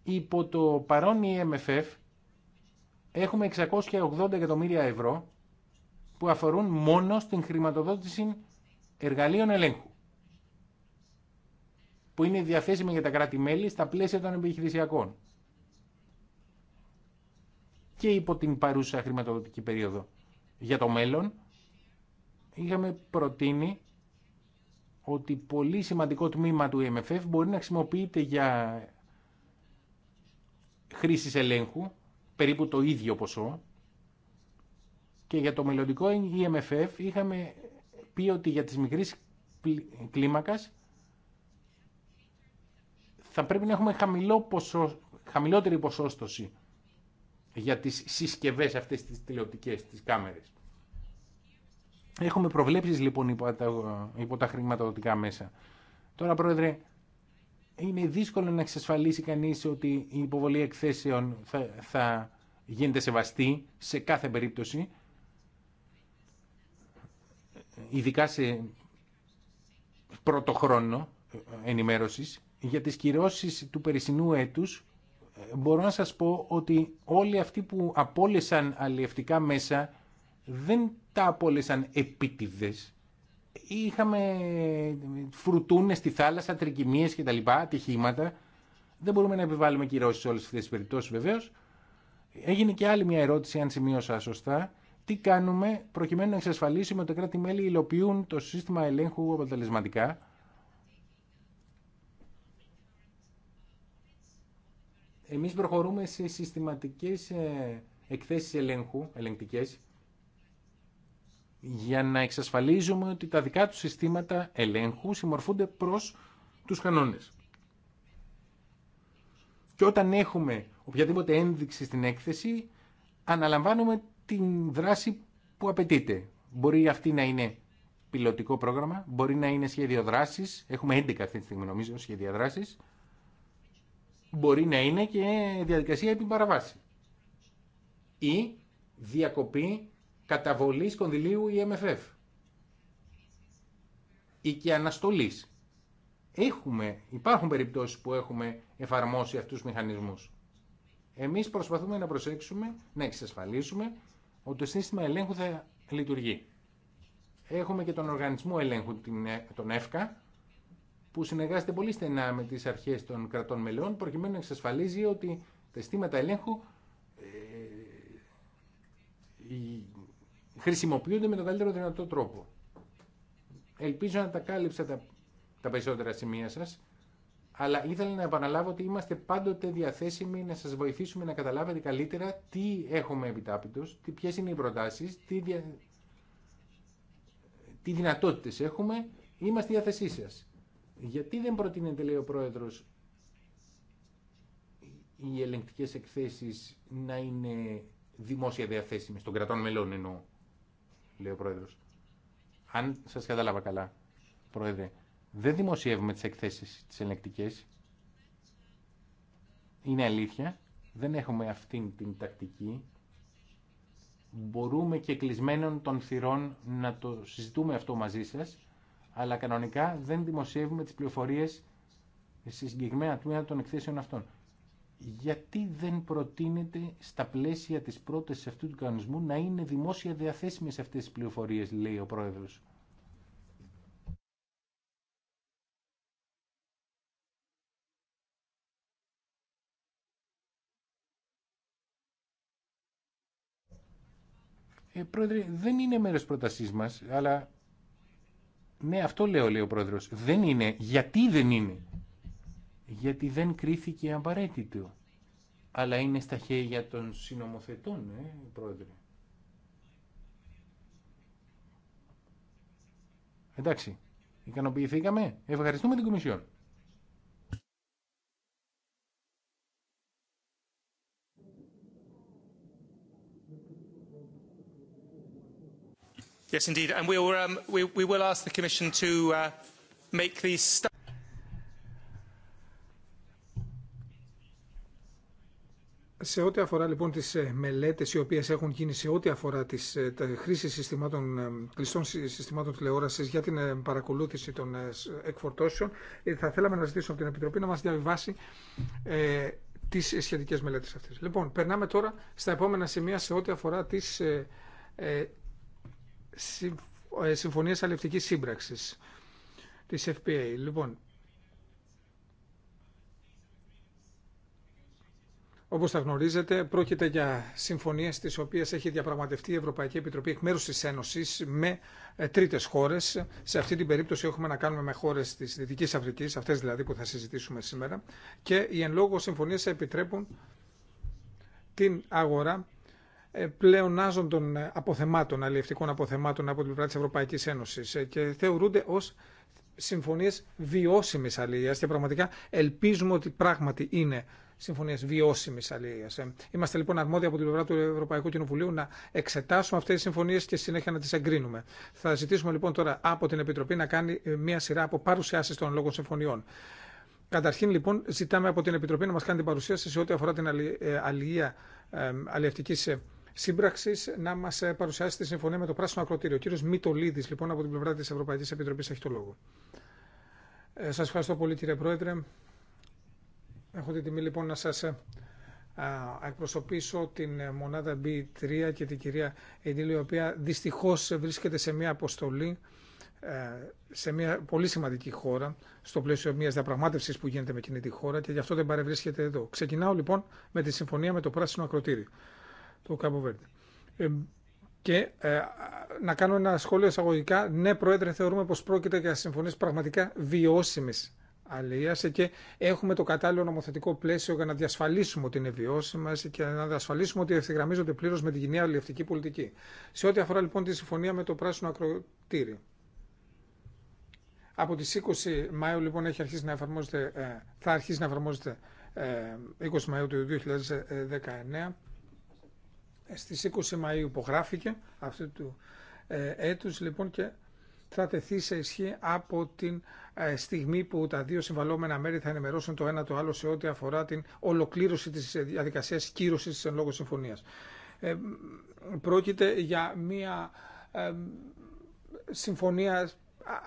Υπό το παρόν e MFF έχουμε 680 εκατομμύρια ευρώ που αφορούν μόνο στην χρηματοδότηση εργαλείων ελέγχου που είναι διαθέσιμη για τα κράτη-μέλη στα πλαίσια των επιχειρησιακών και υπό την παρούσα χρηματοδοτική περίοδο. Για το μέλλον, είχαμε προτείνει ότι πολύ σημαντικό τμήμα του e MFF μπορεί να χρησιμοποιείται για χρήση ελέγχου, περίπου το ίδιο ποσό, και για το μελλοντικό EMFF είχαμε πει ότι για τις μικρές κλίμακες θα πρέπει να έχουμε χαμηλότερη ποσόστοση για τις συσκευές αυτές τις τηλεοπτικές, τις κάμερες. Έχουμε προβλέψεις λοιπόν υπό τα, υπό τα χρηματοδοτικά μέσα. Τώρα πρόεδρε, είναι δύσκολο να εξασφαλίσει κανείς ότι η υποβολή εκθέσεων θα, γίνεται σεβαστή σε κάθε περίπτωση, ειδικά σε πρώτο χρόνο ε, ενημέρωσης για τις κυρώσεις του περσινού έτους μπορώ να σας πω ότι όλοι αυτοί που απόλυσαν αλλιευτικά μέσα δεν τα απόλυσαν επίτηδες. Είχαμε φρουτούνες στη θάλασσα, τρικυμίες και τα λοιπά, ατυχήματα. Δεν μπορούμε να επιβάλλουμε κυρώσεις σε όλες αυτές τις περιπτώσεις βεβαίως. Έγινε και άλλη μια ερώτηση, αν σημείωσα σωστά. Τι κάνουμε προκειμένου να εξασφαλίσουμε ότι τα κράτη-μέλη υλοποιούν το σύστημα ελέγχου αποτελεσματικά Εμείς προχωρούμε σε συστηματικές ε, εκθέσεις ελέγχου, ελεγκτικές, για να εξασφαλίζουμε ότι τα δικά του συστήματα ελέγχου συμμορφούνται προς τους κανόνες. Και όταν έχουμε οποιαδήποτε ένδειξη στην έκθεση, αναλαμβάνουμε την δράση που απαιτείται. Μπορεί αυτή να είναι πιλωτικό πρόγραμμα, μπορεί να είναι σχέδιο δράσης. Έχουμε 11 αυτή τη στιγμή, νομίζω, σχέδια δράσης μπορεί να είναι και διαδικασία επί παραβάση. Ή διακοπή καταβολής κονδυλίου ή MFF. Ή και αναστολής. Έχουμε, υπάρχουν περιπτώσεις που έχουμε εφαρμόσει αυτούς τους μηχανισμούς. Εμείς προσπαθούμε να προσέξουμε, να εξασφαλίσουμε ότι το σύστημα ελέγχου θα λειτουργεί. Έχουμε και τον οργανισμό ελέγχου, ε, τον ΕΦΚΑ, που συνεργάζεται πολύ στενά με τις αρχές των κρατών μελών προκειμένου να εξασφαλίζει ότι τα αισθήματα ελέγχου ε, χρησιμοποιούνται με τον καλύτερο δυνατό τρόπο. Ελπίζω να τα κάλυψα τα, τα περισσότερα σημεία σας, αλλά ήθελα να επαναλάβω ότι είμαστε πάντοτε διαθέσιμοι να σας βοηθήσουμε να καταλάβετε καλύτερα τι έχουμε επιτάπητος, τι, ποιες είναι οι προτάσεις, τι, δια... τι δυνατότητες έχουμε. Είμαστε διαθεσή σας. Γιατί δεν προτείνεται, λέει ο Πρόεδρος, οι ελεγκτικές εκθέσεις να είναι δημόσια διαθέσιμες, των κρατών μελών εννοώ, λέει ο Πρόεδρος. Αν σας κατάλαβα καλά, Πρόεδρε, δεν δημοσιεύουμε τις εκθέσεις τις ελεγκτικές. Είναι αλήθεια, δεν έχουμε αυτήν την τακτική. Μπορούμε και κλεισμένων των θυρών να το συζητούμε αυτό μαζί σας αλλά κανονικά δεν δημοσιεύουμε τις πληροφορίες σε συγκεκριμένα τμήματα των εκθέσεων αυτών. Γιατί δεν προτείνεται στα πλαίσια της πρότασης αυτού του κανονισμού να είναι δημόσια διαθέσιμες αυτές τις πληροφορίες, λέει ο Πρόεδρος. Ε, πρόεδρε, δεν είναι μέρος πρότασής μας, αλλά ναι, αυτό λέω, λέει ο πρόεδρο. Δεν είναι. Γιατί δεν είναι. Γιατί δεν κρίθηκε απαραίτητο. Αλλά είναι στα χέρια των συνομοθετών, ε, πρόεδρε. Εντάξει, ικανοποιηθήκαμε. Ευχαριστούμε την Κομισιόν. Yes, indeed. And we will, um, we, we will ask the Commission to uh, make these... Σε ό,τι αφορά λοιπόν τις ε, μελέτες οι οποίες έχουν γίνει σε ό,τι αφορά τις ε, χρήση συστημάτων, ε, κλειστών συστημάτων τηλεόρασης για την παρακολούθηση των εκφορτώσεων, θα θέλαμε να ζητήσουμε από την Επιτροπή να μας διαβιβάσει ε, τις σχετικές μελέτες αυτές. Λοιπόν, περνάμε τώρα στα επόμενα σημεία σε ό,τι αφορά τις ε, ε, συμφωνίες αλευτική σύμπραξη της FPA. Λοιπόν, Όπω θα γνωρίζετε, πρόκειται για συμφωνίε τι οποίε έχει διαπραγματευτεί η Ευρωπαϊκή Επιτροπή εκ μέρου τη Ένωση με ε, τρίτε χώρε. Σε αυτή την περίπτωση έχουμε να κάνουμε με χώρε τη Δυτική Αφρική, αυτέ δηλαδή που θα συζητήσουμε σήμερα. Και οι εν λόγω συμφωνίε επιτρέπουν την αγορά ε, πλεονάζων των ε, αποθεμάτων, αλληλευτικών αποθεμάτων από την πλευρά τη Ευρωπαϊκή Ένωση ε, και θεωρούνται ω συμφωνίε βιώσιμη αλληλεία. και πραγματικά ελπίζουμε ότι πράγματι είναι συμφωνίε βιώσιμη αλληλεία. Είμαστε λοιπόν αρμόδια από την πλευρά του Ευρωπαϊκού Κοινοβουλίου να εξετάσουμε αυτέ τι συμφωνίε και συνέχεια να τι εγκρίνουμε. Θα ζητήσουμε λοιπόν τώρα από την Επιτροπή να κάνει μία σειρά από παρουσιάσει των λόγων συμφωνιών. Καταρχήν λοιπόν ζητάμε από την Επιτροπή να μα κάνει την παρουσίαση σε ό,τι αφορά την αλληλεία αλληλευτική σύμπραξη να μα ε, παρουσιάσει τη συμφωνία με το Πράσινο Ακροτήριο. Ο κύριο Μητολίδη, λοιπόν, από την πλευρά τη Ευρωπαϊκή Επιτροπή, έχει το λόγο. Ε, σα ευχαριστώ πολύ, κύριε Πρόεδρε. Έχω την τιμή, λοιπόν, να σα ε, εκπροσωπήσω την ε, μονάδα B3 και την κυρία Εντήλη, η οποία δυστυχώ βρίσκεται σε μια αποστολή σε μια πολύ σημαντική χώρα, στο πλαίσιο μια διαπραγμάτευση που γίνεται με εκείνη τη χώρα και γι' αυτό δεν παρευρίσκεται εδώ. Ξεκινάω λοιπόν με τη συμφωνία με το Πράσινο Ακροτήριο του Καμποβέρντη. Ε, και ε, να κάνω ένα σχόλιο εισαγωγικά. Ναι, Πρόεδρε, θεωρούμε πω πρόκειται για συμφωνίε πραγματικά βιώσιμη αλληλεία και έχουμε το κατάλληλο νομοθετικό πλαίσιο για να διασφαλίσουμε ότι είναι βιώσιμε και να διασφαλίσουμε ότι ευθυγραμμίζονται πλήρω με την κοινή αλληλευτική πολιτική. Σε ό,τι αφορά λοιπόν τη συμφωνία με το πράσινο ακροτήρι. Από τις 20 Μαΐου λοιπόν έχει αρχίσει να εφαρμόζεται, ε, θα αρχίσει να εφαρμόζεται 20 ε, Μαΐου του 2019 ε, στις 20 Μαΐου υπογράφηκε αυτού του ε, έτους λοιπόν και θα τεθεί σε ισχύ από την ε, στιγμή που τα δύο συμβαλόμενα μέρη θα ενημερώσουν το ένα το άλλο σε ό,τι αφορά την ολοκλήρωση της διαδικασίας κύρωσης της εν λόγω συμφωνίας. Ε, πρόκειται για μία ε, συμφωνία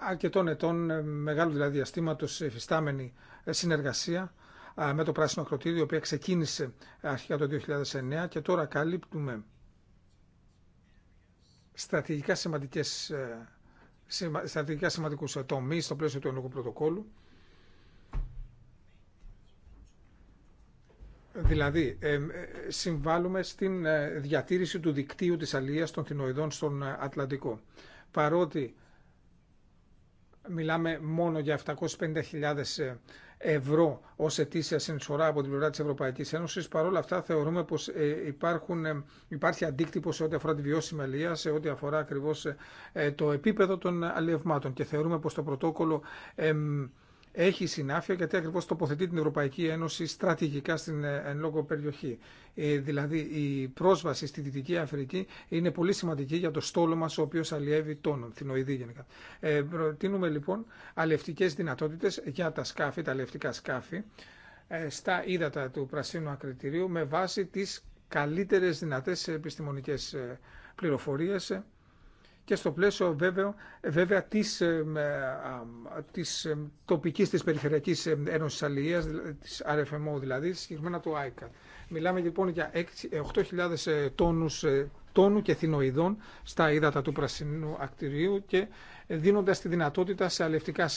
αρκετών ετών, μεγάλου δηλαδή διαστήματος, εφιστάμενη συνεργασία με το πράσινο ακροτήριο, η οποία ξεκίνησε αρχικά το 2009 και τώρα καλύπτουμε στρατηγικά, σημαντικές, ε, στρατηγικά σημαντικούς ε, τομείς στο πλαίσιο του ενεργού πρωτοκόλου. Δηλαδή, ε, συμβάλλουμε στην διατήρηση του δικτύου της αλίας των θηνοειδών στον Ατλαντικό. Παρότι μιλάμε μόνο για 750.000 ευρώ ω ετήσια συνεισφορά από την πλευρά τη Ευρωπαϊκή Ένωση. Παρ' όλα αυτά, θεωρούμε πω ε, ε, υπάρχει αντίκτυπο σε ό,τι αφορά τη βιώσιμη αλληλεία, σε ό,τι αφορά ακριβώ ε, το επίπεδο των αλληλευμάτων. Και θεωρούμε πω το πρωτόκολλο έχει συνάφεια γιατί ακριβώ τοποθετεί την Ευρωπαϊκή Ένωση στρατηγικά στην ε, εν λόγω περιοχή. Ε, δηλαδή η πρόσβαση στη Δυτική Αφρική είναι πολύ σημαντική για το στόλο μα, ο οποίο αλλιεύει τον θηνοειδή γενικά. Ε, προτείνουμε λοιπόν αλλιευτικέ δυνατότητε για τα σκάφη, τα αλλιευτικά σκάφη, ε, στα ύδατα του Πρασίνου Ακριτηρίου με βάση τι καλύτερε δυνατέ επιστημονικέ πληροφορίες και στο πλαίσιο βέβαια, βέβαια της, ε, της ε, τοπικής, της περιφερειακής ε, ένωσης αλληλείας, της RFMO δηλαδή, συγκεκριμένα του ICAT. Μιλάμε λοιπόν για 8.000 τόνους τόνου και θηνοειδών στα ύδατα του Πρασινού Ακτηρίου και δίνοντας τη δυνατότητα σε αλευτικά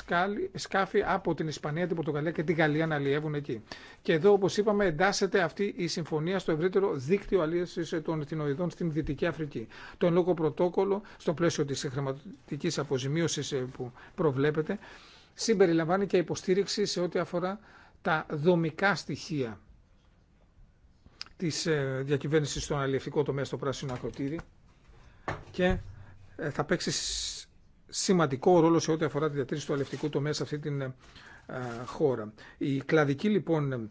σκάφη από την Ισπανία, την Πορτογαλία και τη Γαλλία να αλλιεύουν εκεί. Και εδώ, όπως είπαμε, εντάσσεται αυτή η συμφωνία στο ευρύτερο δίκτυο αλλίευσης των θηνοειδών στην Δυτική Αφρική. Το λόγο πρωτόκολλο, στο πλαίσιο της χρηματικής αποζημίωσης ε, που προβλέπεται, συμπεριλαμβάνει και υποστήριξη σε ό,τι αφορά τα δομικά στοιχεία Τη ε, διακυβέρνηση στον αλληλευτικό τομέα στο πράσινο ακροτήρι και ε, θα παίξει σημαντικό ρόλο σε ό,τι αφορά τη διατήρηση του αλληλευτικού τομέα σε αυτή την ε, χώρα. Η κλαδική λοιπόν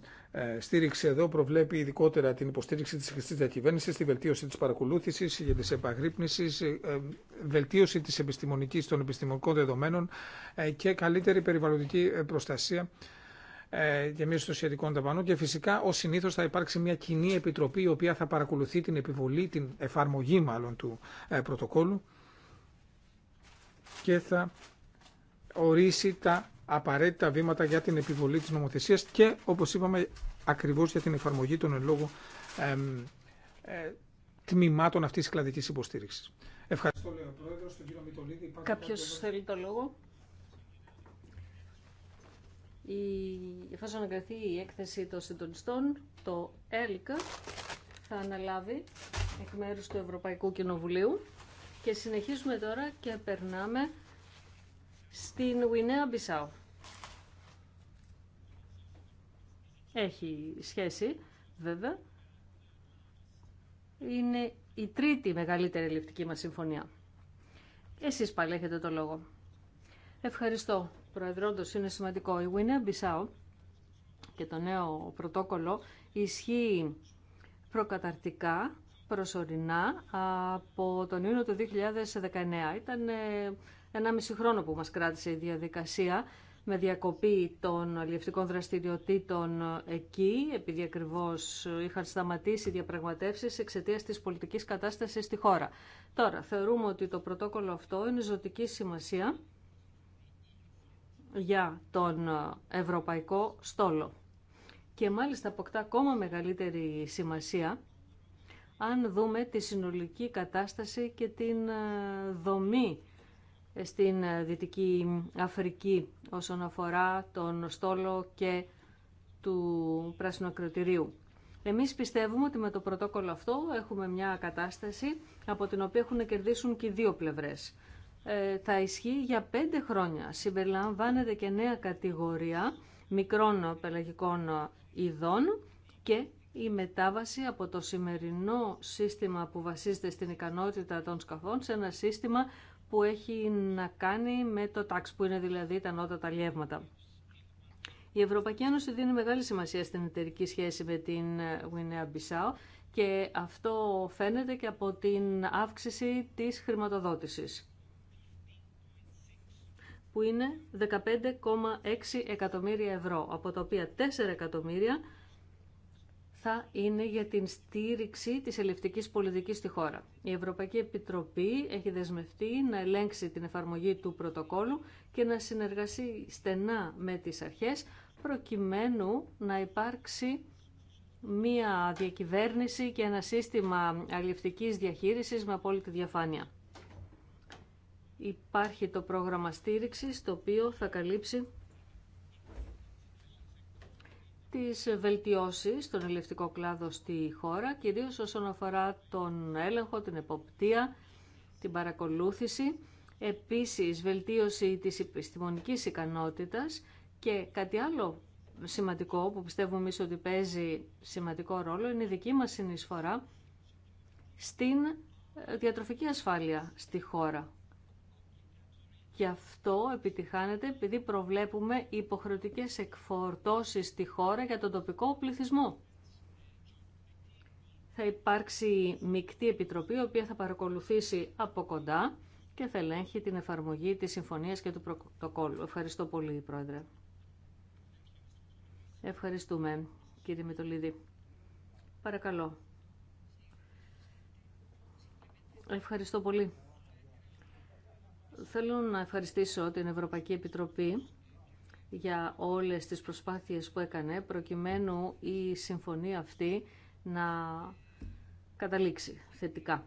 στήριξη εδώ προβλέπει ειδικότερα την υποστήριξη της χρηστής διακυβέρνησης, τη βελτίωση της παρακολούθησης και της επαγρύπνησης, βελτίωση της επιστημονικής των επιστημονικών δεδομένων και καλύτερη περιβαλλοντική προστασία ε, και μείωση των σχετικών ταπανών και φυσικά ω συνήθως θα υπάρξει μια κοινή επιτροπή η οποία θα παρακολουθεί την επιβολή, την εφαρμογή μάλλον του ε, πρωτοκόλου και θα ορίσει τα απαραίτητα βήματα για την επιβολή της νομοθεσίας και όπως είπαμε ακριβώς για την εφαρμογή των εν λόγω ε, ε, τμήματων αυτής της κλαδικής υποστήριξης. Ευχαριστώ, λέει Πρόεδρος, Κάποιος θέλει το λόγο η, εφόσον αναγκαθεί η έκθεση των συντονιστών, το ΕΛΚΑ θα αναλάβει εκ μέρους του Ευρωπαϊκού Κοινοβουλίου και συνεχίζουμε τώρα και περνάμε στην Ουινέα Μπισάου. Έχει σχέση, βέβαια. Είναι η τρίτη μεγαλύτερη ελληνική μας συμφωνία. Εσείς πάλι έχετε το λόγο. Ευχαριστώ, Προεδρόντο είναι σημαντικό. Η Winner Bissau και το νέο πρωτόκολλο ισχύει προκαταρτικά, προσωρινά, από τον Ιούνιο του 2019. Ήταν ε, μισή χρόνο που μας κράτησε η διαδικασία με διακοπή των αλληλευτικών δραστηριοτήτων εκεί, επειδή ακριβώ είχαν σταματήσει οι διαπραγματεύσει εξαιτία τη πολιτική κατάσταση στη χώρα. Τώρα, θεωρούμε ότι το πρωτόκολλο αυτό είναι ζωτική σημασία για τον ε, ευρωπαϊκό στόλο. Και μάλιστα αποκτά ακόμα μεγαλύτερη σημασία αν δούμε τη συνολική κατάσταση και την ε, δομή στην ε, Δυτική Αφρική όσον αφορά τον στόλο και του πρασινοκροτηρίου. Εμείς πιστεύουμε ότι με το πρωτόκολλο αυτό έχουμε μια κατάσταση από την οποία έχουν κερδίσουν και οι δύο πλευρές. Ε, θα ισχύει για πέντε χρόνια. Συμπεριλαμβάνεται και νέα κατηγορία μικρών πελαγικών ειδών και η μετάβαση από το σημερινό σύστημα που βασίζεται στην ικανότητα των σκαφών σε ένα σύστημα που έχει να κάνει με το τάξ, που είναι δηλαδή τα νότατα λιεύματα. Η Ευρωπαϊκή Ένωση δίνει μεγάλη σημασία στην εταιρική σχέση με την Γουινέα Μπισάου και αυτό φαίνεται και από την αύξηση της χρηματοδότησης που είναι 15,6 εκατομμύρια ευρώ, από τα οποία 4 εκατομμύρια θα είναι για την στήριξη της ελευτικής πολιτικής στη χώρα. Η Ευρωπαϊκή Επιτροπή έχει δεσμευτεί να ελέγξει την εφαρμογή του πρωτοκόλου και να συνεργαστεί στενά με τις αρχές προκειμένου να υπάρξει μία διακυβέρνηση και ένα σύστημα αλληλευτικής διαχείρισης με απόλυτη διαφάνεια υπάρχει το πρόγραμμα στήριξης το οποίο θα καλύψει τις βελτιώσεις στον ελευτικό κλάδο στη χώρα, κυρίως όσον αφορά τον έλεγχο, την εποπτεία, την παρακολούθηση, επίσης βελτίωση της επιστημονικής ικανότητας και κάτι άλλο σημαντικό που πιστεύουμε εμείς ότι παίζει σημαντικό ρόλο είναι η δική μας συνεισφορά στην διατροφική ασφάλεια στη χώρα. Και αυτό επιτυχάνεται επειδή προβλέπουμε υποχρεωτικές εκφορτώσεις στη χώρα για τον τοπικό πληθυσμό. Θα υπάρξει μεικτή επιτροπή, η οποία θα παρακολουθήσει από κοντά και θα ελέγχει την εφαρμογή της συμφωνίας και του πρωτοκόλλου. Ευχαριστώ πολύ, Πρόεδρε. Ευχαριστούμε, κύριε Μητολίδη. Παρακαλώ. Ευχαριστώ πολύ. Θέλω να ευχαριστήσω την Ευρωπαϊκή Επιτροπή για όλες τις προσπάθειες που έκανε προκειμένου η συμφωνία αυτή να καταλήξει θετικά.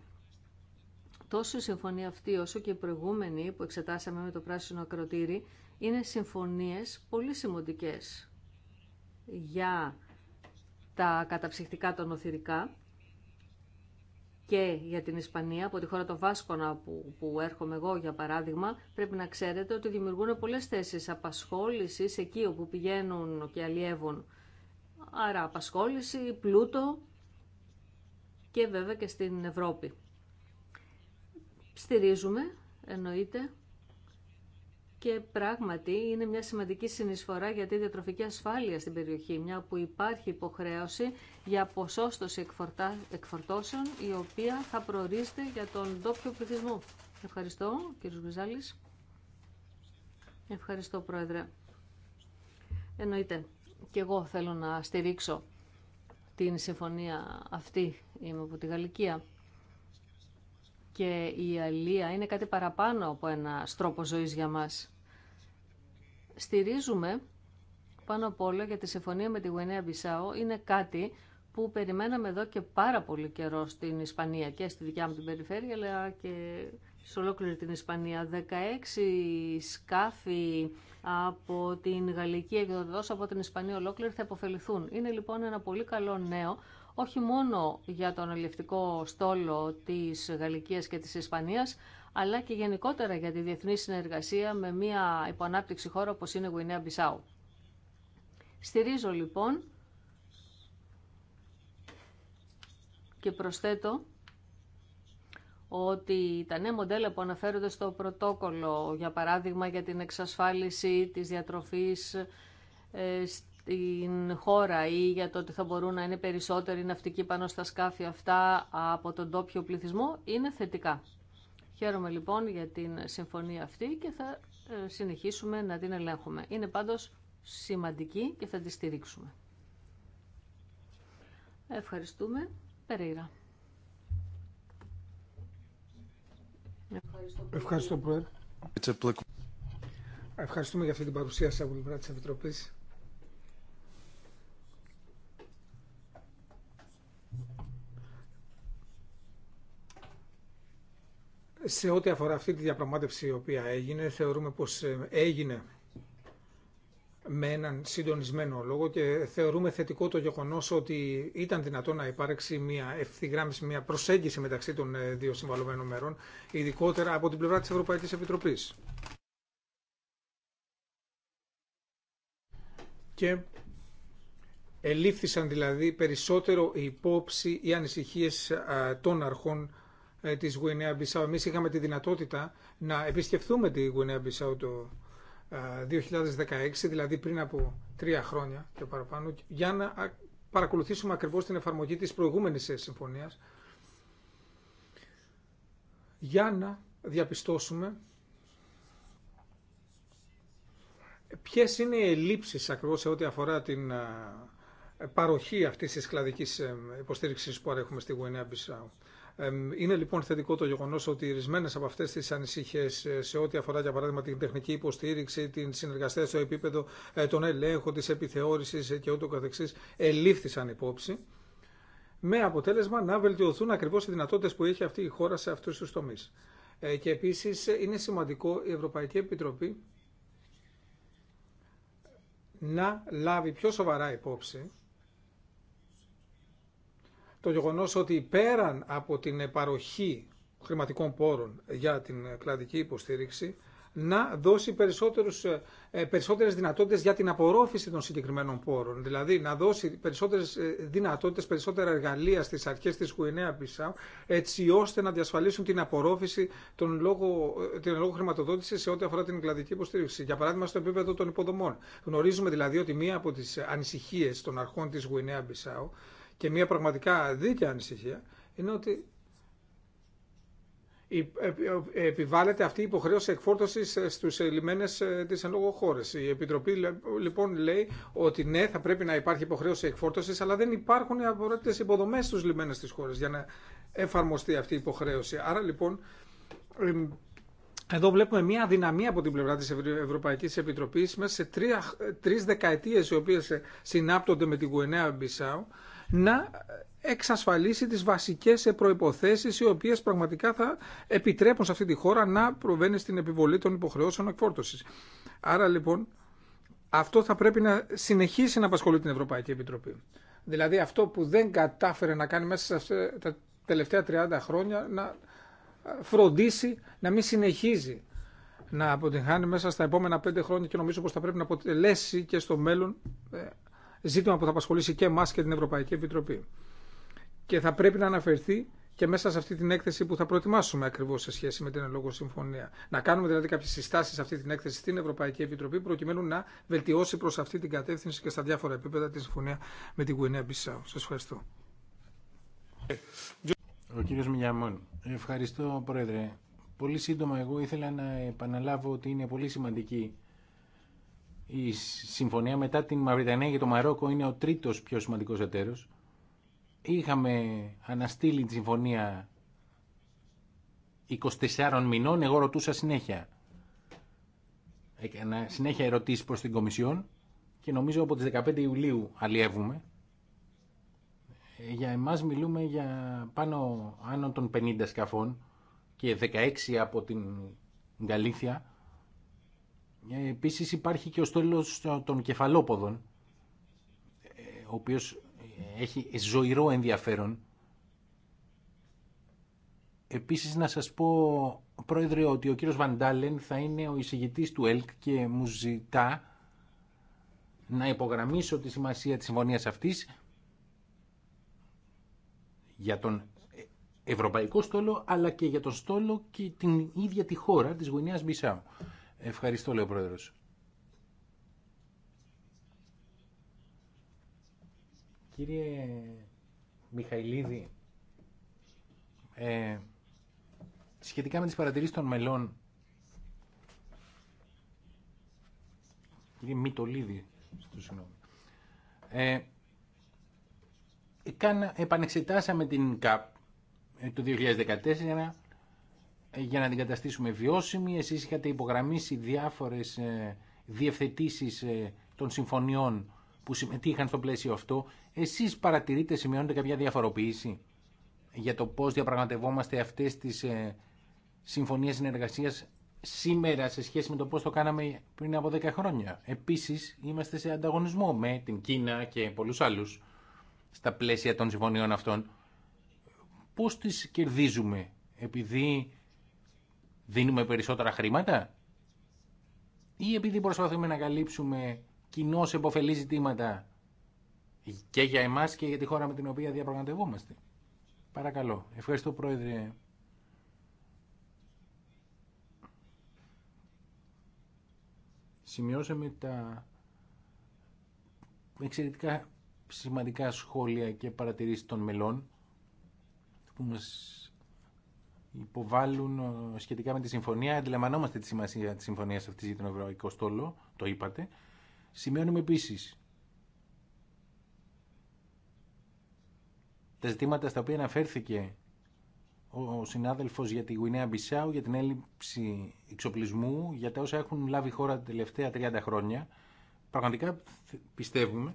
Τόσο η συμφωνία αυτή όσο και η προηγούμενη που εξετάσαμε με το πράσινο ακροτήρι είναι συμφωνίες πολύ σημαντικές για τα καταψυχτικά των οθυρικά και για την Ισπανία, από τη χώρα των Βάσκων, που, που έρχομαι εγώ για παράδειγμα, πρέπει να ξέρετε ότι δημιουργούν πολλές θέσεις απασχόλησης εκεί όπου πηγαίνουν και αλλιεύουν. Άρα απασχόληση, πλούτο και βέβαια και στην Ευρώπη. Στηρίζουμε, εννοείται, και πράγματι είναι μια σημαντική συνεισφορά για τη διατροφική ασφάλεια στην περιοχή, μια που υπάρχει υποχρέωση για ποσόστοση εκφορτώσεων η οποία θα προορίζεται για τον ντόπιο πληθυσμό. Ευχαριστώ, κύριος Γκριζάλης. Ευχαριστώ, Πρόεδρε. Εννοείται, και εγώ θέλω να στηρίξω την συμφωνία αυτή, είμαι από τη Γαλλικία και η αλία είναι κάτι παραπάνω από ένα τρόπο ζωής για μας. Στηρίζουμε πάνω απ' όλα για τη συμφωνία με τη Γουενέα Μπισάο είναι κάτι που περιμέναμε εδώ και πάρα πολύ καιρό στην Ισπανία και στη δικιά μου την περιφέρεια αλλά και σε ολόκληρη την Ισπανία. 16 σκάφη από την Γαλλική εκδοδόση, από την Ισπανία ολόκληρη θα αποφεληθούν. Είναι λοιπόν ένα πολύ καλό νέο όχι μόνο για τον αλληλευτικό στόλο της Γαλλικίας και της Ισπανίας, αλλά και γενικότερα για τη διεθνή συνεργασία με μια υποανάπτυξη χώρα όπως είναι Γουινέα Μπισάου. Στηρίζω λοιπόν και προσθέτω ότι τα νέα μοντέλα που αναφέρονται στο πρωτόκολλο, για παράδειγμα για την εξασφάλιση της διατροφής ε, την χώρα ή για το ότι θα μπορούν να είναι περισσότεροι ναυτικοί πάνω στα σκάφη αυτά από τον τόπιο πληθυσμό είναι θετικά. Χαίρομαι λοιπόν για την συμφωνία αυτή και θα ε, συνεχίσουμε να την ελέγχουμε. Είναι πάντως σημαντική και θα τη στηρίξουμε. Ευχαριστούμε. Περίρα. Ευχαριστώ, Πρόεδρε. Ευχαριστούμε για αυτή την παρουσία σε ό,τι αφορά αυτή τη διαπραγμάτευση η οποία έγινε, θεωρούμε πως ε, έγινε με έναν συντονισμένο λόγο και θεωρούμε θετικό το γεγονός ότι ήταν δυνατόν να υπάρξει μια ευθυγράμμιση, μια προσέγγιση μεταξύ των ε, δύο συμβαλωμένων μερών, ειδικότερα από την πλευρά της Ευρωπαϊκής Επιτροπής. Και ελήφθησαν δηλαδή περισσότερο υπόψη οι ανησυχίες των αρχών ε, της Γουινέα Μπισάου. Εμείς είχαμε τη δυνατότητα να επισκεφθούμε τη Γουινέα Μπισάου το 2016, ε, δηλαδή πριν από τρία χρόνια και παραπάνω, για να παρακολουθήσουμε ακριβώς την εφαρμογή της προηγούμενης συμφωνίας, για να διαπιστώσουμε ποιες είναι οι ελλείψεις ακριβώς σε ό,τι αφορά την ε, παροχή αυτής της κλαδικής υποστήριξης που έχουμε στη Γουινέα Μπισάου. Είναι λοιπόν θετικό το γεγονό ότι ορισμένε από αυτέ τι ανησυχίε ε, σε ό,τι αφορά για παράδειγμα την τεχνική υποστήριξη, την συνεργασία στο επίπεδο ε, των ελέγχων, τη επιθεώρηση ε, και ούτω καθεξή ελήφθησαν υπόψη με αποτέλεσμα να βελτιωθούν ακριβώ οι δυνατότητε που έχει αυτή η χώρα σε αυτού του τομεί. Και επίση είναι σημαντικό η Ευρωπαϊκή Επιτροπή να λάβει πιο σοβαρά υπόψη το γεγονός ότι πέραν από την παροχή χρηματικών πόρων για την κλαδική υποστήριξη, να δώσει περισσότερους, ε, περισσότερες δυνατότητες για την απορρόφηση των συγκεκριμένων πόρων. Δηλαδή να δώσει περισσότερες ε, δυνατότητες, περισσότερα εργαλεία στις αρχές της Γουινέα Πισάου, έτσι ώστε να διασφαλίσουν την απορρόφηση των λόγω, ε, την λόγω χρηματοδότηση σε ό,τι αφορά την κλαδική υποστήριξη. Για παράδειγμα, στο επίπεδο των υποδομών. Γνωρίζουμε δηλαδή ότι μία από τις ανησυχίες των αρχών της Γουινέα Πισάου και μια πραγματικά δίκαια ανησυχία είναι ότι ε- ε- ε- επιβάλλεται αυτή η υποχρέωση εκφόρτωση στου λιμένε τη εν λόγω χώρε. Η Επιτροπή λοιπόν λέει ότι ναι, θα πρέπει να υπάρχει υποχρέωση εκφόρτωση, αλλά δεν υπάρχουν οι απαραίτητε υποδομέ στου λιμένε τη χώρα για να εφαρμοστεί αυτή η υποχρέωση. Άρα λοιπόν. Εδώ βλέπουμε μια αδυναμία από την πλευρά της Ευρωπαϊκής Επιτροπής μέσα σε τρει τρεις δεκαετίες οι οποίες συνάπτονται με την Γουενέα Μπισάου να εξασφαλίσει τις βασικές προϋποθέσεις οι οποίες πραγματικά θα επιτρέπουν σε αυτή τη χώρα να προβαίνει στην επιβολή των υποχρεώσεων εκφόρτωσης. Άρα λοιπόν αυτό θα πρέπει να συνεχίσει να απασχολεί την Ευρωπαϊκή Επιτροπή. Δηλαδή αυτό που δεν κατάφερε να κάνει μέσα σε αυτά τα τελευταία 30 χρόνια να φροντίσει να μην συνεχίζει να αποτυγχάνει μέσα στα επόμενα 5 χρόνια και νομίζω πως θα πρέπει να αποτελέσει και στο μέλλον ε, ζήτημα που θα απασχολήσει και εμά και την Ευρωπαϊκή Επιτροπή. Και θα πρέπει να αναφερθεί και μέσα σε αυτή την έκθεση που θα προετοιμάσουμε ακριβώ σε σχέση με την Ελόγω Συμφωνία. Να κάνουμε δηλαδή κάποιε συστάσει σε αυτή την έκθεση στην Ευρωπαϊκή Επιτροπή, προκειμένου να βελτιώσει προ αυτή την κατεύθυνση και στα διάφορα επίπεδα τη συμφωνία με την Γουινέα Μπισάου. Σα ευχαριστώ. Ο κύριο Ευχαριστώ, Πρόεδρε. Πολύ σύντομα, εγώ ήθελα να επαναλάβω ότι είναι πολύ σημαντική η συμφωνία μετά την Μαυριτανία και το Μαρόκο είναι ο τρίτος πιο σημαντικός εταίρος. Είχαμε αναστείλει τη συμφωνία 24 μηνών, εγώ ρωτούσα συνέχεια. Έκανα συνέχεια ερωτήσεις προς την Κομισιόν και νομίζω από τις 15 Ιουλίου αλλιεύουμε. Για εμάς μιλούμε για πάνω άνω των 50 σκαφών και 16 από την Γκαλήθια. Ε, επίσης υπάρχει και ο στόλος των κεφαλόποδων, ε, ο οποίος έχει ζωηρό ενδιαφέρον. Επίσης να σας πω, Πρόεδρε, ότι ο κύριος Βαντάλεν θα είναι ο εισηγητής του ΕΛΚ και μου ζητά να υπογραμμίσω τη σημασία της συμφωνίας αυτής για τον ευρωπαϊκό στόλο αλλά και για τον στόλο και την ίδια τη χώρα της γωνιάς Μπισάου. Ευχαριστώ, λέει ο Πρόεδρος. Κύριε Μιχαηλίδη, ε, σχετικά με τις παρατηρήσεις των μελών, κύριε Μητολίδη, στο συγγνώμη, ε, επανεξετάσαμε την ΚΑΠ ε, του 2014 ε, για να την καταστήσουμε βιώσιμη. Εσείς είχατε υπογραμμίσει διάφορες ε, διευθετήσεις ε, των συμφωνιών που συμμετείχαν στο πλαίσιο αυτό. Εσείς παρατηρείτε, σημειώνετε κάποια διαφοροποίηση για το πώς διαπραγματευόμαστε αυτές τις συμφωνίες συνεργασίας σήμερα σε σχέση με το πώς το κάναμε πριν από 10 χρόνια. Επίσης, είμαστε σε ανταγωνισμό με την Κίνα και πολλούς άλλους στα πλαίσια των συμφωνιών αυτών. Πώς τις κερδίζουμε, επειδή δίνουμε περισσότερα χρήματα ή επειδή προσπαθούμε να καλύψουμε κοινώ επωφελή ζητήματα και για εμάς και για τη χώρα με την οποία διαπραγματευόμαστε. Παρακαλώ. Ευχαριστώ Πρόεδρε. Σημειώσαμε τα εξαιρετικά σημαντικά σχόλια και παρατηρήσεις των μελών που μας υποβάλλουν ε, σχετικά με τη συμφωνία. Αντιλαμβανόμαστε τη σημασία της συμφωνία αυτής για τον Ευρωπαϊκό Στόλο, το είπατε. Σημειώνουμε επίσης τα ζητήματα στα οποία αναφέρθηκε ο συνάδελφος για τη Γουινέα Μπισάου, για την έλλειψη εξοπλισμού, για τα όσα έχουν λάβει χώρα τα τελευταία 30 χρόνια. Πραγματικά πιστεύουμε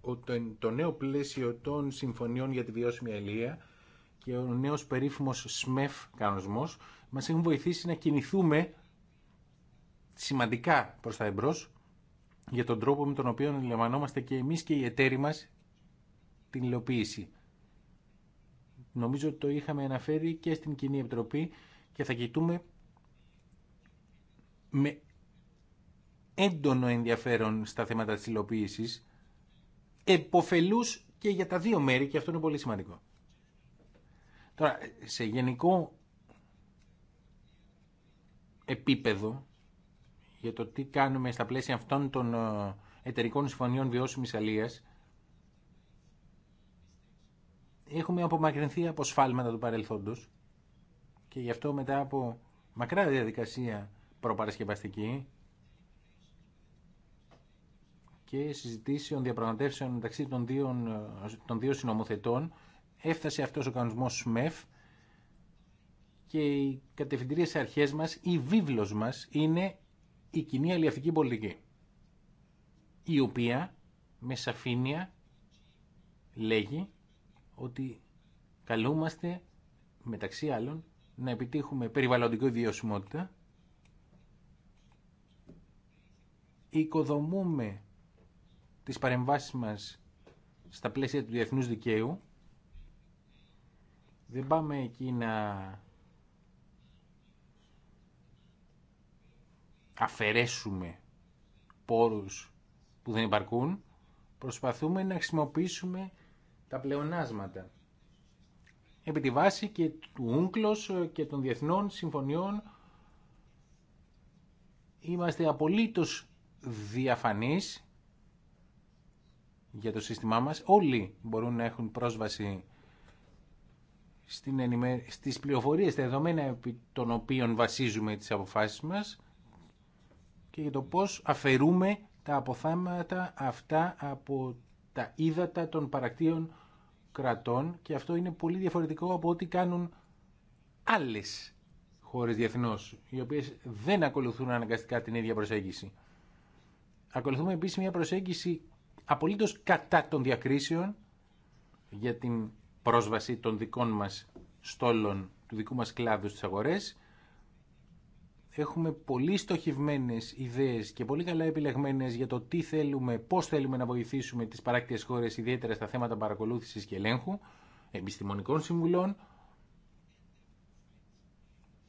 ότι το νέο πλαίσιο των συμφωνιών για τη βιώσιμη αλληλεία και ο νέος περίφημος ΣΜΕΦ κανονισμός μας έχουν βοηθήσει να κινηθούμε σημαντικά προς τα εμπρός για τον τρόπο με τον οποίο λεμανόμαστε και εμείς και οι εταίροι μας την υλοποίηση. Νομίζω ότι το είχαμε αναφέρει και στην Κοινή Επιτροπή και θα κοιτούμε με έντονο ενδιαφέρον στα θέματα της υλοποίησης εποφελούς και για τα δύο μέρη και αυτό είναι πολύ σημαντικό σε γενικό επίπεδο για το τι κάνουμε στα πλαίσια αυτών των ε, εταιρικών συμφωνιών βιώσιμης αλίας, έχουμε απομακρυνθεί από σφάλματα του παρελθόντος και γι' αυτό μετά από μακρά διαδικασία προπαρασκευαστική και συζητήσεων διαπραγματεύσεων μεταξύ δύο, ε, των δύο συνομοθετών έφτασε αυτός ο κανονισμός ΣΜΕΦ και οι κατευθυντήριες αρχές μας, η βίβλος μας είναι η κοινή αλληλευτική πολιτική η οποία με σαφήνεια λέγει ότι καλούμαστε μεταξύ άλλων να επιτύχουμε περιβαλλοντική ιδιωσιμότητα οικοδομούμε τις παρεμβάσεις μας στα πλαίσια του διεθνούς δικαίου δεν πάμε εκεί να αφαιρέσουμε πόρους που δεν υπαρκούν. Προσπαθούμε να χρησιμοποιήσουμε τα πλεονάσματα επί τη βάση και του ούγκλος και των διεθνών συμφωνιών είμαστε απολύτως διαφανείς για το σύστημά μας. Όλοι μπορούν να έχουν πρόσβαση στην πληροφορίε, στις πληροφορίες, τα δεδομένα των οποίων βασίζουμε τις αποφάσεις μας και για το πώς αφαιρούμε τα αποθάματα αυτά από τα ύδατα των παρακτήων κρατών και αυτό είναι πολύ διαφορετικό από ό,τι κάνουν άλλες χώρες διεθνώς, οι οποίες δεν ακολουθούν αναγκαστικά την ίδια προσέγγιση. Ακολουθούμε επίσης μια προσέγγιση απολύτως κατά των διακρίσεων για την πρόσβαση των δικών μας στόλων, του δικού μας κλάδου στις αγορές. Έχουμε πολύ στοχευμένες ιδέες και πολύ καλά επιλεγμένες για το τι θέλουμε, πώς θέλουμε να βοηθήσουμε τις παράκτιες χώρες, ιδιαίτερα στα θέματα παρακολούθησης και ελέγχου, επιστημονικών συμβουλών,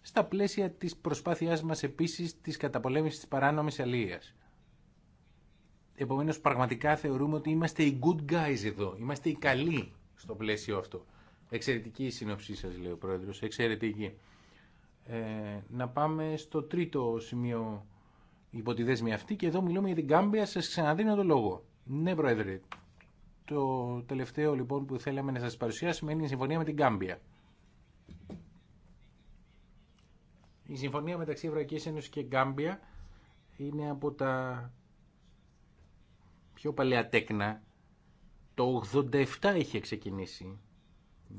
στα πλαίσια της προσπάθειάς μας επίσης της καταπολέμησης της παράνομης αλίας. Επομένως πραγματικά θεωρούμε ότι είμαστε οι good guys εδώ, είμαστε οι καλοί στο πλαίσιο αυτό. Εξαιρετική η σύνοψή σας, λέει ο Πρόεδρος, εξαιρετική. Ε, να πάμε στο τρίτο σημείο υπό τη δέσμη αυτή και εδώ μιλούμε για την Κάμπια, σας ξαναδίνω το λόγο. Ναι, Πρόεδρε, το τελευταίο λοιπόν που θέλαμε να σας παρουσιάσουμε είναι η συμφωνία με την Κάμπια. Η συμφωνία μεταξύ Ευρωπαϊκής Ένωσης και Γκάμπια είναι από τα πιο παλαιά τέκνα το 87 είχε ξεκινήσει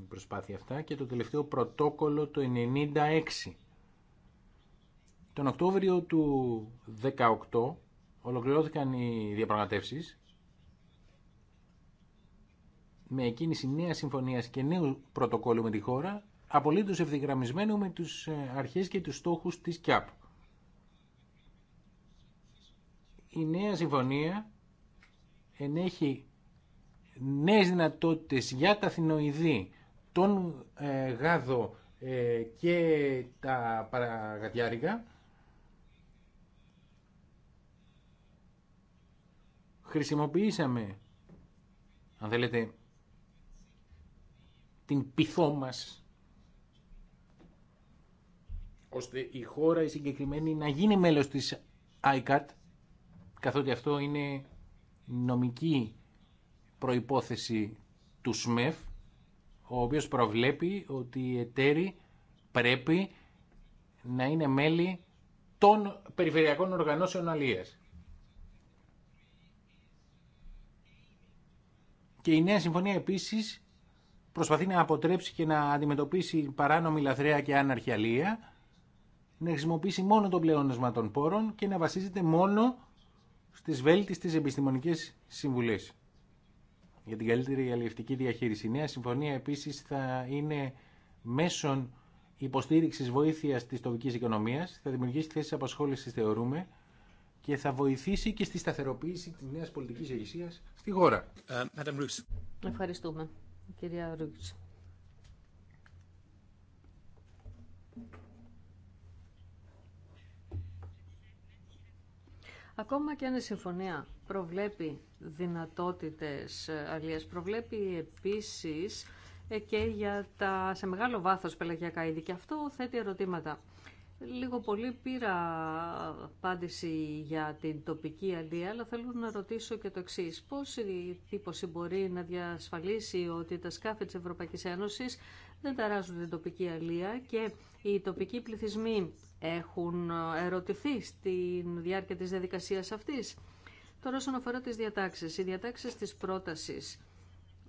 η προσπάθεια αυτά και το τελευταίο πρωτόκολλο το 96. Τον Οκτώβριο του 18 ολοκληρώθηκαν οι διαπραγματεύσεις με η νέα συμφωνία και νέου πρωτοκόλλου με τη χώρα απολύτως ευθυγραμμισμένου με τους ε, αρχές και τους στόχους της ΚΙΑΠ. Η νέα συμφωνία ενέχει νέες δυνατότητες για τα θηνοειδή, τον ε, γάδο ε, και τα παραγατιάρικα χρησιμοποιήσαμε, αν θέλετε, την πυθό μας, ώστε η χώρα η συγκεκριμένη να γίνει μέλος της ICAT, καθότι αυτό είναι νομική προϋπόθεση του ΣΜΕΦ, ο οποίος προβλέπει ότι οι εταίροι πρέπει να είναι μέλη των περιφερειακών οργανώσεων αλίας. Και η νέα συμφωνία επίσης προσπαθεί να αποτρέψει και να αντιμετωπίσει παράνομη λαθρέα και άναρχη αλία, να χρησιμοποιήσει μόνο το πλεόνασμα των πόρων και να βασίζεται μόνο στις βέλτιστες επιστημονικές συμβουλές για την καλύτερη αλληλευτική διαχείριση. Η νέα συμφωνία επίσης θα είναι μέσον υποστήριξης βοήθειας της τοπική οικονομίας, θα δημιουργήσει θέσεις απασχόλησης θεωρούμε και θα βοηθήσει και στη σταθεροποίηση της νέας πολιτικής ηγεσία στη χώρα. Ε, Ευχαριστούμε, κυρία Ρούτς. Ακόμα και αν η συμφωνία προβλέπει δυνατότητες αλλιές, προβλέπει επίσης ε, και για τα σε μεγάλο βάθος πελαγιακά είδη και αυτό θέτει ερωτήματα. Λίγο πολύ πήρα απάντηση για την τοπική αλία, αλλά θέλω να ρωτήσω και το εξή. Πώ η τύποση μπορεί να διασφαλίσει ότι τα σκάφη τη Ευρωπαϊκή Ένωση δεν ταράζουν την τοπική αλία και οι τοπικοί πληθυσμοί έχουν ε, ερωτηθεί στη διάρκεια της διαδικασίας αυτής. Τώρα όσον αφορά τις διατάξεις, οι διατάξεις της πρότασης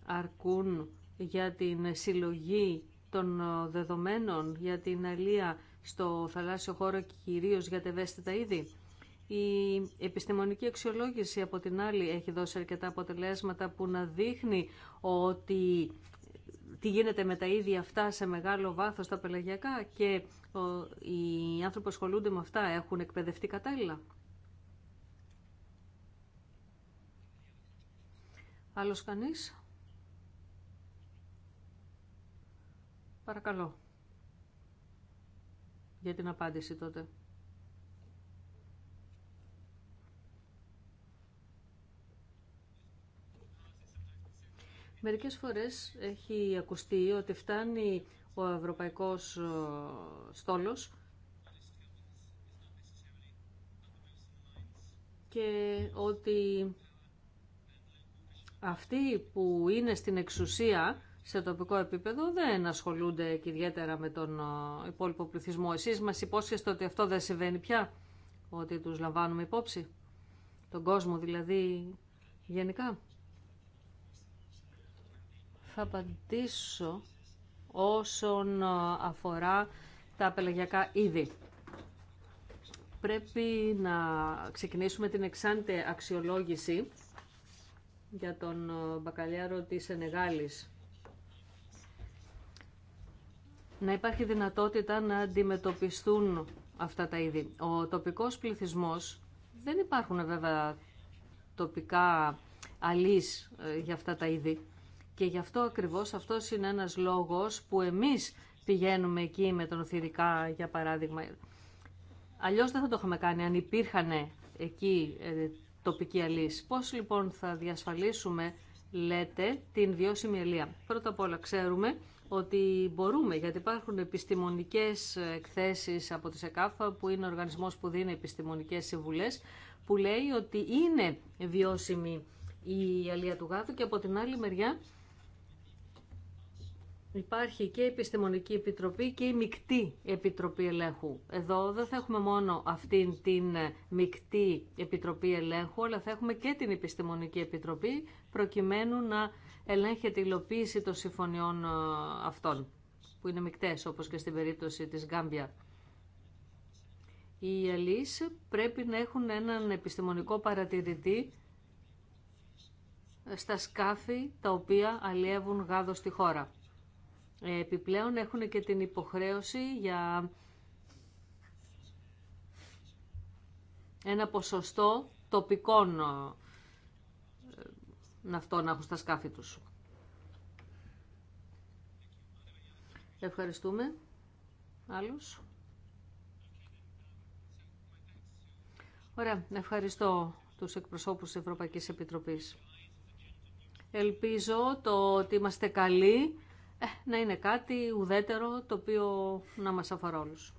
αρκούν για την συλλογή των ε, δεδομένων για την αλία στο θαλάσσιο χώρο και κυρίως για τα είδη. Η επιστημονική αξιολόγηση από την άλλη έχει δώσει αρκετά αποτελέσματα που να δείχνει ότι ε, τι γίνεται με τα ίδια αυτά σε μεγάλο βάθος τα πελαγιακά και οι άνθρωποι που ασχολούνται με αυτά έχουν εκπαιδευτεί κατάλληλα. Άλλος κανείς. Παρακαλώ. Για την απάντηση τότε. Μερικές φορές έχει ακουστεί ότι φτάνει ο ευρωπαϊκός στόλος και ότι αυτοί που είναι στην εξουσία σε τοπικό επίπεδο δεν ασχολούνται και ιδιαίτερα με τον υπόλοιπο πληθυσμό. Εσείς μας υπόσχεστε ότι αυτό δεν συμβαίνει πια, ότι τους λαμβάνουμε υπόψη, τον κόσμο δηλαδή γενικά. Θα απαντήσω όσον αφορά τα πελαγιακά είδη. Πρέπει να ξεκινήσουμε την εξάντε αξιολόγηση για τον μπακαλιάρο της Ενεγάλης. Να υπάρχει δυνατότητα να αντιμετωπιστούν αυτά τα είδη. Ο τοπικός πληθυσμός, δεν υπάρχουν βέβαια τοπικά αλής ε, για αυτά τα είδη. Και γι' αυτό ακριβώς αυτό είναι ένας λόγος που εμείς πηγαίνουμε εκεί με τον Οθυρικά, για παράδειγμα. Αλλιώς δεν θα το είχαμε κάνει αν υπήρχαν εκεί ε, τοπική αλύση. Πώς λοιπόν θα διασφαλίσουμε, λέτε, την βιώσιμη αλία. Πρώτα απ' όλα ξέρουμε ότι μπορούμε, γιατί υπάρχουν επιστημονικές εκθέσεις από τη ΣΕΚΑΦΑ, που είναι ο οργανισμός που δίνει επιστημονικές συμβουλές, που λέει ότι είναι βιώσιμη η αλία του γάτου και από την άλλη μεριά Υπάρχει και η Επιστημονική Επιτροπή και η Μικτή Επιτροπή Ελέγχου. Εδώ δεν θα έχουμε μόνο αυτήν την ε, Μικτή Επιτροπή Ελέγχου, αλλά θα έχουμε και την Επιστημονική Επιτροπή, προκειμένου να ελέγχεται η υλοποίηση των συμφωνιών ε, αυτών, που είναι μικτές, όπως και στην περίπτωση της Γκάμπια. Οι ελίς πρέπει να έχουν έναν επιστημονικό παρατηρητή στα σκάφη τα οποία αλλιεύουν γάδο στη χώρα. Επιπλέον έχουν και την υποχρέωση για ένα ποσοστό τοπικών ε, ναυτών να έχουν στα σκάφη τους. Ευχαριστούμε. Άλλος. Ωραία. Ευχαριστώ τους εκπροσώπους της Ευρωπαϊκής Επιτροπής. Ελπίζω το ότι είμαστε καλοί ε, να είναι κάτι ουδέτερο το οποίο να μας αφορά όλους.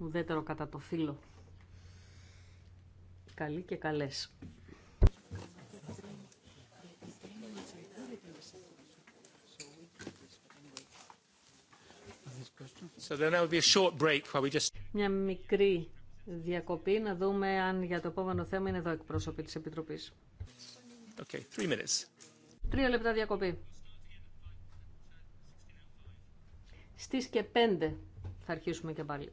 Ουδέτερο κατά το φύλλο. Καλή και καλές. Μια μικρή διακοπή να δούμε αν για το επόμενο θέμα είναι εδώ εκπρόσωποι της Επιτροπής. Okay, Τρία λεπτά διακοπή. Στις και πέντε θα αρχίσουμε και πάλι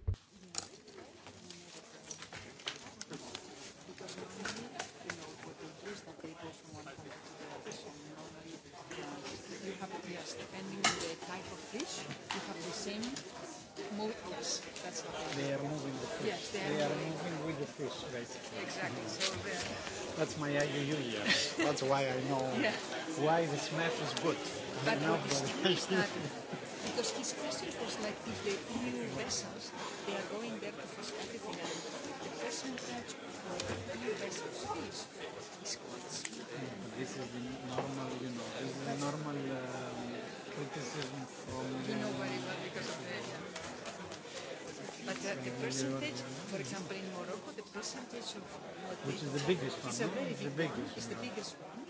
that's what they, they are moving the fish. Yes, they, they are moving moving with the fish, basically. Exactly. Mm-hmm. So that's my IUU year. that's why I know yeah. why this math is good. But I know he started. Because his question was like if the EU vessels, they are going there to fish everything, and the percentage for EU vessels fish is quite small. This is the normal, you know, this is the normal criticism from. You know very well because of the. Yeah. But uh, the percentage, for example, in Morocco, the percentage of what which is the biggest one, is a very big the biggest one. Is the biggest one.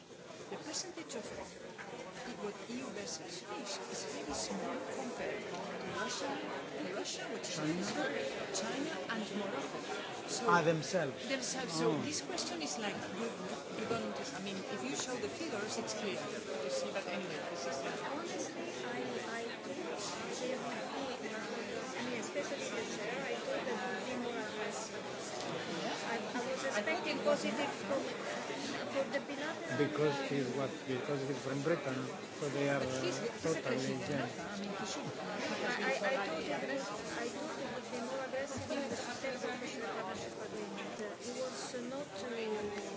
The percentage of what EU vessels fish is very small compared to Russia, Russia, which is China, China and Morocco. So ah, themselves. Themselves. So this question is like you, you don't. I mean, if you show the figures, it's clear. You see, but anyway, this is. Because it is for, for the bilateral. Because he's what? Because he's from Britain, so they are uh, he's, he's totally. Yeah. I, I, I told him was. I would be more aggressive in the official partnership agreement. Uh, it was not Uh,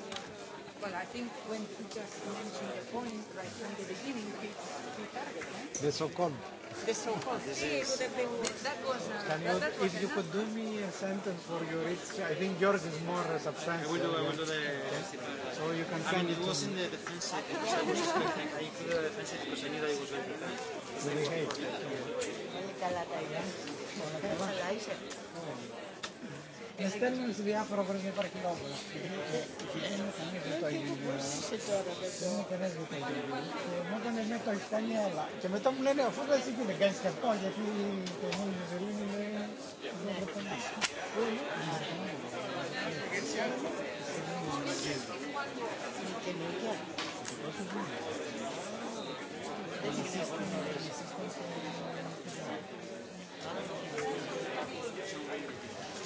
Well, I think when he just mentioned the point right from the beginning, he he targeted. The so-called the so you, if you could do me a sentence for your, I think yours is more substantial. So you can it. in the defensive. Με στέλνουν σε διάφορα χωρίς να υπάρχει λόγο. Ε, δεν είναι κανείς το Δεν είναι το Και μου το Και μετά μου λένε αφού δεν σήκει δεν κάνεις αυτό γιατί το μόνο που Ελλήνης είναι διαβρετανά. Καινούργια.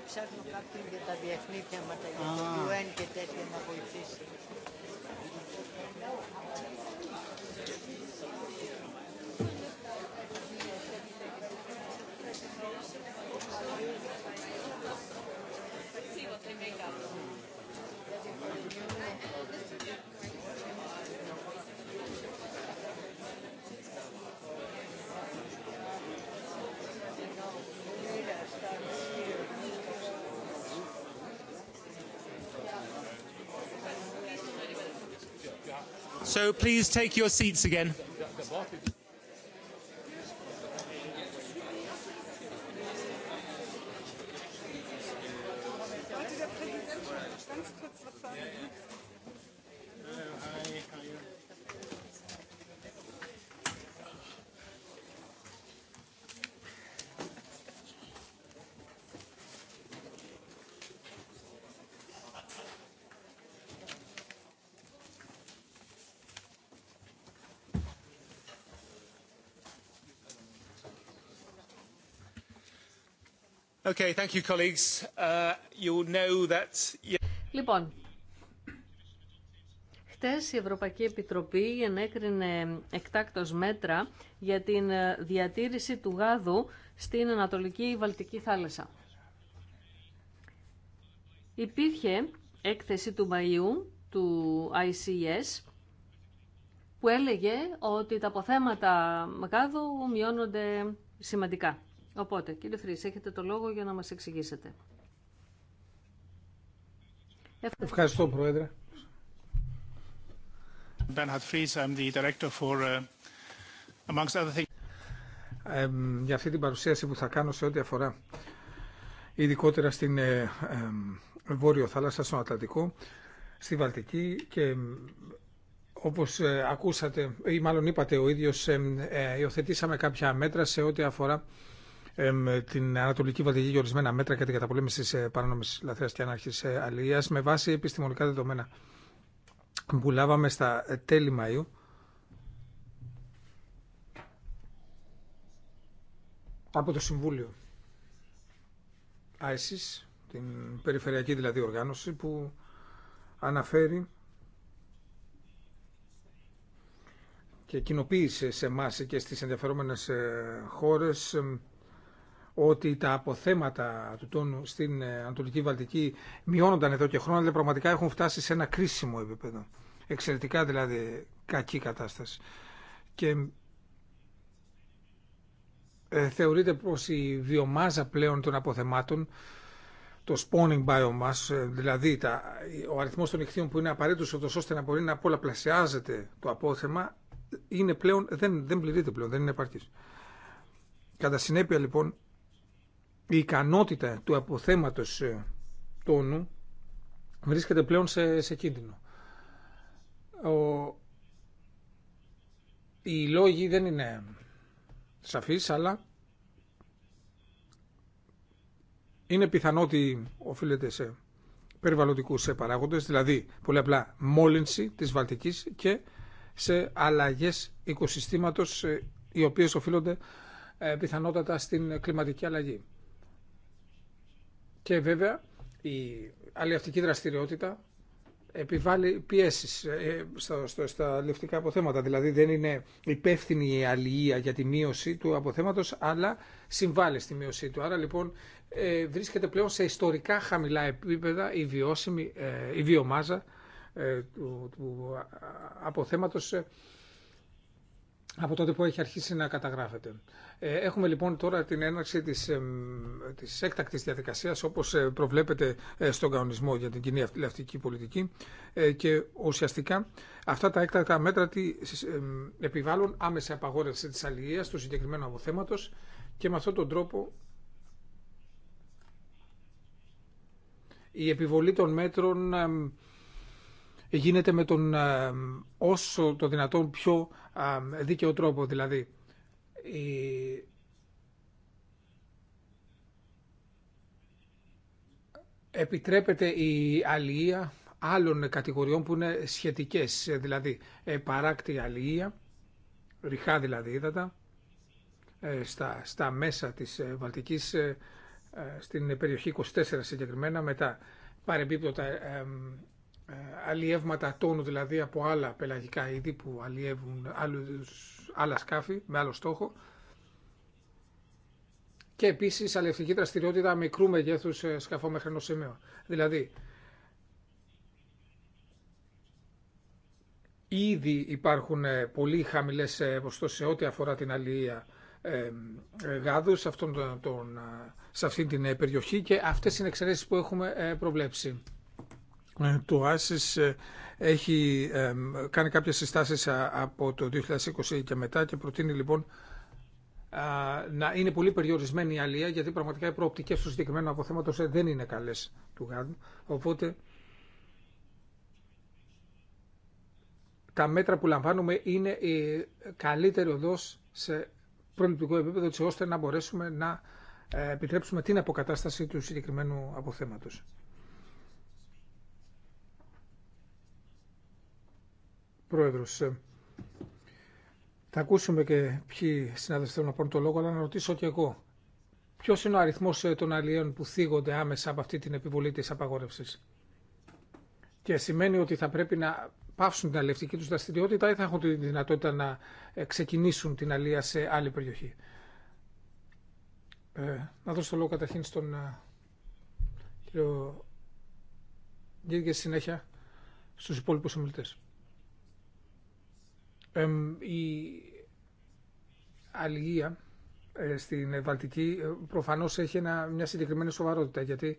εγώ ψάχνω κάποιον για τα διεθνή θέματα, για το UN και τέτοια να βοηθήσει. please take your seats again. Uh, λοιπόν, χτες η Ευρωπαϊκή Επιτροπή ενέκρινε εκτάκτος μέτρα για την ε, διατήρηση του γάδου στην Ανατολική Βαλτική θάλασσα. Υπήρχε έκθεση του Μαΐου του ICS που έλεγε ότι τα αποθέματα γάδου μειώνονται σημαντικά. Οπότε, κύριε Φρύς, έχετε το λόγο για να μας εξηγήσετε. Ευχαριστώ, Πρόεδρε. Uh, για αυτή την παρουσίαση που θα κάνω σε ό,τι αφορά ειδικότερα στην ε, Βόρειο Θάλασσα, στον Ατλαντικό, στη Βαλτική και όπως ε, ακούσατε ή μάλλον είπατε ο ίδιος, ε, υιοθετήσαμε κάποια μέτρα σε ό,τι αφορά με την Ανατολική Βαλτική για ορισμένα μέτρα ...και την καταπολέμηση τη παράνομη λαθρέα και άναρχη ε, αλληλεία με βάση επιστημονικά δεδομένα που λάβαμε στα ε, τέλη Μαΐου. από το Συμβούλιο ISIS, την περιφερειακή δηλαδή οργάνωση που αναφέρει και κοινοποίησε σε εμά και στις ενδιαφερόμενες ε, χώρες ότι τα αποθέματα του τόνου στην ε, Ανατολική Βαλτική μειώνονταν εδώ και χρόνια, αλλά δηλαδή πραγματικά έχουν φτάσει σε ένα κρίσιμο επίπεδο. Εξαιρετικά δηλαδή κακή κατάσταση. Και ε, θεωρείται πως η βιομάζα πλέον των αποθεμάτων το spawning biomass, ε, δηλαδή τα, ο αριθμός των ηχθείων που είναι απαραίτητος ώστε να μπορεί να πολλαπλασιάζεται το απόθεμα, είναι πλέον, δεν, δεν πληρείται πλέον, δεν είναι επαρκής. Κατά συνέπεια λοιπόν η ικανότητα του αποθέματος ε, τόνου βρίσκεται πλέον σε, κίνδυνο. Ο, οι λόγοι δεν είναι σαφείς, αλλά είναι πιθανό ότι οφείλεται σε περιβαλλοντικούς παράγοντες, δηλαδή πολύ απλά μόλυνση της Βαλτικής και σε αλλαγές οικοσυστήματος ε, οι οποίες οφείλονται ε, πιθανότατα στην κλιματική αλλαγή. Και βέβαια η αλληλευτική δραστηριότητα επιβάλλει πιέσεις ε, στα, στα, αποθέματα. Δηλαδή δεν είναι υπεύθυνη η αλληλεία για τη μείωση του αποθέματος, αλλά συμβάλλει στη μείωσή του. Άρα λοιπόν ε, βρίσκεται πλέον σε ιστορικά χαμηλά επίπεδα η, βιώσιμη, ε, η βιομάζα του, του αποθέματος από τότε που έχει αρχίσει να καταγράφεται. Ε, έχουμε λοιπόν τώρα την έναρξη της, της έκτακτης διαδικασίας όπως ε, προβλέπεται ε, στον κανονισμό για την κοινή πολιτική και ουσιαστικά αυτά τα έκτακτα μέτρα επιβάλλουν άμεση απαγόρευση της αλληλείας του συγκεκριμένου αποθέματος και με αυτόν τον τρόπο η επιβολή των μέτρων γίνεται με τον όσο το δυνατόν πιο δίκαιο τρόπο δηλαδή επιτρέπεται η αλληλεία άλλων κατηγοριών που είναι σχετικές, δηλαδή ε, παράκτη αλληλεία, ριχά δηλαδή ύδατα, ε, στα, στα μέσα της ε, Βαλτικής, στην περιοχή 24 συγκεκριμένα, μετά παρεμπίπτωτα ε, αλλιεύματα τόνου, δηλαδή από άλλα πελαγικά είδη που αλλιεύουν άλλους, άλλα σκάφη με άλλο στόχο. Και επίση αλλιευτική δραστηριότητα μικρού μεγέθου ε, σκαφών μέχρι ενό σημείου. Δηλαδή, ήδη υπάρχουν ε, πολύ χαμηλέ ποσοστό σε ό,τι αφορά την αλληλεία γάδου σε, αυτόν τον, σε αυτή την περιοχή και αυτές είναι εξαιρέσεις που έχουμε προβλέψει. Ναι, το ΆΣΙΣ ε, έχει ε, κάνει κάποιες συστάσεις ε, από το 2020 και μετά και προτείνει λοιπόν να είναι πολύ περιορισμένη η αλία γιατί πραγματικά οι προοπτικές του συγκεκριμένου αποθέματος δεν είναι καλές του γάδου. Οπότε τα μέτρα που λαμβάνουμε είναι η καλύτερη οδός σε προληπτικό επίπεδο ώστε να μπορέσουμε να επιτρέψουμε την αποκατάσταση του συγκεκριμένου αποθέματος. Πρόεδρος. Ε, θα ακούσουμε και ποιοι συνάδελφοι θέλουν να πάρουν το λόγο, αλλά να ρωτήσω και εγώ. Ποιο είναι ο αριθμό ε, των αλλιέων που θίγονται άμεσα από αυτή την επιβολή τη απαγόρευση. Και σημαίνει ότι θα πρέπει να πάυσουν την αλληλευτική του δραστηριότητα ή θα έχουν τη δυνατότητα να ε, ξεκινήσουν την αλληλεία σε άλλη περιοχή. Ε, να δώσω το λόγο καταρχήν στον κύριο Γκίργε συνέχεια στους υπόλοιπους ομιλητές η αλληλεία ε, στην Βαλτική ε, προφανώς έχει μια συγκεκριμένη σοβαρότητα γιατί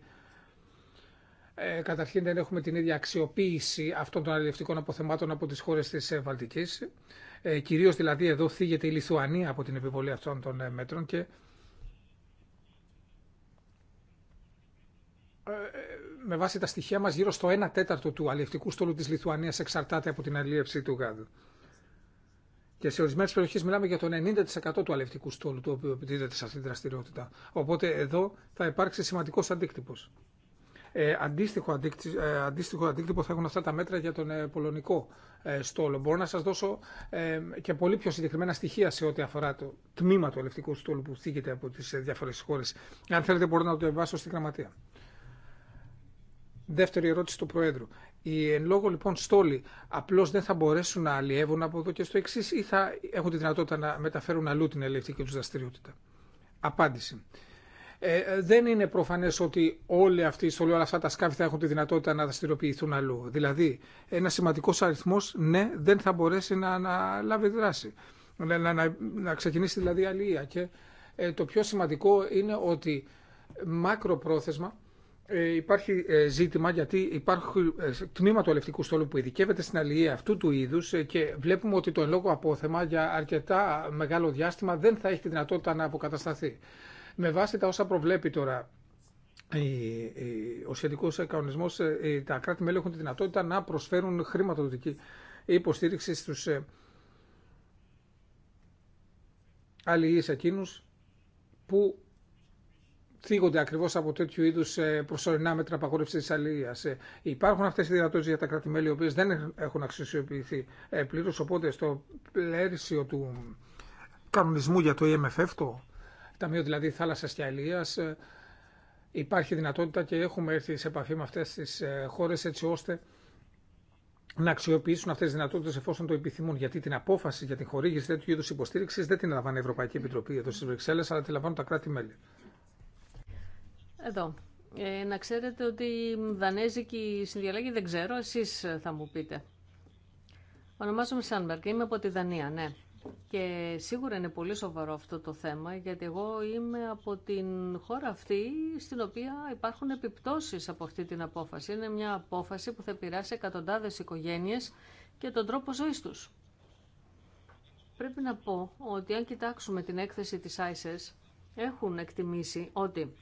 ε, καταρχήν δεν έχουμε την ίδια αξιοποίηση αυτών των αλληλευτικών αποθεμάτων από τις χώρες της ε, Βαλτικής. Ε, κυρίως δηλαδή εδώ θίγεται η Λιθουανία από την επιβολή αυτών των μέτρων και με βάση τα στοιχεία μας γύρω στο 1 τέταρτο του αλληλευτικού στόλου της Λιθουανίας εξαρτάται από την αλλήλευση του γάδου. Και σε ορισμένε περιοχέ μιλάμε για το 90% του αλευτικού στόλου το οποίο επιτίθεται σε αυτή τη δραστηριότητα. Οπότε εδώ θα υπάρξει σημαντικό αντίκτυπο. Ε, ε, αντίστοιχο, αντίκτυπο θα έχουν αυτά τα μέτρα για τον ε, πολωνικό ε, στόλο. Μπορώ να σα δώσω ε, και πολύ πιο συγκεκριμένα στοιχεία σε ό,τι αφορά το τμήμα του αλευτικού στόλου που θίγεται από τι διάφορε χώρε. Αν θέλετε, μπορώ να το εμβάσω στην γραμματεία. Δεύτερη ερώτηση του Προέδρου. Οι εν λόγω λοιπόν στόλοι απλώς δεν θα μπορέσουν να αλλιεύουν από εδώ και στο εξή ή θα έχουν τη δυνατότητα να μεταφέρουν αλλού την ελεύθερη τους δραστηριότητα. Απάντηση. Ε, δεν είναι προφανέ ότι όλοι αυτοί οι στολοί, όλα αυτά τα σκάφη θα έχουν τη δυνατότητα να δραστηριοποιηθούν αλλού. Δηλαδή, ένα σημαντικό αριθμό, ναι, δεν θα μπορέσει να, να λάβει δράση. Να, να, να ξεκινήσει δηλαδή αλληλεία. Και ε, το πιο σημαντικό είναι ότι μακροπρόθεσμα ε, υπάρχει ε, ζήτημα γιατί υπάρχει ε, τμήμα του ελευτικού στόλου που ειδικεύεται στην αλληλεία αυτού του είδους και βλέπουμε ότι το εν λόγω απόθεμα για αρκετά μεγάλο διάστημα δεν θα έχει τη δυνατότητα να αποκατασταθεί. Με βάση τα όσα προβλέπει τώρα ο σχετικός κανονισμός, τα κράτη-μέλη έχουν τη δυνατότητα να προσφέρουν χρηματοδοτική υποστήριξη στους αλληλείς εκείνους που θίγονται ακριβώ από τέτοιου είδου ε, προσωρινά μέτρα απαγόρευση τη αλληλεία. Ε, υπάρχουν αυτέ οι δυνατότητε για τα κράτη-μέλη, οι οποίε δεν έχουν αξιοποιηθεί ε, πλήρω. Οπότε, στο πλαίσιο του κανονισμού για το EMFF, το Ταμείο δηλαδή Θάλασσα και Αλληλεία, υπάρχει δυνατότητα και έχουμε έρθει σε επαφή με αυτέ τι χώρε έτσι ώστε να αξιοποιήσουν αυτέ τι δυνατότητε εφόσον το επιθυμούν. Γιατί την απόφαση για την χορήγηση τέτοιου είδου υποστήριξη δεν την λαμβάνει η Ευρωπαϊκή Επιτροπή εδώ στι Βρυξέλλε, αλλά τη λαμβάνουν τα κράτη-μέλη. Εδώ. Ε, να ξέρετε ότι η δανέζικη συνδιαλέγει. δεν ξέρω, εσείς θα μου πείτε. Ονομάζομαι Σάνμπερκ, είμαι από τη Δανία, ναι. Και σίγουρα είναι πολύ σοβαρό αυτό το θέμα, γιατί εγώ είμαι από την χώρα αυτή στην οποία υπάρχουν επιπτώσεις από αυτή την απόφαση. Είναι μια απόφαση που θα επηρεάσει εκατοντάδες οικογένειες και τον τρόπο ζωής τους. Πρέπει να πω ότι αν κοιτάξουμε την έκθεση της ISIS, έχουν εκτιμήσει ότι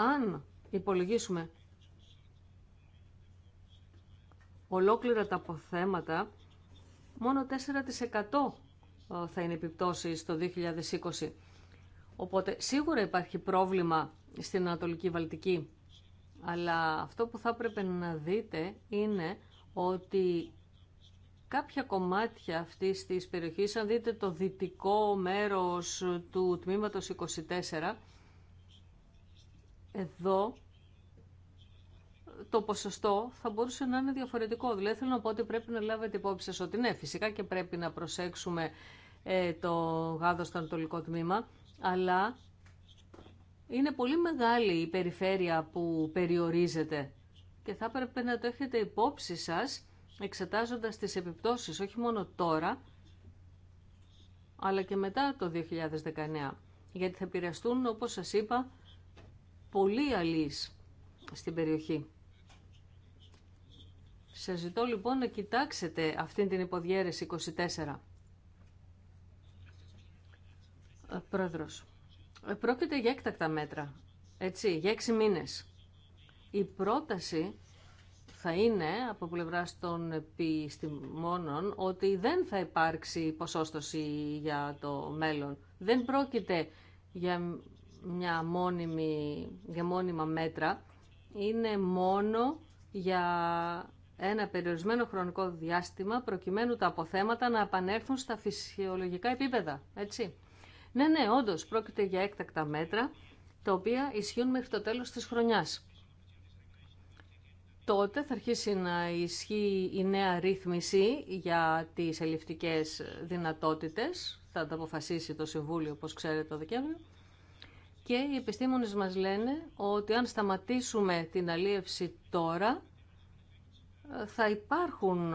αν υπολογίσουμε ολόκληρα τα αποθέματα, μόνο 4% ε, θα είναι επιπτώσεις το 2020. Οπότε σίγουρα υπάρχει πρόβλημα στην Ανατολική Βαλτική, αλλά αυτό που θα έπρεπε να δείτε είναι ότι κάποια κομμάτια αυτής της περιοχής, αν δείτε το δυτικό μέρος του τμήματος 24, εδώ το ποσοστό θα μπορούσε να είναι διαφορετικό. Δηλαδή θέλω να πω ότι πρέπει να λάβετε υπόψη σας ότι ναι, φυσικά και πρέπει να προσέξουμε ε, το γάδο στο ανατολικό τμήμα, αλλά είναι πολύ μεγάλη η περιφέρεια που περιορίζεται και θα έπρεπε να το έχετε υπόψη σας εξετάζοντας τις επιπτώσεις όχι μόνο τώρα, αλλά και μετά το 2019, γιατί θα επηρεαστούν, όπως σας είπα, Πολύ αλής στην περιοχή. Σας ζητώ λοιπόν να κοιτάξετε αυτήν την υποδιέρεση 24. Ε, πρόεδρος, ε, πρόκειται για έκτακτα μέτρα, έτσι, για έξι μήνες. Η πρόταση θα είναι από πλευρά των επιστημόνων ότι δεν θα υπάρξει ποσόστοση για το μέλλον. Δεν πρόκειται για μια μόνιμη, για μόνιμα μέτρα είναι μόνο για ένα περιορισμένο χρονικό διάστημα προκειμένου τα αποθέματα να επανέλθουν στα φυσιολογικά επίπεδα. Έτσι. Ναι, ναι, όντως, πρόκειται για έκτακτα μέτρα τα οποία ισχύουν μέχρι το τέλος της χρονιάς. Τότε θα αρχίσει να ισχύει η νέα ρύθμιση για τις ελλειφτικές δυνατότητες. Θα τα αποφασίσει το Συμβούλιο, όπως ξέρετε, το Δεκέμβριο. Και οι επιστήμονες μας λένε ότι αν σταματήσουμε την αλίευση τώρα, θα υπάρχουν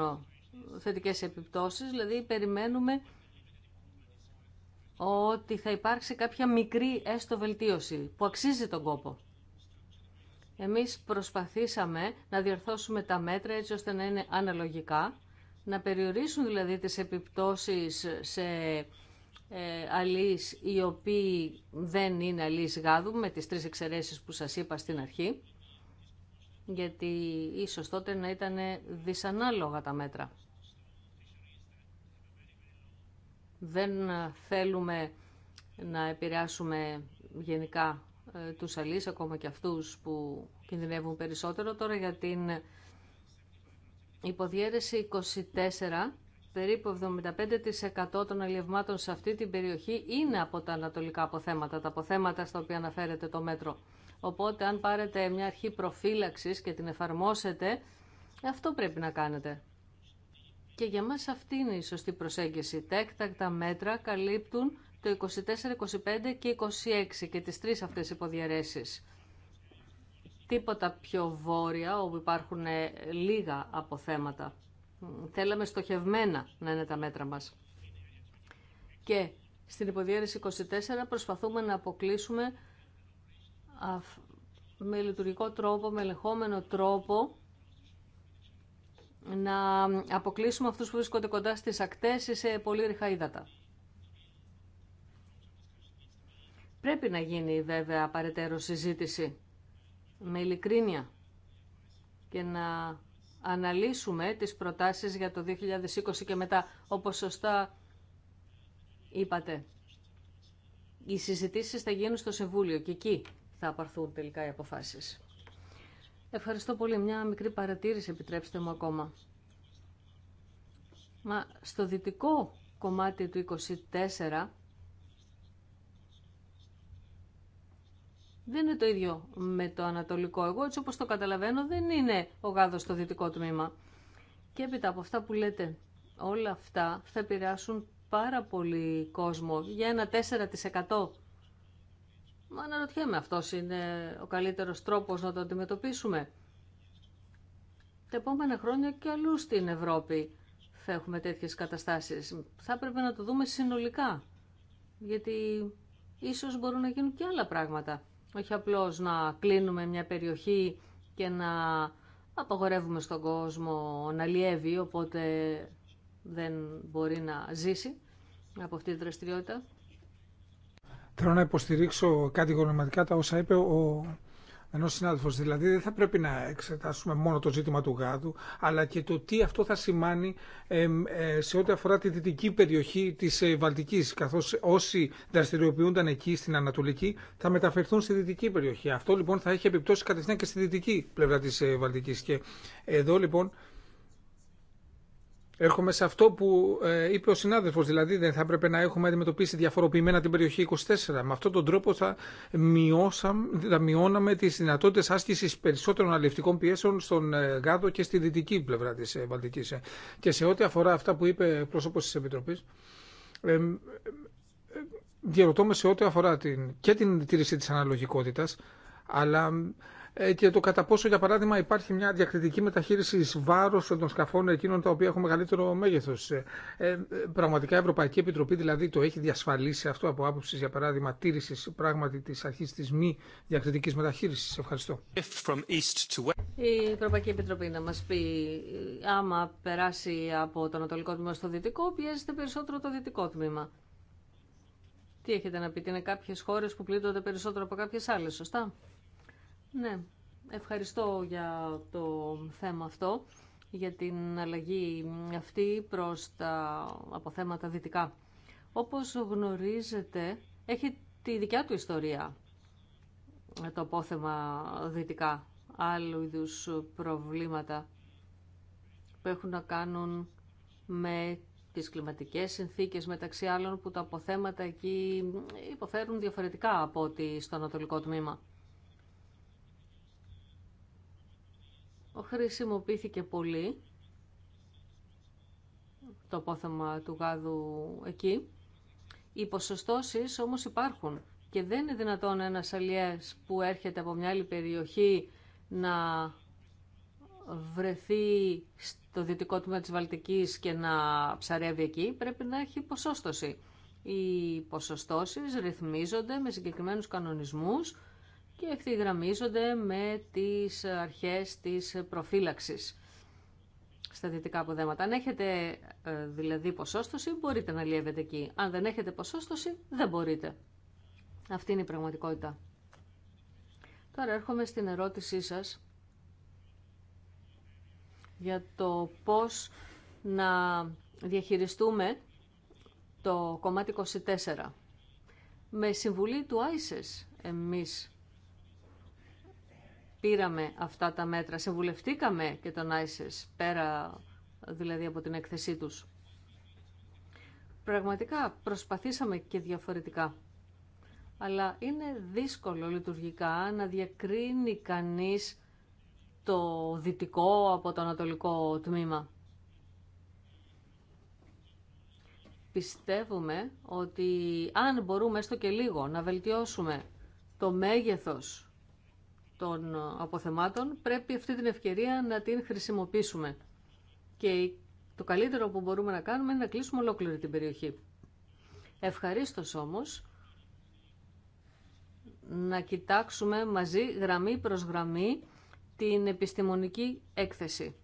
θετικές επιπτώσεις, δηλαδή περιμένουμε ότι θα υπάρξει κάποια μικρή έστω βελτίωση που αξίζει τον κόπο. Εμείς προσπαθήσαμε να διορθώσουμε τα μέτρα έτσι ώστε να είναι αναλογικά, να περιορίσουν δηλαδή τις επιπτώσεις σε ε, αλείς οι οποίοι δεν είναι αλείς γάδου με τις τρεις εξαιρέσεις που σας είπα στην αρχή γιατί ίσως τότε να ήταν δυσανάλογα τα μέτρα. Δεν θέλουμε να επηρεάσουμε γενικά ε, τους αλείς, ακόμα και αυτούς που κινδυνεύουν περισσότερο. Τώρα για την υποδιέρεση 24 περίπου 75% των αλλιευμάτων σε αυτή την περιοχή είναι από τα ανατολικά αποθέματα, τα αποθέματα στα οποία αναφέρεται το μέτρο. Οπότε αν πάρετε μια αρχή προφύλαξης και την εφαρμόσετε, αυτό πρέπει να κάνετε. Και για μας αυτή είναι η σωστή προσέγγιση. Τα έκτακτα μέτρα καλύπτουν το 24, 25 και 26 και τις τρεις αυτές υποδιαιρέσεις. Τίποτα πιο βόρεια όπου υπάρχουν ε, λίγα αποθέματα. Θέλαμε στοχευμένα να είναι τα μέτρα μας. Και στην υποδιέρεση 24 προσπαθούμε να αποκλείσουμε με λειτουργικό τρόπο, με ελεγχόμενο τρόπο να αποκλείσουμε αυτούς που βρίσκονται κοντά στις ακτές ή σε πολύ ρηχά ύδατα. Πρέπει να γίνει βέβαια παρετέρω συζήτηση με ειλικρίνεια και να αναλύσουμε τις προτάσεις για το 2020 και μετά, όπως σωστά είπατε. Οι συζητήσεις θα γίνουν στο Συμβούλιο και εκεί θα απαρθούν τελικά οι αποφάσεις. Ευχαριστώ πολύ. Μια μικρή παρατήρηση επιτρέψτε μου ακόμα. Μα στο δυτικό κομμάτι του 24 δεν είναι το ίδιο με το ανατολικό. Εγώ έτσι όπως το καταλαβαίνω δεν είναι ο γάδος στο δυτικό τμήμα. Και έπειτα από αυτά που λέτε, όλα αυτά θα επηρεάσουν πάρα πολύ κόσμο για ένα 4%. Μα αναρωτιέμαι, αυτός είναι ο καλύτερος τρόπος να το αντιμετωπίσουμε. Τα επόμενα χρόνια και αλλού στην Ευρώπη θα έχουμε τέτοιες καταστάσεις. Θα έπρεπε να το δούμε συνολικά, γιατί ίσως μπορούν να γίνουν και άλλα πράγματα. Όχι απλώς να κλείνουμε μια περιοχή και να απαγορεύουμε στον κόσμο να λιεύει, οπότε δεν μπορεί να ζήσει από αυτή τη δραστηριότητα. Θέλω να υποστηρίξω κατηγορηματικά τα όσα είπε ο ενός συνάδελφου. Δηλαδή δεν θα πρέπει να εξετάσουμε μόνο το ζήτημα του γάδου, αλλά και το τι αυτό θα σημάνει ε, σε ό,τι αφορά τη δυτική περιοχή της ε, Βαλτικής, καθώς όσοι δραστηριοποιούνταν εκεί στην Ανατολική θα μεταφερθούν στη δυτική περιοχή. Αυτό λοιπόν θα έχει επιπτώσει κατευθείαν και στη δυτική πλευρά της ε, Βαλτικής. Και εδώ λοιπόν Έρχομαι σε αυτό που ε, είπε ο συνάδελφο, δηλαδή δεν θα έπρεπε να έχουμε αντιμετωπίσει διαφοροποιημένα την περιοχή 24. Με αυτόν τον τρόπο θα, μειώσαμε, θα μειώναμε τι δυνατότητε άσκηση περισσότερων αλληλευτικών πιέσεων στον ε, Γάδο και στη δυτική πλευρά τη ε, Βαλτική. Και σε ό,τι αφορά αυτά που είπε πρόσωπο τη Επιτροπή, διαρωτώ με σε ό,τι αφορά την, και την τήρηση τη αναλογικότητα, αλλά ε, και το κατά πόσο, για παράδειγμα, υπάρχει μια διακριτική μεταχείριση βάρο των σκαφών εκείνων τα οποία έχουν μεγαλύτερο μέγεθο. Ε, ε, πραγματικά η Ευρωπαϊκή Επιτροπή δηλαδή το έχει διασφαλίσει αυτό από άποψη, για παράδειγμα, τήρηση πράγματι τη αρχή τη μη διακριτική μεταχείριση. Ευχαριστώ. Η Ευρωπαϊκή Επιτροπή να μα πει, άμα περάσει από το ανατολικό τμήμα στο δυτικό, πιέζεται περισσότερο το δυτικό τμήμα. Τι έχετε να πείτε, είναι κάποιες χώρες που πλήττονται περισσότερο από κάποιες άλλες, σωστά. Ναι, ευχαριστώ για το θέμα αυτό, για την αλλαγή αυτή προς τα αποθέματα δυτικά. Όπως γνωρίζετε, έχει τη δικιά του ιστορία το απόθεμα δυτικά, άλλου είδου προβλήματα που έχουν να κάνουν με τις κλιματικές συνθήκες μεταξύ άλλων που τα αποθέματα εκεί υποφέρουν διαφορετικά από ό,τι στο ανατολικό τμήμα. χρησιμοποιήθηκε πολύ το απόθεμα του γάδου εκεί. Οι ποσοστώσεις όμως υπάρχουν και δεν είναι δυνατόν ένα αλιές που έρχεται από μια άλλη περιοχή να βρεθεί στο δυτικό τμήμα της Βαλτικής και να ψαρεύει εκεί, πρέπει να έχει ποσόστοση. Οι ποσοστώσεις ρυθμίζονται με συγκεκριμένους κανονισμούς και ευθυγραμμίζονται με τις αρχές της προφύλαξης στα δυτικά αποδέματα. Αν έχετε ε, δηλαδή ποσόστοση μπορείτε να λιεύετε εκεί. Αν δεν έχετε ποσόστοση δεν μπορείτε. Αυτή είναι η πραγματικότητα. Τώρα έρχομαι στην ερώτησή σας για το πώς να διαχειριστούμε το κομμάτι 24. Με συμβουλή του ISIS εμείς πήραμε αυτά τα μέτρα, συμβουλευτήκαμε και τον ISIS πέρα δηλαδή από την έκθεσή τους. Πραγματικά προσπαθήσαμε και διαφορετικά. Αλλά είναι δύσκολο λειτουργικά να διακρίνει κανείς το δυτικό από το ανατολικό τμήμα. Πιστεύουμε ότι αν μπορούμε έστω και λίγο να βελτιώσουμε το μέγεθος των αποθεμάτων, πρέπει αυτή την ευκαιρία να την χρησιμοποιήσουμε. Και το καλύτερο που μπορούμε να κάνουμε είναι να κλείσουμε ολόκληρη την περιοχή. Ευχαρίστως όμως να κοιτάξουμε μαζί γραμμή προς γραμμή την επιστημονική έκθεση.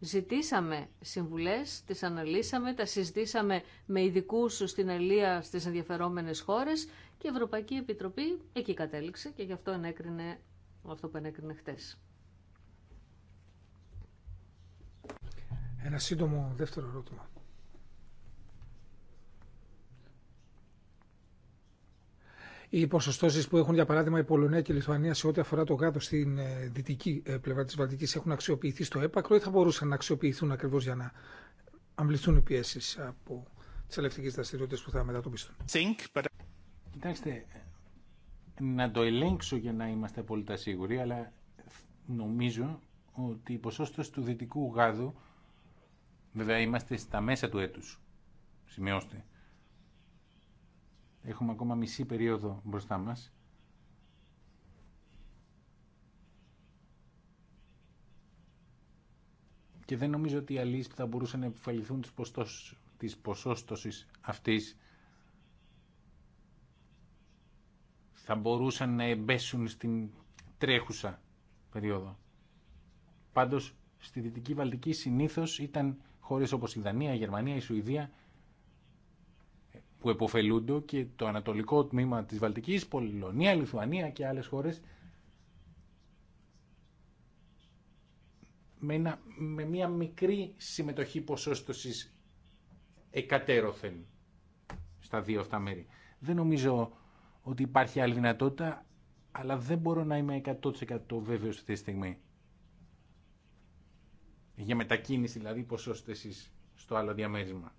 Ζητήσαμε συμβουλές, τις αναλύσαμε, τα συζητήσαμε με ειδικού στην Αλία στις ενδιαφερόμενες χώρες και η Ευρωπαϊκή Επιτροπή εκεί κατέληξε και γι' αυτό ενέκρινε αυτό που ενέκρινε χτες. Ένα σύντομο δεύτερο ερώτημα. Οι ποσοστώσει που έχουν για παράδειγμα η Πολωνία και η Λιθουανία σε ό,τι αφορά το γάδο στην ε, δυτική ε, πλευρά τη Βαλτική έχουν αξιοποιηθεί στο έπακρο ή θα μπορούσαν να αξιοποιηθούν ακριβώ για να αμβληθούν οι πιέσει από τι ελευθερικέ δραστηριότητε που θα μετατοπιστούν. Κοιτάξτε, να το ελέγξω για να είμαστε απόλυτα σίγουροι, αλλά νομίζω ότι η ποσόστος του δυτικού γάδου, βέβαια είμαστε στα μέσα του έτους, σημειώστε, έχουμε ακόμα μισή περίοδο μπροστά μας, και δεν νομίζω ότι οι αλείς που θα μπορούσαν να επιφαληθούν της ποσόστοσης αυτής θα μπορούσαν να εμπέσουν στην τρέχουσα περίοδο. Πάντως, στη Δυτική Βαλτική συνήθως ήταν χώρες όπως η Δανία, η Γερμανία, η Σουηδία που εποφελούνται και το ανατολικό τμήμα της Βαλτικής, Πολωνία, Λιθουανία και άλλες χώρες με, μια μικρή συμμετοχή ποσόστοσης εκατέρωθεν στα δύο αυτά μέρη. Δεν νομίζω ότι υπάρχει άλλη δυνατότητα, αλλά δεν μπορώ να είμαι 100% βέβαιος αυτή τη στιγμή. Για μετακίνηση δηλαδή εσείς στο άλλο διαμέρισμα.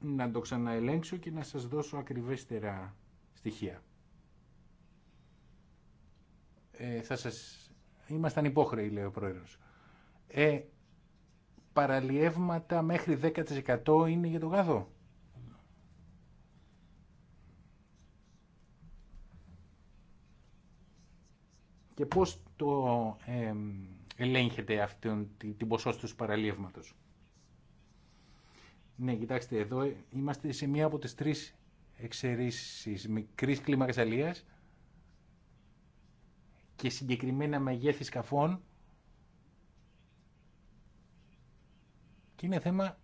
Να το ξαναελέγξω και να σας δώσω ακριβέστερα στοιχεία. Ε, θα σας... Ήμασταν υπόχρεοι, λέει ο πρόεδρος. Ε, παραλιεύματα μέχρι 10% είναι για το γάδο. και πώς το ε, ελέγχεται αυτή την ποσότητα του παραλίευματος. Ναι, κοιτάξτε, εδώ είμαστε σε μία από τις τρεις εξαιρήσεις μικρής κλίμακας αλίας και συγκεκριμένα μεγέθη σκαφών και είναι θέμα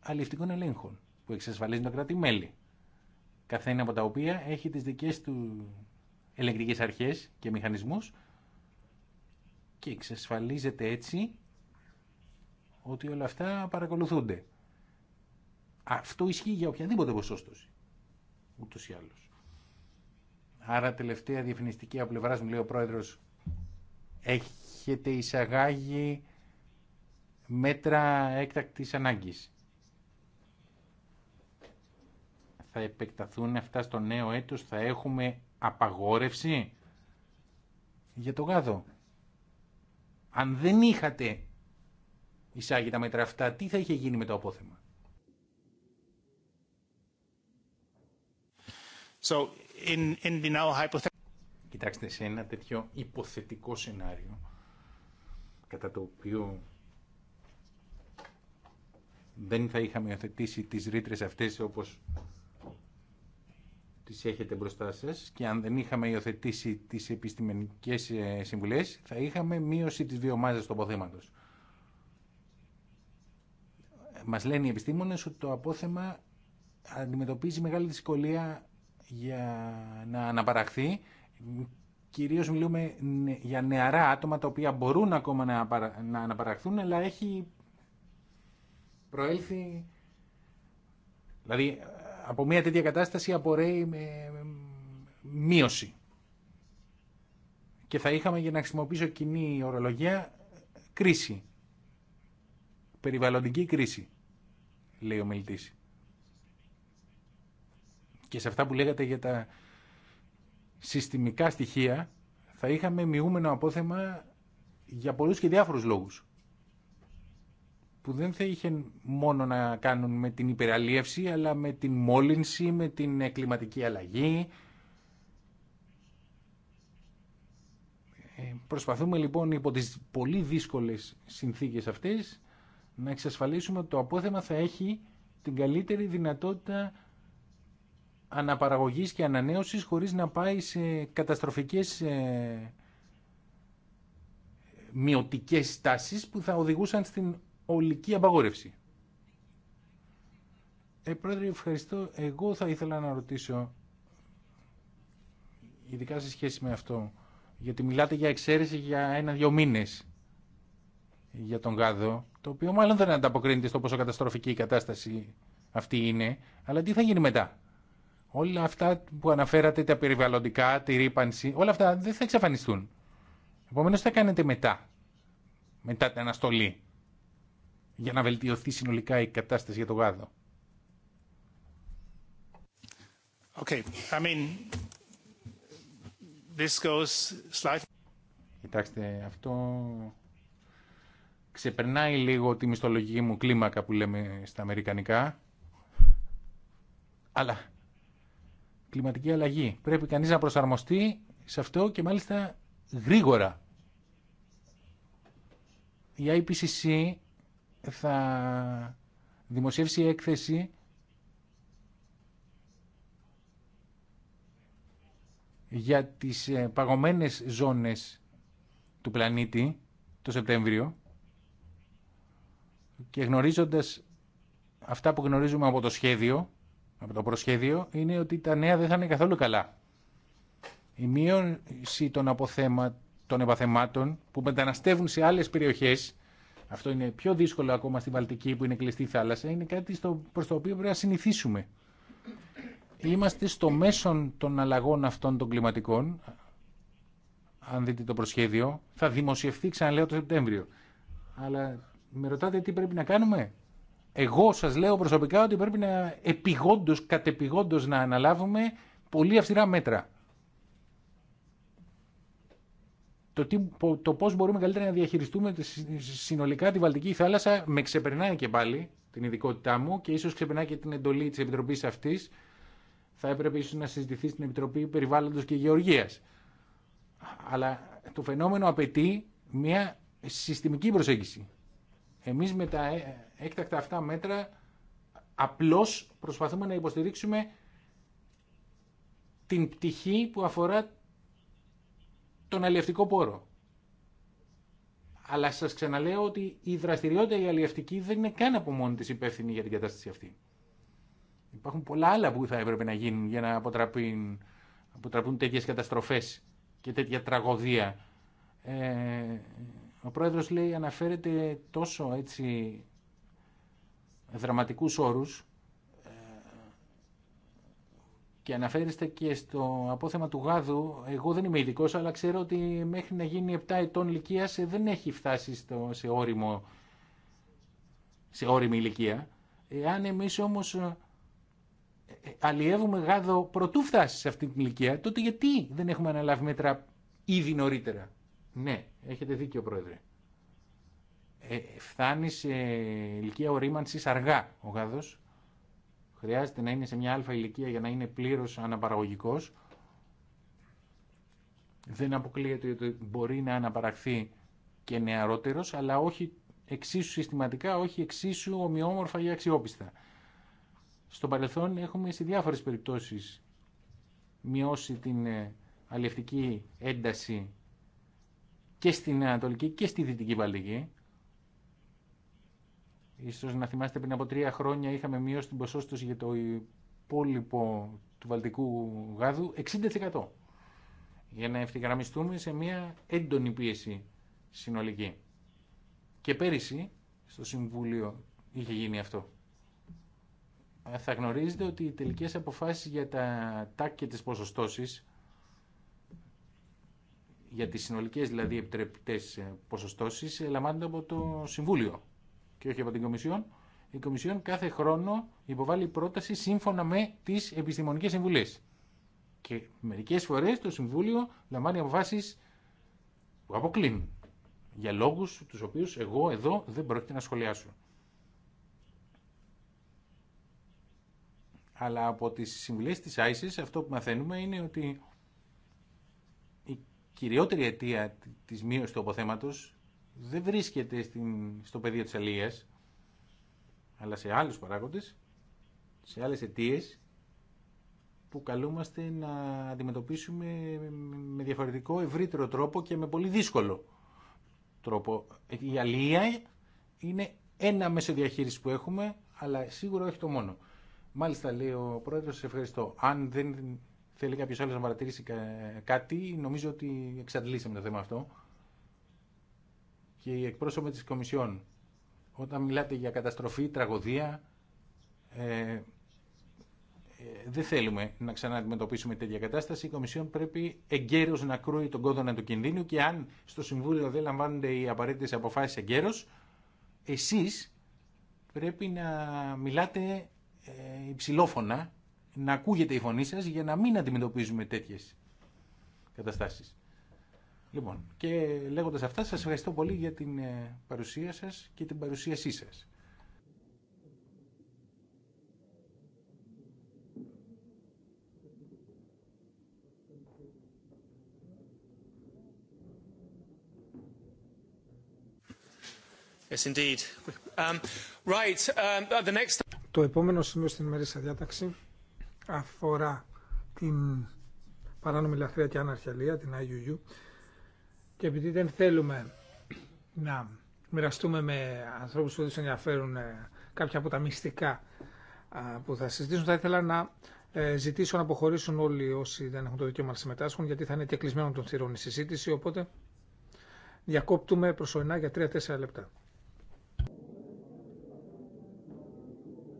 αλληλευτικών ελέγχων που εξασφαλίζουν τα κράτη-μέλη. Καθένα από τα οποία έχει τις δικές του ελεγκτικέ αρχές και μηχανισμούς και εξασφαλίζεται έτσι ότι όλα αυτά παρακολουθούνται. Αυτό ισχύει για οποιαδήποτε ποσόστοση, ούτως ή άλλως. Άρα τελευταία διαφημιστική από πλευρά μου λέει ο πρόεδρος έχετε εισαγάγει μέτρα έκτακτης ανάγκης. Θα επεκταθούν αυτά στο νέο έτος, θα έχουμε απαγόρευση για το γάδο. Αν δεν είχατε εισάγει τα μέτρα αυτά, τι θα είχε γίνει με το απόθεμα. So, in, in the now Κοιτάξτε, σε ένα τέτοιο υποθετικό σενάριο, κατά το οποίο δεν θα είχαμε υιοθετήσει τις ρήτρε αυτές όπως τις έχετε μπροστά σας και αν δεν είχαμε υιοθετήσει τις επιστημονικές ε, συμβουλές θα είχαμε μείωση της βιομάζας του αποθέματος. Μας λένε οι επιστήμονες ότι το απόθεμα αντιμετωπίζει μεγάλη δυσκολία για να αναπαραχθεί. Κυρίως μιλούμε για νεαρά άτομα τα οποία μπορούν ακόμα να αναπαραχθούν αλλά έχει προέλθει... Δηλαδή από μια τέτοια κατάσταση απορρέει με μείωση. Και θα είχαμε για να χρησιμοποιήσω κοινή ορολογία κρίση. Περιβαλλοντική κρίση, λέει ο Και σε αυτά που λέγατε για τα συστημικά στοιχεία, θα είχαμε μειούμενο απόθεμα για πολλούς και διάφορους λόγους που δεν θα είχε μόνο να κάνουν με την υπεραλίευση αλλά με την μόλυνση, με την κλιματική αλλαγή. Ε, προσπαθούμε λοιπόν υπό τις πολύ δύσκολες συνθήκες αυτές να εξασφαλίσουμε ότι το απόθεμα θα έχει την καλύτερη δυνατότητα αναπαραγωγής και ανανέωσης χωρίς να πάει σε καταστροφικές ε, μειωτικές τάσεις που θα οδηγούσαν στην ολική απαγόρευση. Ε, πρόεδρε, ευχαριστώ. Εγώ θα ήθελα να ρωτήσω, ειδικά σε σχέση με αυτό, γιατί μιλάτε για εξαίρεση για ένα-δυο μήνες για τον γάδο, το οποίο μάλλον δεν ανταποκρίνεται στο πόσο καταστροφική η κατάσταση αυτή είναι, αλλά τι θα γίνει μετά. Όλα αυτά που αναφέρατε, τα περιβαλλοντικά, τη ρήπανση, όλα αυτά δεν θα εξαφανιστούν. Επομένως, θα κάνετε μετά, μετά την αναστολή για να βελτιωθεί συνολικά η κατάσταση για το γάδο. Okay. I mean, this goes slightly... Κοιτάξτε, αυτό ξεπερνάει λίγο τη μισθολογική μου κλίμακα που λέμε στα αμερικανικά. Αλλά κλιματική αλλαγή. Πρέπει κανείς να προσαρμοστεί σε αυτό και μάλιστα γρήγορα. Η IPCC θα δημοσιεύσει έκθεση για τις ε, παγωμένες ζώνες του πλανήτη το Σεπτέμβριο και γνωρίζοντας αυτά που γνωρίζουμε από το σχέδιο, από το προσχέδιο, είναι ότι τα νέα δεν θα είναι καθόλου καλά. Η μείωση των, αποθέμα, των επαθεμάτων που μεταναστεύουν σε άλλες περιοχές αυτό είναι πιο δύσκολο ακόμα στη Βαλτική που είναι κλειστή θάλασσα. Είναι κάτι στο, προς το οποίο πρέπει να συνηθίσουμε. Είμαστε στο μέσον των αλλαγών αυτών των κλιματικών. Αν δείτε το προσχέδιο, θα δημοσιευθεί ξαναλέω το Σεπτέμβριο. Αλλά με ρωτάτε τι πρέπει να κάνουμε. Εγώ σας λέω προσωπικά ότι πρέπει να επιγόντως, κατεπιγόντως να αναλάβουμε πολύ αυστηρά μέτρα. το, τι, το πώς μπορούμε καλύτερα να διαχειριστούμε συνολικά τη Βαλτική θάλασσα με ξεπερνάει και πάλι την ειδικότητά μου και ίσως ξεπερνάει και την εντολή της Επιτροπής αυτής. Θα έπρεπε ίσως να συζητηθεί στην Επιτροπή Περιβάλλοντος και Γεωργίας. Αλλά το φαινόμενο απαιτεί μια συστημική προσέγγιση. Εμείς με τα ε- έκτακτα αυτά μέτρα απλώς προσπαθούμε να υποστηρίξουμε την πτυχή που αφορά τον αλλιευτικό πόρο. Αλλά σας ξαναλέω ότι η δραστηριότητα η αλλιευτική δεν είναι καν από μόνη της υπεύθυνη για την κατάσταση αυτή. Υπάρχουν πολλά άλλα που θα έπρεπε να γίνουν για να αποτραπούν, αποτραπούν τέτοιες καταστροφές και τέτοια τραγωδία. Ε, ο πρόεδρος λέει αναφέρεται τόσο έτσι δραματικούς όρους και αναφέρεστε και στο απόθεμα του γάδου, εγώ δεν είμαι ειδικό, αλλά ξέρω ότι μέχρι να γίνει 7 ετών ηλικία ε, δεν έχει φτάσει σε, όριμο, σε όριμη ηλικία. Εάν εμείς όμως ε, ε, αλλιεύουμε γάδο πρωτού φτάσει σε αυτή την ηλικία, τότε γιατί δεν έχουμε αναλάβει μέτρα ήδη νωρίτερα. Ναι, έχετε δίκιο πρόεδρε. Ε, φτάνει σε ηλικία ορίμανσης αργά ο γάδος χρειάζεται να είναι σε μια αλφα ηλικία για να είναι πλήρω αναπαραγωγικό. Δεν αποκλείεται ότι μπορεί να αναπαραχθεί και νεαρότερο, αλλά όχι εξίσου συστηματικά, όχι εξίσου ομοιόμορφα ή αξιόπιστα. Στο παρελθόν έχουμε σε διάφορες περιπτώσεις μειώσει την ε, αλληλευτική ένταση και στην Ανατολική και στη Δυτική Βαλτική Ίσως να θυμάστε πριν από τρία χρόνια είχαμε μειώσει την ποσόστοση για το υπόλοιπο του βαλτικού γάδου 60% για να ευθυγραμμιστούμε σε μια έντονη πίεση συνολική. Και πέρυσι στο Συμβούλιο είχε γίνει αυτό. Θα γνωρίζετε ότι οι τελικές αποφάσεις για τα τάκ και τις για τις συνολικές δηλαδή επιτρεπτές ποσοστώσεις λαμβάνονται από το Συμβούλιο και όχι από την Κομισιόν, η Κομισιόν κάθε χρόνο υποβάλλει πρόταση σύμφωνα με τι επιστημονικέ συμβουλέ. Και μερικέ φορέ το Συμβούλιο λαμβάνει αποφάσει που αποκλίνουν για λόγους τους οποίους εγώ εδώ δεν πρόκειται να σχολιάσω. Αλλά από τις συμβουλές της ISIS αυτό που μαθαίνουμε είναι ότι η κυριότερη αιτία της μείωσης του αποθέματος δεν βρίσκεται στην, στο πεδίο της αλίας, αλλά σε άλλους παράγοντες, σε άλλες αιτίε που καλούμαστε να αντιμετωπίσουμε με διαφορετικό ευρύτερο τρόπο και με πολύ δύσκολο τρόπο. Η αλία είναι ένα μέσο διαχείριση που έχουμε, αλλά σίγουρα όχι το μόνο. Μάλιστα, λέει ο πρόεδρος, σε ευχαριστώ. Αν δεν θέλει κάποιος άλλος να παρατηρήσει κάτι, νομίζω ότι εξαντλήσαμε το θέμα αυτό και οι εκπρόσωποι της Κομισιόν. Όταν μιλάτε για καταστροφή, τραγωδία, ε, ε, δεν θέλουμε να ξανααντιμετωπίσουμε τέτοια κατάσταση. Η Κομισιόν πρέπει εγκαίρως να κρούει τον κόδωνα του κινδύνου και αν στο Συμβούλιο δεν λαμβάνονται οι απαραίτητε αποφάσεις εγκαίρως, εσείς πρέπει να μιλάτε ε, υψηλόφωνα, να ακούγεται η φωνή σα για να μην αντιμετωπίζουμε τέτοιες καταστάσεις. Λοιπόν, και λέγοντας αυτά, σας ευχαριστώ πολύ για την ε, παρουσία σας και την παρουσίασή σας. Yes, indeed. Um, right, um, uh, the next... Το επόμενο σημείο στην ημερήσια διάταξη αφορά την παράνομη λαθρεία και αναρχιαλία, την IUU, και επειδή δεν θέλουμε να μοιραστούμε με ανθρώπους που δεν τους ενδιαφέρουν ε, κάποια από τα μυστικά που θα συζητήσουν, θα ήθελα να ε, ζητήσω να αποχωρήσουν όλοι όσοι δεν έχουν το δικαίωμα να συμμετάσχουν, γιατί θα είναι και κλεισμένο των θυρών η συζήτηση, οπότε διακόπτουμε προσωρινά για 3-4 λεπτά.